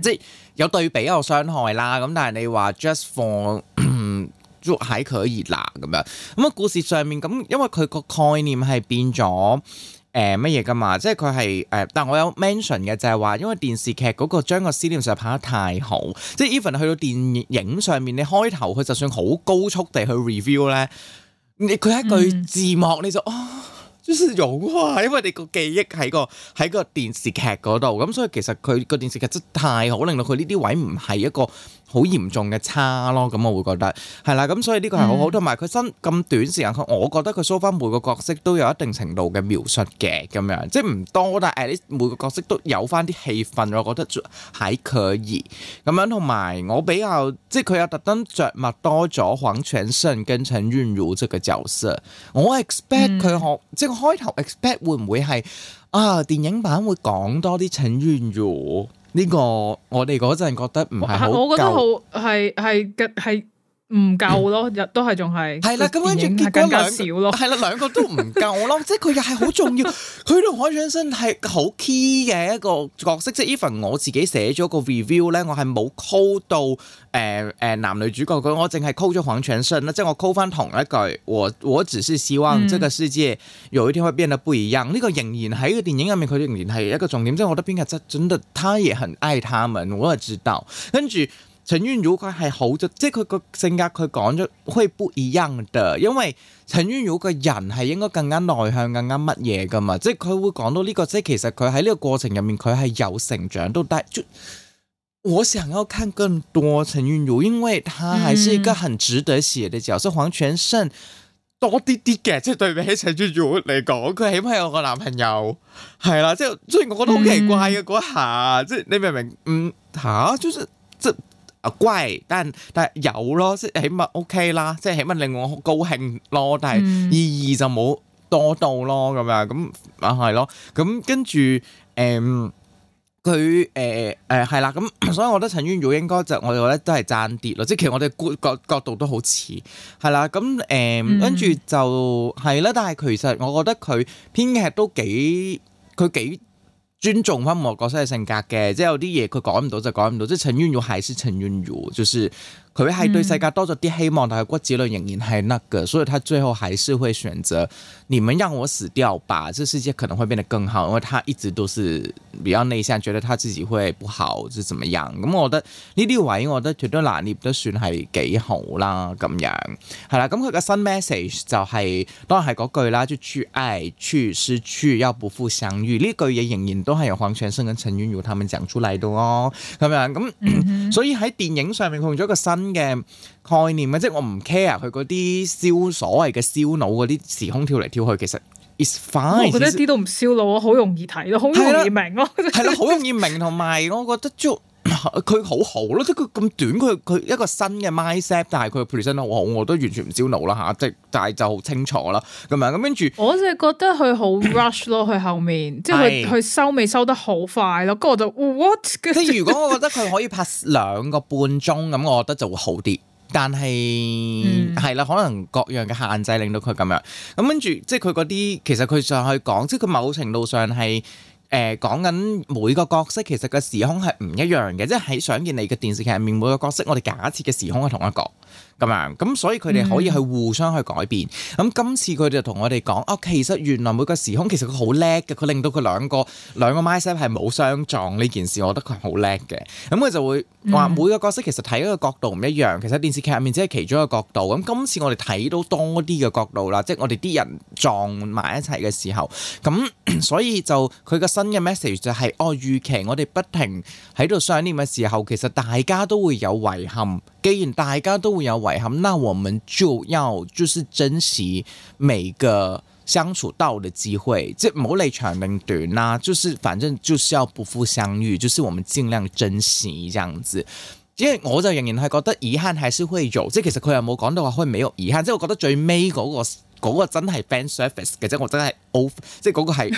即係有對比有個傷害啦，咁但係你話 just for 喺佢熱鬧咁樣，咁、嗯、啊故事上面咁，因為佢個概念係變咗誒乜嘢㗎嘛，即係佢係誒，但我有 mention 嘅就係話，因為電視劇嗰、那個將個思念上拍得太好，即係 even 去到電影上面，你開頭佢就算好高速地去 review 咧，你佢一句字幕你就啊，即、哦、是融啊，因為你個記憶喺個喺個電視劇嗰度，咁、嗯、所以其實佢個電視劇真太好，令到佢呢啲位唔係一個。好嚴重嘅差咯，咁我會覺得係啦，咁所以呢個係好好，同埋佢新咁短時間，佢我覺得佢 show 翻每個角色都有一定程度嘅描述嘅咁樣，即係唔多，但係每每個角色都有翻啲戲份。我覺得喺佢而咁樣，同埋我比較即係佢有特登着墨多咗王詮勝跟陳韻如這個角色，我 expect 佢學、mm。即係開頭 expect 會唔會係啊電影版會講多啲陳韻如。呢個我哋嗰陣覺得唔係好，我覺得好係係嘅係。唔夠咯，又、嗯、都係仲係係啦，咁跟住結果少兩係啦、啊，兩個都唔夠咯， 即係佢又係好重要，佢同海俊生係好 key 嘅一個角色，即係 even 我自己寫咗個 review 咧，我係冇 call 到誒誒、呃呃、男女主角佢，我淨係 call 咗海俊生啦，即係我 call 翻同一句，我我只是希望這個世界有一天會變得不一樣，呢、嗯、個仍然喺個電影入面，佢仍然係一個重點，即係我覺得編劇真真的，他也很愛他們，我知道，跟住。陳韻如佢係好咗，即係佢個性格佢講咗會不一樣嘅。因為陳韻如個人係應該更加內向、更加乜嘢噶嘛，即係佢會講到呢、這個，即係其實佢喺呢個過程入面佢係有成長到，但係我想要看更多陳韻如，因為他係一個很值得寫的角色，嗯、黃全勝多啲啲嘅，即係對比起陳韻如嚟講，佢起碼有個男朋友，係啦，即係所以我覺得好奇怪嘅嗰、嗯、下，即係你明唔明？嗯吓，就是即貴，但但係有咯，即係起碼 O、OK、K 啦，即係起碼令我好高興咯。但係意義就冇多到咯，咁樣咁啊係咯。咁跟住誒，佢誒誒係啦。咁、呃呃、所以我覺得陳韻如應該就我哋覺得都係讚跌咯。即係其實我哋觀角角度都好似係啦。咁誒跟住就係啦。但係其實我覺得佢編劇都幾佢幾。尊重翻莫角色嘅性格嘅，即係有啲嘢佢改唔到就改唔到，即係陳韻如，還是陳韻如，就是。佢係對世界多咗啲希望，但係個結論仍然係那個，所以佢最後還是會選擇你們讓我死掉吧。這世界可能會變得更好，因為他一直都是比較內向，覺得他自己會不好，是怎麼樣？咁、嗯、我覺得呢啲原因我都覺得難你、e、都算係幾好啦。咁樣係啦，咁佢個新 message 就係當然係嗰句啦，就去愛、去失去要不負相遇呢句嘢仍然都係由黃雨萱跟陳韻如他們講出來嘅。哦， 係咪咁所以喺電影上面換咗個新嘅概念啊，即係我唔 care 佢嗰啲燒所謂嘅燒腦嗰啲時空跳嚟跳去，其實 it's fine。我覺得一啲都唔燒腦，我好容易睇咯，好容易明咯，係咯了，好 容易明，同埋我覺得佢好好咯，即係佢咁短，佢佢一個新嘅 mindset，但係佢 presentation 好、er、好，我都完全唔焦腦啦吓，即係但係就好清楚啦，咁樣咁跟住。我就覺得佢好 rush 咯，佢 後面即係佢佢收尾收得好快咯，咁我就 what？即係如果我覺得佢可以拍兩個半鐘咁， 我覺得就會好啲。但係係啦，可能各樣嘅限制令到佢咁樣。咁跟住即係佢嗰啲，其實佢上去講，即係佢某程度上係。誒講緊每個角色其實個時空係唔一樣嘅，即係喺想見你嘅電視劇入面每個角色，我哋假設嘅時空係同一個。咁樣，咁所以佢哋可以去互相去改變。咁今次佢哋就同我哋講：哦，其實原來每個時空其實佢好叻嘅，佢令到佢兩個兩個 myself 係冇相撞呢件事，我覺得佢好叻嘅。咁佢就會話每個角色其實睇嘅角度唔一樣，其實電視劇入面只係其中一個角度。咁今次我哋睇到多啲嘅角度啦，即係我哋啲人撞埋一齊嘅時候，咁 所以就佢個新嘅 message 就係、是：哦，預期我哋不停喺度想念嘅時候，其實大家都會有遺憾。既然大家都會有遺憾，那我們就要就是珍惜每個相處到嘅機會，即係唔好理長命短啦、啊，就是反正就是要不負相遇，就是我們盡量珍惜這樣子。因為我就仍然係覺得遺憾還是會有。即係其實佢又冇講到話會冇遺憾，即係我覺得最尾嗰、那個嗰、那個真係 fan service 嘅啫，我真係 over 即係嗰個係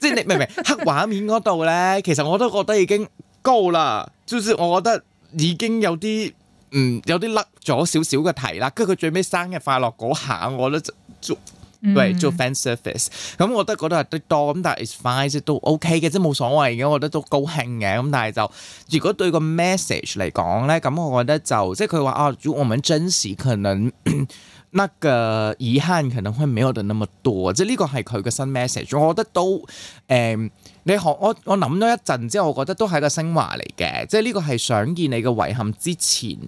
即係你明唔明 黑畫面嗰度咧？其實我都覺得已經夠啦，就是我覺得已經有啲。嗯，有啲甩咗少少嘅題啦，跟住佢最尾生日快樂嗰下，我覺得就做，嚟做 fan service 咁我覺得嗰度係啲多，咁但係 it's fine 都 OK 嘅，即係冇所謂嘅，我覺得都高興嘅，咁但係就如果對個 message 嚟講咧，咁我覺得就即係佢話啊，如果我們珍惜，可能甩、 那個遺憾可能唔會有得那麼多，即係呢個係佢嘅新 message，我覺得都誒。嗯你學我，我諗咗一陣之後，我覺得都係一個升華嚟嘅，即係呢個係想見你嘅遺憾之前，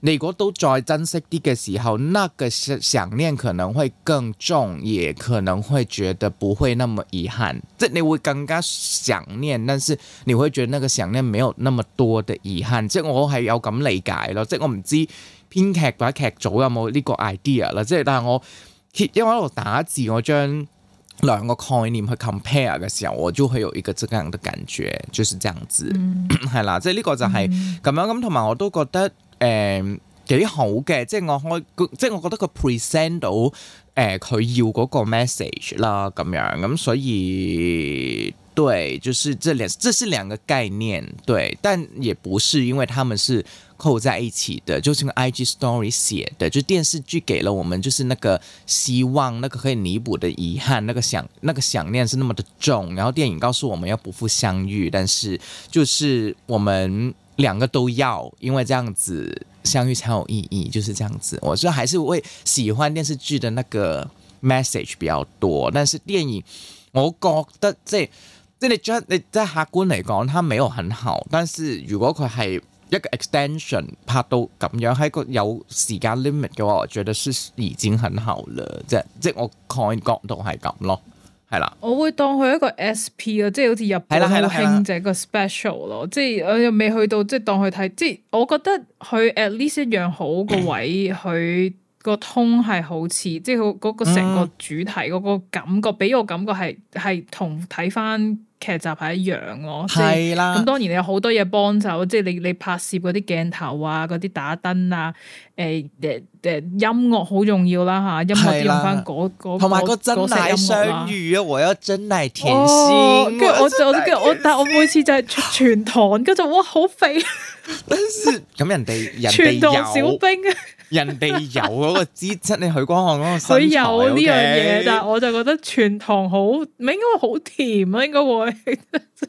你如果都再珍惜啲嘅時候，那個想念可能會更重，也可能會覺得不會那麼遺憾，即係你會更加想念，但是你會覺得那個想念沒有那麼多的遺憾，即係我係有咁理解咯，即係我唔知編劇或者劇組有冇呢個 idea 啦，即係但係我因為我喺度打字，我將兩個概念去 compare 嘅時候，我就會有一個這樣嘅感覺，就是這樣子，係 啦，即係呢個就係咁樣咁，同埋我都覺得誒幾、呃、好嘅，即係我開，即係我覺得佢 present 到誒佢、呃、要嗰個 message 啦，咁樣咁、嗯，所以。對，就是這兩，這是兩個概念，對，但也不是因為他們是扣在一起的，就是用 IG Story 寫的，就電視劇給了我們就是那個希望，那個可以彌補的遺憾，那個想那個想念是那麼的重，然後電影告訴我們要不負相遇，但是就是我們兩個都要，因為這樣子相遇才有意義，就是這樣子，我說還是會喜歡電視劇的那個 message 比較多，但是電影我覺得這。即係你將你即係客觀嚟講，他未有很好。但是如果佢係一個 extension 拍到咁樣，喺個有時間 limit 嘅話，我覺得是已經很好啦。即係即係我個人角度係咁咯，係啦。我會當佢一個 SP 咯，cial，即係好似入邊嘅編者個 special 咯。即係我又未去到，即係當佢睇。即係我覺得佢 at least 一樣好個位佢。嗯。個通係好似，即係嗰個成個主題，嗰個感覺俾、嗯、我感覺係係同睇翻劇集係一樣咯。係啦的，咁當然你有好多嘢幫手，即係你你拍攝嗰啲鏡頭啊，嗰啲打燈啊，誒誒誒，音樂好重要啦吓，音樂用翻嗰嗰同埋個珍的、那個、奶相遇啊，我要珍奶甜心，跟住我就我我，但我每次就係全糖，跟住哇好肥，咁人哋人哋有。人哋有嗰個資質， 你許光漢嗰個身材有呢樣嘢，Okay? 但係我就覺得全糖好，唔係應該好甜啊，應該會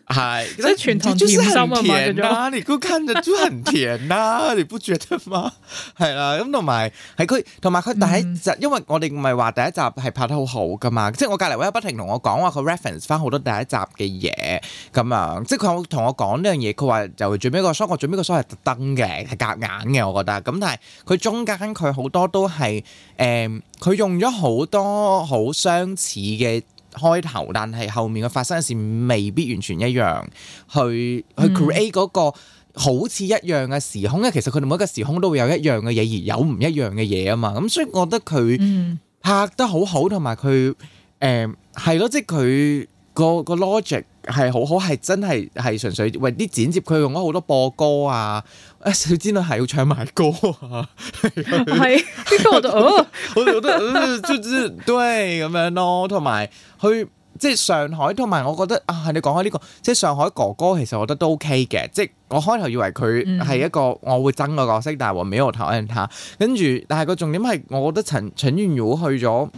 係，即係全糖甜心啊、嗯、嘛，嗱， 你估看着就很甜啦、啊， 你不覺得嘛？係啦、啊，咁同埋係可同埋佢第一集，因為我哋唔係話第一集係拍得好好噶嘛，即係我隔籬位不停同我講話，佢 reference 翻好多第一集嘅嘢咁樣，即係佢同我講呢樣嘢，佢話就最尾個 so，最尾個 so 係特登嘅，係夾硬嘅，我覺得，咁但係佢中間佢好多都係誒，佢、呃、用咗好多好相似嘅開頭，但係後面嘅發生嘅事未必完全一樣，去去 create 個好似一樣嘅時空。因為其實佢哋每一個時空都會有一樣嘅嘢，而有唔一樣嘅嘢啊嘛。咁所以我覺得佢拍得好好，同埋佢誒係咯，即係佢個個 logic。係好好，係真係係純粹喂，啲剪接，佢用咗好多播歌啊！小仙女係要唱埋歌啊，係呢個我都，我哋覺得， 對咁樣咯。同埋去，即係上海，同埋我覺得啊，係你講開呢個，即係上海哥哥，哥，其實我覺得都 OK 嘅。即係我開頭以為佢係一個我會憎嘅角色，嗯、但係我尾我睇下，跟住但係個重點係、欸，我覺得陳陳韻如去咗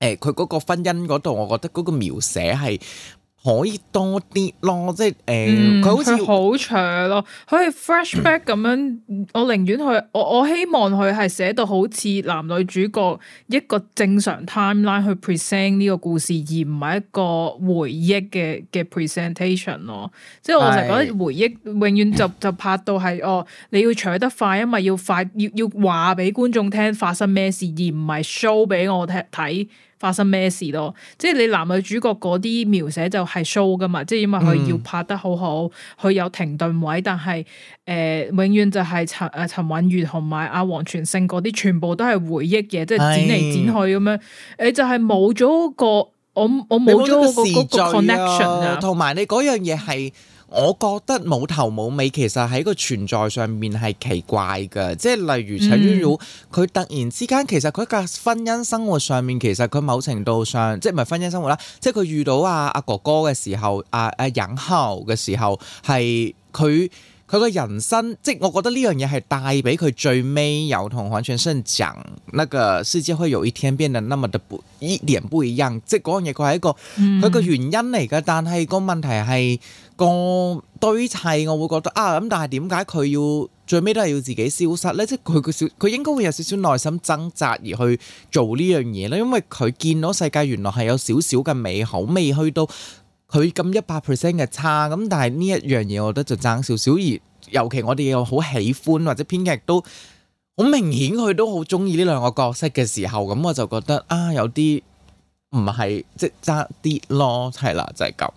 誒，佢嗰個婚姻嗰度，我覺得嗰個描寫係。可以多啲咯，即係誒，佢、呃嗯、好似好長咯，佢係 flashback 咁樣。 我寧願佢，我我希望佢係寫到好似男女主角一個正常 timeline 去 present 呢個故事，而唔係一個回憶嘅嘅 presentation 咯。即係我成日覺得回憶永遠就就拍到係哦，你要取得快，因為要快要要話俾觀眾聽發生咩事，而唔係 show 俾我睇睇。發生咩事咯？即係你男女主角嗰啲描寫就係 show 噶嘛？即係因為佢要拍得好好，佢、嗯、有停頓位，但係誒、呃、永遠就係陳誒陳韻如同埋阿黃詮勝嗰啲全部都係回憶嘅，即係剪嚟剪去咁樣，你就係冇咗個我我冇咗個 connection 啊，同埋你嗰樣嘢係。我覺得冇頭冇尾其實喺個存在上面係奇怪嘅，即係例如陳韻如佢、嗯、突然之間，其實佢個婚姻生活上面，其實佢某程度上，即係唔係婚姻生活啦，即係佢遇到阿、啊、阿哥哥嘅時候，阿阿引後嘅時候，係佢佢個人生，即係我覺得呢樣嘢係帶俾佢最尾有同王詮勝講那個世界，會有一天變得那麼的一點不一樣，即係嗰樣嘢佢係一個佢個、嗯、原因嚟嘅，但係個問題係。個堆砌我會覺得啊，咁，但係點解佢要最尾都係要自己消失呢？即係佢佢少佢應該會有少少內心掙扎而去做呢樣嘢咧，因為佢見到世界原來係有少少嘅美好，未去到佢咁一百 percent 嘅差咁。但係呢一樣嘢，我覺得就爭少少，而尤其我哋又好喜歡或者編劇都好明顯，佢都好中意呢兩個角色嘅時候，咁我就覺得啊，有啲唔係即係爭啲咯，係啦，就係咁。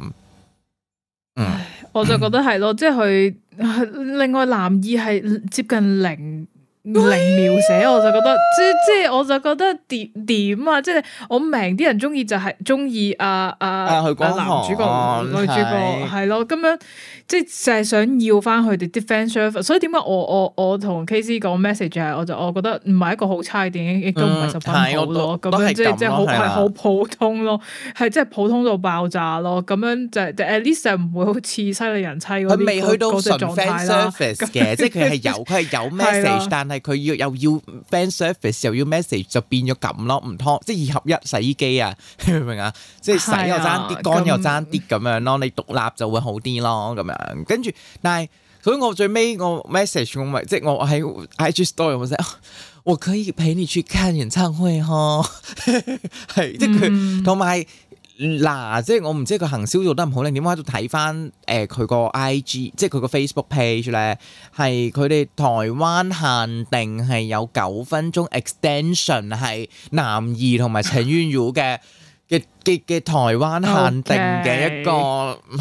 唉， 我就覺得係咯，即係佢另外男二係接近零。零描寫我就覺得鯓即即係我就覺得點點啊即係我明啲人中意就係中意阿阿阿男主角的女主角係咯咁樣即係就係、是、想要翻佢哋啲 fans 所以點解我我我同 K.C 講 message 係我就我覺得唔係一個好差嘅電影亦都唔係十分好咯咁樣即係即係好係好普通咯係即係普通到爆炸咯咁樣就的就 at least 唔會好似犀利人妻嗰啲未去到純 fan surface 即係佢係有佢係有 message 但係。係佢要又要 fan service 又要 message 就變咗咁咯，唔拖即係二合一洗衣機啊，明唔明啊？即係洗又爭啲，乾又爭啲咁樣咯。你獨立就會好啲咯，咁樣。跟住，但係所以我最尾個 message 我咪即係我喺 IG story 有冇先？我可以陪你去看演唱會哦，係 即係佢同埋。嗯嗱，即係我唔知佢行銷做得唔好咧，點解都睇翻誒佢個 IG，即係佢個 Facebook page 咧，係佢哋台灣限定係有九分鐘 extension 係南怡同埋陳韻如嘅。 嘅嘅台灣限定嘅一個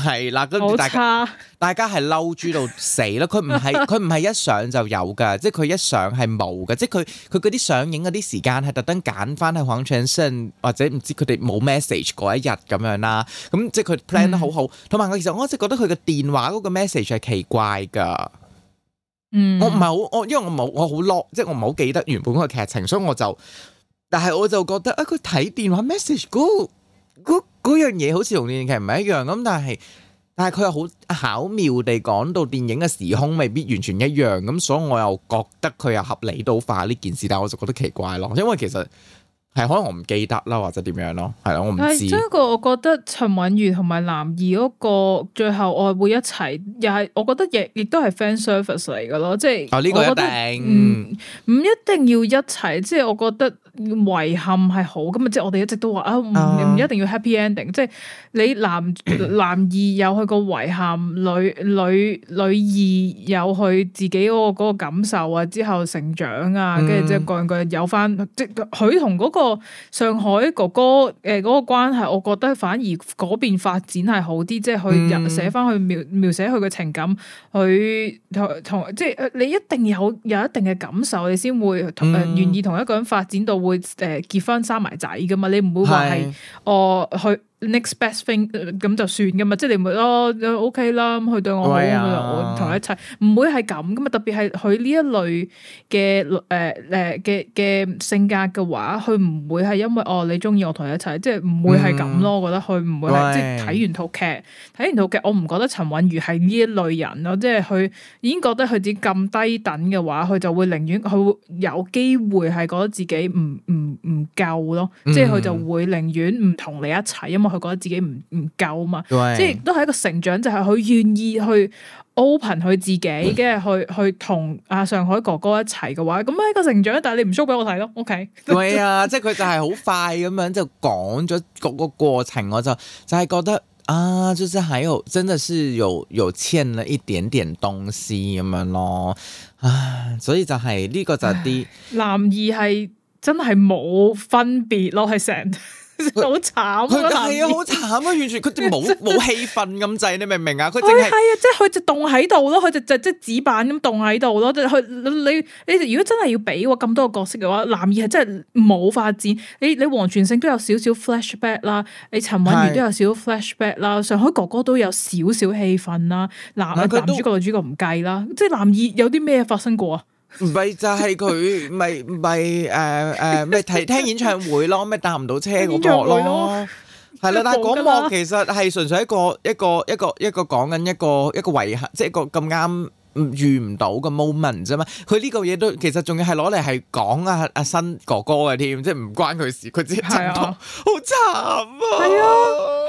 係啦，跟住 Okay. 大家差大家係嬲住到死咯。佢唔係佢唔係一上就有㗎， 即係佢一上係冇㗎。即係佢佢嗰啲上映嗰啲時間係特登揀翻去 Transition 或者唔知佢哋冇 message 嗰一日咁樣啦。咁即係佢 plan 得好好。同埋、嗯、我其實我一直覺得佢嘅電話嗰個 message 係奇怪㗎。嗯，我唔係好我，因為我冇我好 lost，即係我唔係好記得原本嗰個劇情，所以我就。但係我就覺得啊，佢睇電話 message 嗰嗰樣嘢，好似同電視劇唔係一樣咁。但係但係佢又好巧妙地講到電影嘅時空未必完全一樣咁，所以我又覺得佢又合理到化呢件事。但係我就覺得奇怪咯，因為其實係可能我唔記得啦，或者點樣咯，係咯，我唔知。不過我覺得陳韻如同埋男二嗰個最後愛會一齊，又係我覺得亦亦都係 fan service 嚟嘅咯，即係哦呢、這個一定唔唔、嗯、一定要一齊，即係我覺得。遺憾係好咁啊，即係我哋一直都話啊，唔唔一定要 happy ending，即係你男男二有佢個遺憾，女女女二有佢自己嗰個嗰個感受啊，之後成長啊，跟住即係各人各人有翻，即係佢同嗰個上海哥哥誒嗰個關係，我覺得反而嗰邊發展係好啲，即係佢寫翻去描描寫佢嘅情感，佢同同即係你一定有有一定嘅感受，你先會誒願意同一個人發展到。會誒結婚生埋仔噶嘛？你唔會話係是哦，去。next best thing 咁就算噶嘛，即係你唔會咯，就 OK 啦。佢對我好，哎、呀我同佢一齊，唔會係咁噶嘛。特別係佢呢一類嘅誒誒嘅嘅性格嘅話，佢唔會係因為哦你中意我同佢一齊，即係唔會係咁咯。嗯、我覺得佢唔會係、哎、即係睇完套劇，睇完套劇，我唔覺得陳韻如係呢一類人咯。即係佢已經覺得佢自己咁低等嘅話，佢就會寧願佢會有機會係覺得自己唔唔唔夠咯，即係佢就會寧願唔同你一齊，因為。佢覺得自己唔唔夠嘛，對即係都係一個成長，就係佢願意去 open 佢自己跟住、嗯，去去同阿上海哥哥一齊嘅話，咁啊一個成長。但係你唔 show 俾我睇咯，OK？係啊， 即係佢就係好快咁樣就講咗個個過程，我就就係、係覺得啊，就係喺度，真係是有有欠了一點點東西咁樣咯，唉、啊，所以就係呢個就係啲男二係真係冇分別咯，係成。好慘， 啊，係啊，好慘啊，完全佢冇冇氣氛咁滯，你明唔明啊？佢淨係啊，即係佢就凍喺度咯，佢就就即係紙板咁凍喺度咯。佢你你如果真係要俾我咁多個角色嘅話，男二係真係冇發展。你你黃詮勝都有少少 flashback 啦，你陳韻如都有少少 flashback 啦，上海哥哥，哥都有少少氣氛啦。男男主角女主角唔計啦，即係男二有啲咩發生過啊？唔係 就係、是、佢，咪咪誒誒，咪睇、呃呃呃、聽演唱會咯，咩搭唔到車嗰幕咯，係啦。 但係嗰幕其實係純粹一個一個一個一個講緊一個一個遺憾，即係一個咁啱、就是、遇唔到嘅 moment 啫嘛。佢呢個嘢都其實仲要係攞嚟係講阿阿新哥哥嘅添，即係唔關佢事，佢自己襯托，好慘啊！係啊，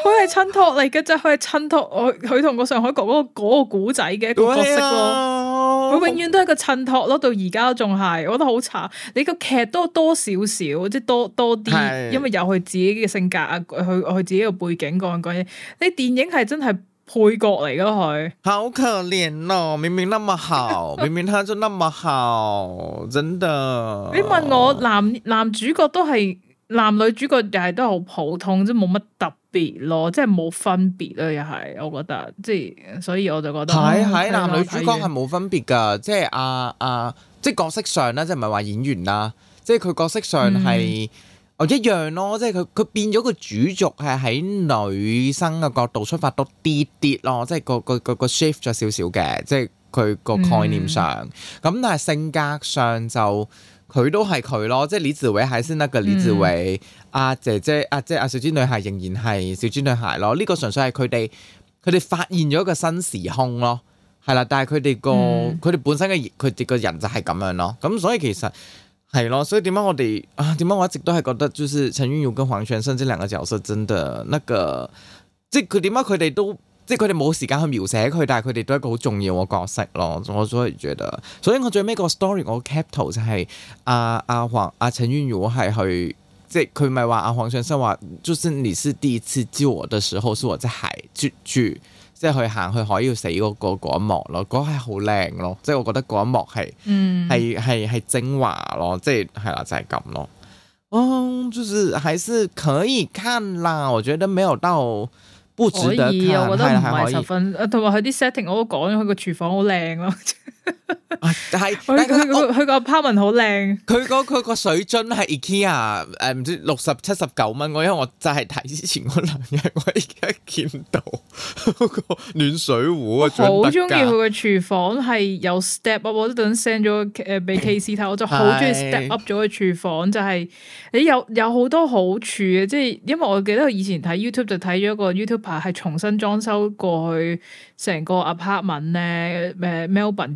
佢係襯托嚟嘅，即係襯托我，佢同個上海哥哥嗰、那個古仔嘅一個角色咯、啊。佢、哦、永遠都係個襯托咯，到而家都仲係，我覺得好慘。你個劇多多少少即係多多啲，是因為有佢自己嘅性格啊，佢佢自己嘅背景各樣嘢。你電影係真係配角嚟㗎，佢好可憐咯、哦，明明那麼好， 明明他就那麼好，真的。你問我男男主角都係。男女主角又係都好普通，即係冇乜特別咯，即係冇分別咯，又係，我覺得即係，所以我就覺得係係男女主角係冇分別噶、嗯啊啊，即係啊啊即係角色上咧，即係唔係話演員啦，即係佢角色上係哦一樣咯，嗯、即係佢佢變咗個主軸係喺女生嘅角度出發多啲啲咯，即係個個個個 shift 咗少少嘅，即係佢個概念上，咁、嗯、但係性格上就。佢都係佢咯，即係李子維係先得嘅李子維，阿、嗯啊、姐姐，阿即係阿小豬女孩仍然係小豬女孩咯。呢、這個純粹係佢哋，佢哋發現咗一個新時空咯，係啦。但係佢哋個，佢哋、嗯、本身嘅，佢哋個人就係咁樣咯。咁所以其實係咯，所以點解我哋啊？點解我一直都係覺得，就是陳韻如跟王詮勝這兩個角色，真的，那個即係佢點解佢哋都。即係佢哋冇時間去描寫佢，但係佢哋都係一個好重要嘅角色咯。我所以覺得，所以我最尾個 story 我 capture 就係阿阿黃阿陳韻如係去，即係佢咪話阿黃上生話，就是你是第一次知我嘅時候，我是我在海住住，即係去行去海要死嗰個嗰一幕咯，嗰係好靚咯，即係我覺得嗰一幕係係係係精華咯，即係係啦就係咁咯。嗯、喔，就是還是可以看啦，我覺得沒有到。可以，我覺得唔係十分。誒，同埋佢啲 setting 我都講咗，佢個廚房好靚咯。 但係佢佢佢個 apartment 好靚，佢嗰佢個水樽係 IKEA，誒唔知六十七十九蚊。我因為我真係睇之前嗰兩日，我而家見到個暖水壺，好中意佢個廚房係有 step up，我都等 send 咗誒俾 case 睇，我就好中意 step up 咗個廚房，就係、是、你有有好多好處嘅，即係因為我記得我以前睇 YouTube 就睇咗個 YouTuber 係重新裝修過去成個 apartment 咧，誒、呃、Melbourne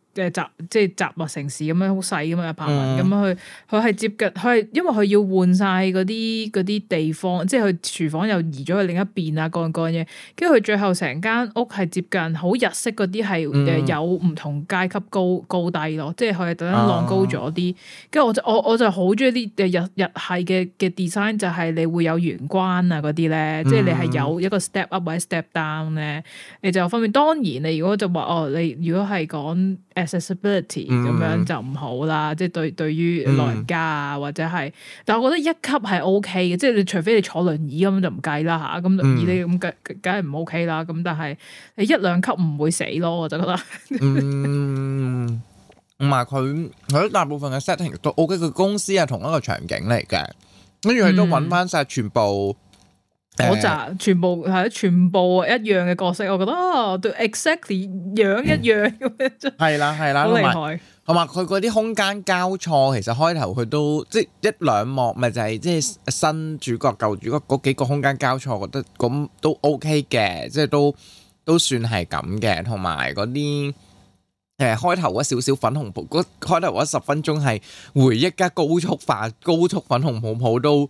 誒，雜即係雜物城市咁樣好細噶嘛，一百蚊咁樣去，佢係、嗯、接近，佢係因為佢要換晒嗰啲嗰啲地方，即係佢廚房又移咗去另一邊啊，各樣各樣嘢，跟住佢最後成間屋係接近好日式嗰啲係誒，有唔同階級高、嗯、高低咯，即係佢特登浪高咗啲，跟住我就我我就好中意啲日日係嘅嘅 design，就係你會有玄關啊嗰啲咧，即係、嗯嗯、你係有一個 step up 或者 step down 咧，你就分面，當然你如果就話哦，你如果係講。哦哦 accessibility 嗯，咁樣就唔好啦，即係對對於老人家啊或者係，嗯，但係我覺得一級係 O K 嘅，即係你除非你坐輪椅咁就唔計啦吓，咁二啲咁計，梗係唔 O K 啦。咁但係你一兩級唔會死咯，我就覺得。嗯，同埋佢，佢大部分嘅 setting 都 O K，佢公司係同一個場景嚟嘅，跟住佢都揾翻晒全部。我就全部係全部一樣嘅角色，我覺得哦，對 exactly 樣一樣咁樣。係啦係啦，好厲害。同埋佢嗰啲空間交錯，其實開頭佢都即係一兩幕，咪就係即係新主角舊主角嗰幾個空間交錯，我覺得咁都 OK 嘅，即係都都算係咁嘅。同埋嗰啲誒開頭嗰少少粉紅泡，嗰開頭嗰十分鐘係回憶加高速化，高速粉紅泡泡都。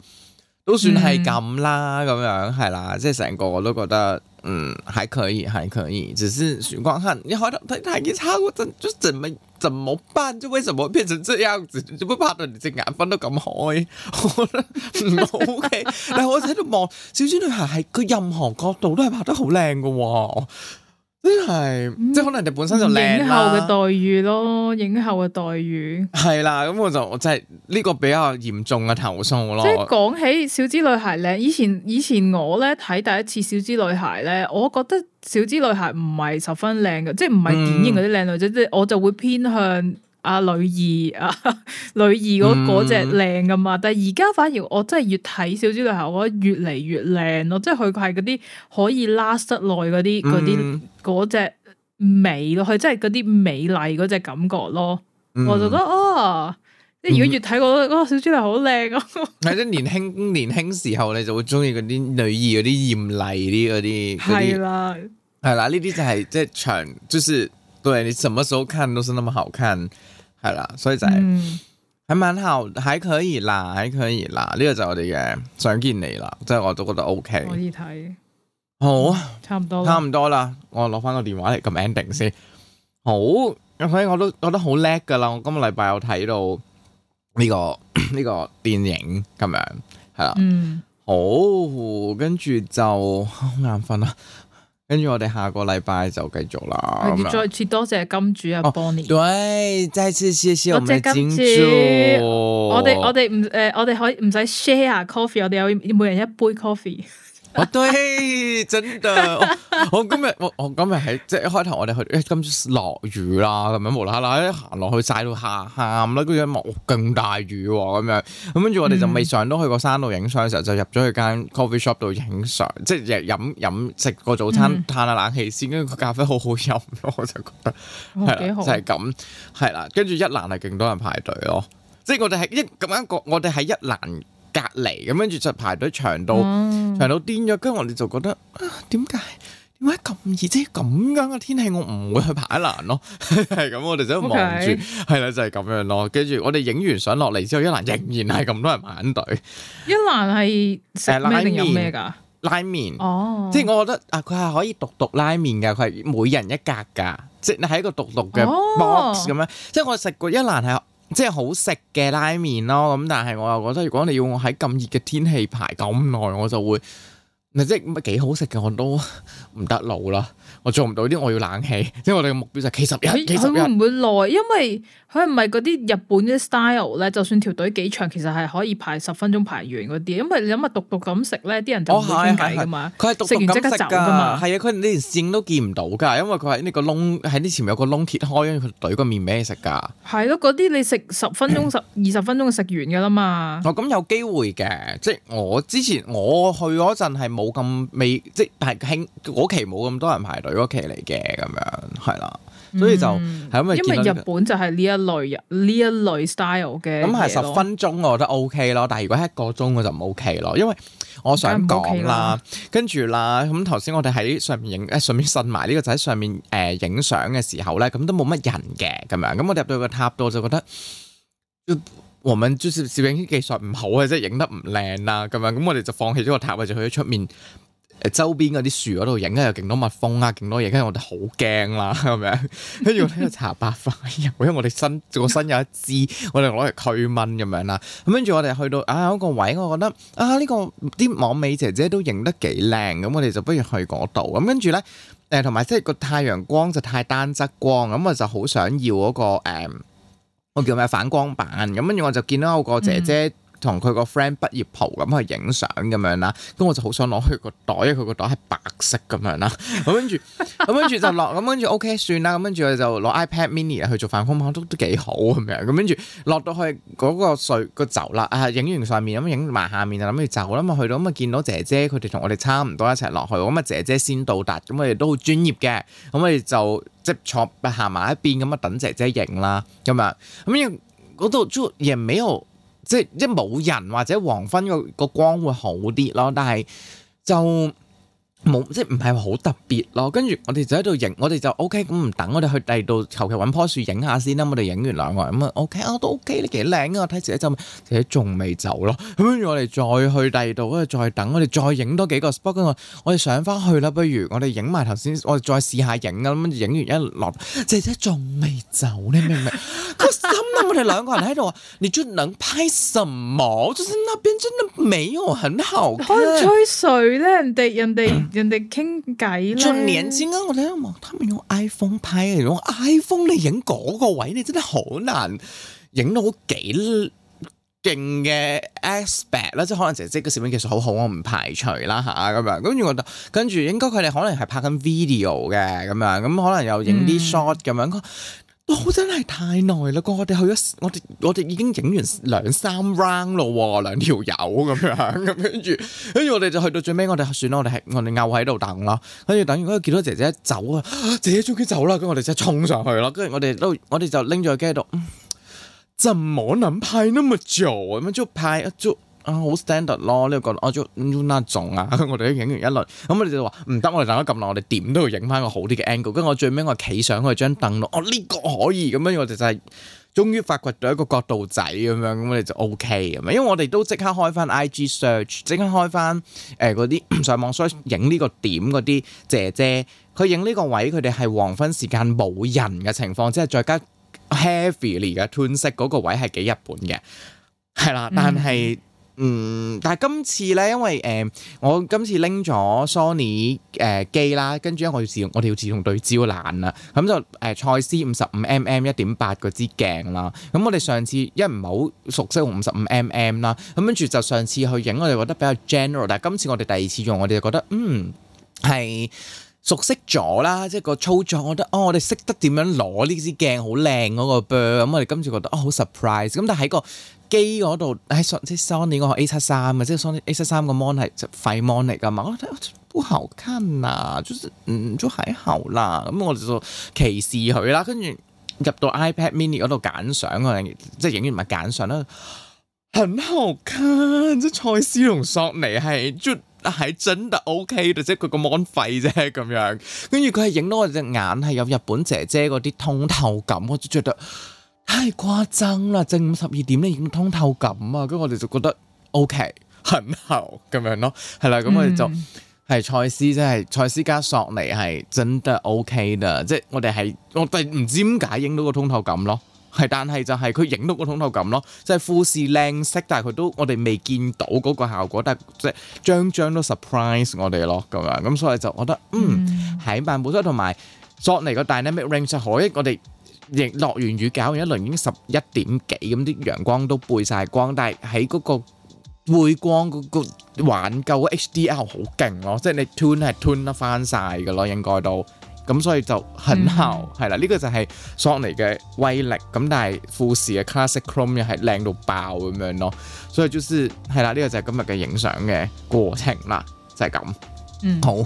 都算係咁啦，咁、嗯、樣係啦，即係成個我都覺得，嗯，還可以，還可以，只是許光漢，你可能睇太見差嗰陣，就怎麼怎麼辦？就為什麼變成這樣子？你點拍到你隻眼瞓都咁開？我覺得唔 OK？但係我喺度望《小豬女孩》，係佢任何角度都係拍得好靚噶喎。係，嗯、即係可能你本身就靚，影后嘅待遇咯，影后嘅待遇係啦，咁我就我真係呢個比較嚴重嘅投訴咯。即係講起小資女孩咧，以前以前我咧睇第一次小資女孩咧，我覺得小資女孩唔係十分靚嘅，嗯、即係唔係典型嗰啲靚女仔，即係我就會偏向。阿女二啊，女二嗰嗰隻靚啊那個那個嘛。嗯、但係而家反而我真係越睇小豬女孩，我覺得越嚟越靚咯，即係佢係嗰啲可以 last 得耐，嗰啲嗰啲隻美咯，佢真係嗰啲美麗嗰隻感覺咯。嗯、我就覺得哦，即如果越睇我嗰個小豬女好靚咯，係 者年輕年輕時候你就會中意嗰啲女二嗰啲艷麗啲嗰啲，係啦係啦，呢啲就係即係長，就是對，對你什麼時候看都是那麼好看。係啦，所以就係，是，喺晚後，還可以啦，還可以啦，呢個就我哋嘅想見你啦，即係我都覺得 OK，可以睇，好啊，差唔多，差唔多啦，我攞翻個電話嚟，咁 ending 先，好，咁所以我都覺得，OK，好叻噶啦，我今、今個禮拜有睇到呢個呢個電影咁樣，係啦，嗯、好，跟住就好眼瞓啦。跟住我哋下個禮拜就繼續啦。我哋再次多謝金主啊，Bonnie、哦。Bonnie 對，再次謝謝金主。我哋我哋唔誒，我哋、呃、可以唔使 share coffee，我哋有每人一杯 coffee。我對，真嘅，我，我今日我我今日喺即係一開頭我哋去，誒，今次落雨啦，咁樣無啦啦，行落去晒到下喊啦，跟住冇咁大雨喎，咁樣，咁跟住我哋就未上到去個山路影相嘅時候，就入咗去間 coffee shop 度影相，即係飲飲食個早餐，嘆下冷氣先，跟住個咖啡好好飲咯，我就覺得係幾、哦、好，就係咁，係啦，跟住一蘭係勁多人排隊咯，即係我哋係一咁樣個，我哋係一蘭。嚟，咁跟住就排隊長到、嗯、長到癲咗，跟住我哋就覺得啊，點解點解咁熱啫？咁樣嘅天氣我唔會去排一蘭咯。係 咁，我哋就望住，係啦 Okay.，就係咁樣咯。跟住我哋影完相落嚟之後，一蘭仍然係咁多人排緊隊。一蘭係食咩定飲咩噶？拉麵，拉麵哦，即係我覺得啊，佢係可以獨獨拉麵噶，佢係每人一格噶，即係你係一個獨獨嘅 box 咁、哦、樣。即係我食過一蘭係。即係好食嘅拉麵咯，咁但係我又覺得如果你要我喺咁熱嘅天氣排咁耐，我就會咪即係唔係幾好食嘅我都。 唔得老啦，我做唔到啲，我要冷氣，即係我哋嘅目標就係 K11 其實。佢佢會唔會耐？因為佢唔係嗰啲日本嘅 style 咧，就算條隊幾長，其實係可以排十分鐘，排完嗰啲。因為你諗下獨獨咁食咧，啲人就我係係嘛，佢係食完即刻走噶嘛。係啊，佢你連線都見唔到噶，因為佢係呢個窿喺呢前面有個窿揭開，跟佢懟個麵俾你食噶。係咯，嗰啲你食十分鐘、十二十分鐘就食完噶啦嘛。咁有機會嘅，即係我之前我去嗰陣係冇咁未。即係但嗰期冇咁多人排隊嗰期嚟嘅，咁樣係啦，所以就係、嗯這個、因為日本就係呢一類呢一類 style 嘅。咁係十分鐘，我覺得 OK 咯。但係如果一個鐘我就唔 OK 咯，因為我想講啦，跟住啦，咁頭先我哋喺上面影順便順埋呢、這個仔上面誒影相嘅時候咧，咁都冇乜人嘅，咁樣。咁我哋入到個塔度，就覺得黃敏珠攝攝影技術唔好啊，即係影得唔靚啊，咁樣。咁我哋就放棄咗個塔，就去咗出面。誒周邊嗰啲樹嗰度影，跟住有勁多蜜蜂啊，勁多嘢，跟住我哋好驚啦咁樣。跟住我喺度搽白花油，因為我哋 身個身有一支，我哋攞嚟驅蚊咁樣啦。咁跟住我哋去到啊一、那個位，我覺得啊呢、這個啲網美姐姐都影得幾靚，咁我哋就不如去嗰度。咁跟住咧，誒同埋即係個太陽光就太單側光，咁我就好想要嗰、那個、啊、我叫咩反光板。咁跟住我就見到有個姐姐、嗯。同佢個 friend 畢業袍咁去影相咁樣啦，咁我就好想攞佢個袋，因為佢個袋係白色咁樣啦。咁跟住，咁跟住就落，咁跟住 OK 算啦。咁跟住我就攞 iPad Mini 去做泛空拍，都都幾好咁樣。咁跟住落到去嗰個碎個就啦啊，影完上面咁影埋下面就諗住走啦嘛。去到咁啊見到姐姐佢哋同我哋差唔多一齊落去，咁啊姐姐先到達，咁我哋都好專業嘅，咁我哋就即坐行埋一邊咁啊等姐姐影啦咁樣。咁樣嗰度亦沒即係，即係冇人，或者黃昏個個光會好啲囉，但係就。冇，即係唔係話好特別咯，跟住我哋就喺度影，我哋就 O K 咁唔等，我哋去第二度求其揾棵樹影下先啦。我哋影完兩個人咁啊，O K 啊都 O K，你幾靚啊！我睇姐姐就姐姐仲未走咯。咁跟住我哋再去第二度，再等我哋再影多幾個 spot 之外，我哋上翻去啦。不如我哋影埋頭先，我哋再試下影咁樣，影完一落，姐姐仲未走，你明唔明？個心啦，我哋兩個人喺度，你出兩拍什麼？就是那邊真的沒有很好，風吹水咧，人哋人哋。人哋傾偈啦，年輕啊！我哋到望，佢咪用 iPhone 拍，用 iPhone 你影嗰個位，你真係好難影到幾勁嘅 aspect 啦！即係可能姐姐嘅攝影技術好好，我唔排除啦嚇咁樣。跟住我覺得，跟住應該佢哋可能係拍緊 video 嘅咁樣，咁可能又影啲 shot 咁樣。嗯好、哦，真係太耐啦，過，我哋去咗，我哋我哋已經影完兩三 round 咯，兩條友咁樣，咁跟住，跟住我哋就去到最尾，我哋算啦，我哋係我哋漚喺度等啦，跟住等完嗰個見到姐姐走啊，姐姐終於走啦，咁我哋即刻衝上去啦，跟住我哋都我哋就拎咗個 get 到，怎麼那麼久，我們就拍就。 啊，好 standard 咯，呢個角度，我仲唔中啊！我哋都影完一輪，咁我哋就話唔得，我哋等咗咁耐，我哋點都要影翻個好啲嘅 angle。跟住我最尾我企上去張凳咯，哦呢個可以咁樣，我哋就係終於發掘到一個角度仔咁樣，咁我哋就 O K 咁啊！因為我哋都即刻開翻 I G search，即刻開翻誒嗰啲上網 search 影呢個點嗰啲姐姐，佢影呢個位，佢哋係黃昏時間冇人嘅情況，即係再加 heavy 嘅天色，嗰個位係幾日本嘅，係啦、啊，但係。嗯，但係今次咧，因為誒，我今次拎咗 Sony 誒機啦，跟住咧我要自，我哋要自動對焦難啦，咁就誒蔡司五十五 mm 一點八嗰支鏡啦，咁我哋上次因為唔係好熟悉用五十五 mm 啦，咁跟住就上次去影我哋覺得比較 general，但係今次我哋第二次用我哋就覺得嗯係熟悉咗啦，即係個操作，我覺得哦，我哋識得點樣攞呢支鏡好靚嗰個 burst，咁我哋今次覺得啊好 surprise，咁但係喺個。機嗰度喺索即係索尼嗰個 A 七三啊，即係索尼 A 七三個 mon 係就廢 mon 嚟㗎嘛，我覺得唔好睇啊，就係嗯就係好啦，咁我哋就歧視佢啦。跟住入到 iPad Mini 嗰度揀相啊，即係影完唔係揀相啦，好好睇，即係蔡司同索尼係即係係真係 OK，但係即係佢個 mon 廢啫咁樣。跟住佢係影到我隻眼係有日本姐姐嗰啲通透感，我就覺得。太誇張啦！正午十二點咧已經通透咁啊，跟住我哋就覺得 O K，很好咁樣咯，係啦，咁我哋就係蔡司，即係蔡司加索尼係真得 O K 的，即係我哋係我哋唔知點解影到個通透感咯，係，但係就係佢影到個通透感咯，即係富士靚色，但係佢都我哋未見到嗰個效果，但係即係張張都 surprise 我哋咯，咁樣咁所以就我覺得嗯係唔係冇錯，同埋索尼個 dynamic range 可以，我哋，亦落完雨搞完一輪，已經十一點幾咁，啲陽光都背晒光。但係喺嗰個背光嗰個挽救 H D L 好勁咯，即係你 turn 係 turn 得翻晒㗎咯，應該都咁，所以就很好係啦。呢、嗯這個就係索尼嘅威力。咁但係富士嘅 Classic Chrome 又係靚到爆咁樣咯。所以就是係啦，呢、這個就係今日嘅影相嘅過程啦，就係、是、咁。嗯、好。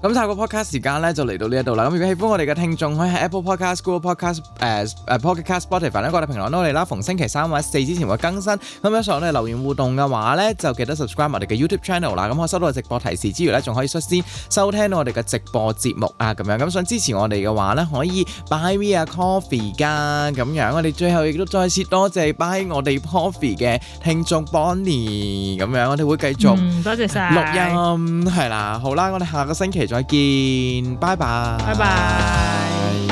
咁下個 podcast 時間咧就嚟到呢一度啦。咁如果喜歡我哋嘅聽眾，可以喺 Apple Podcast、Google Podcast、誒誒 Podcast Spotify 嗰度評論我哋啦。逢星期三或者四之前會更新。咁如果想我哋留言互動嘅話咧，就記得 subscribe 我哋嘅 YouTube channel 啦。咁我收到直播提示之餘咧，仲可以率先收聽到我哋嘅直播節目啊咁樣。咁想支持我哋嘅話咧，可以 buy meacoffee 噶咁樣。我哋最後亦都再次多謝 buy 我哋 coffee 嘅聽眾 Bonnie 咁樣。我哋會繼續錄音係啦。好啦，我哋下個星期。再見，拜拜，拜拜。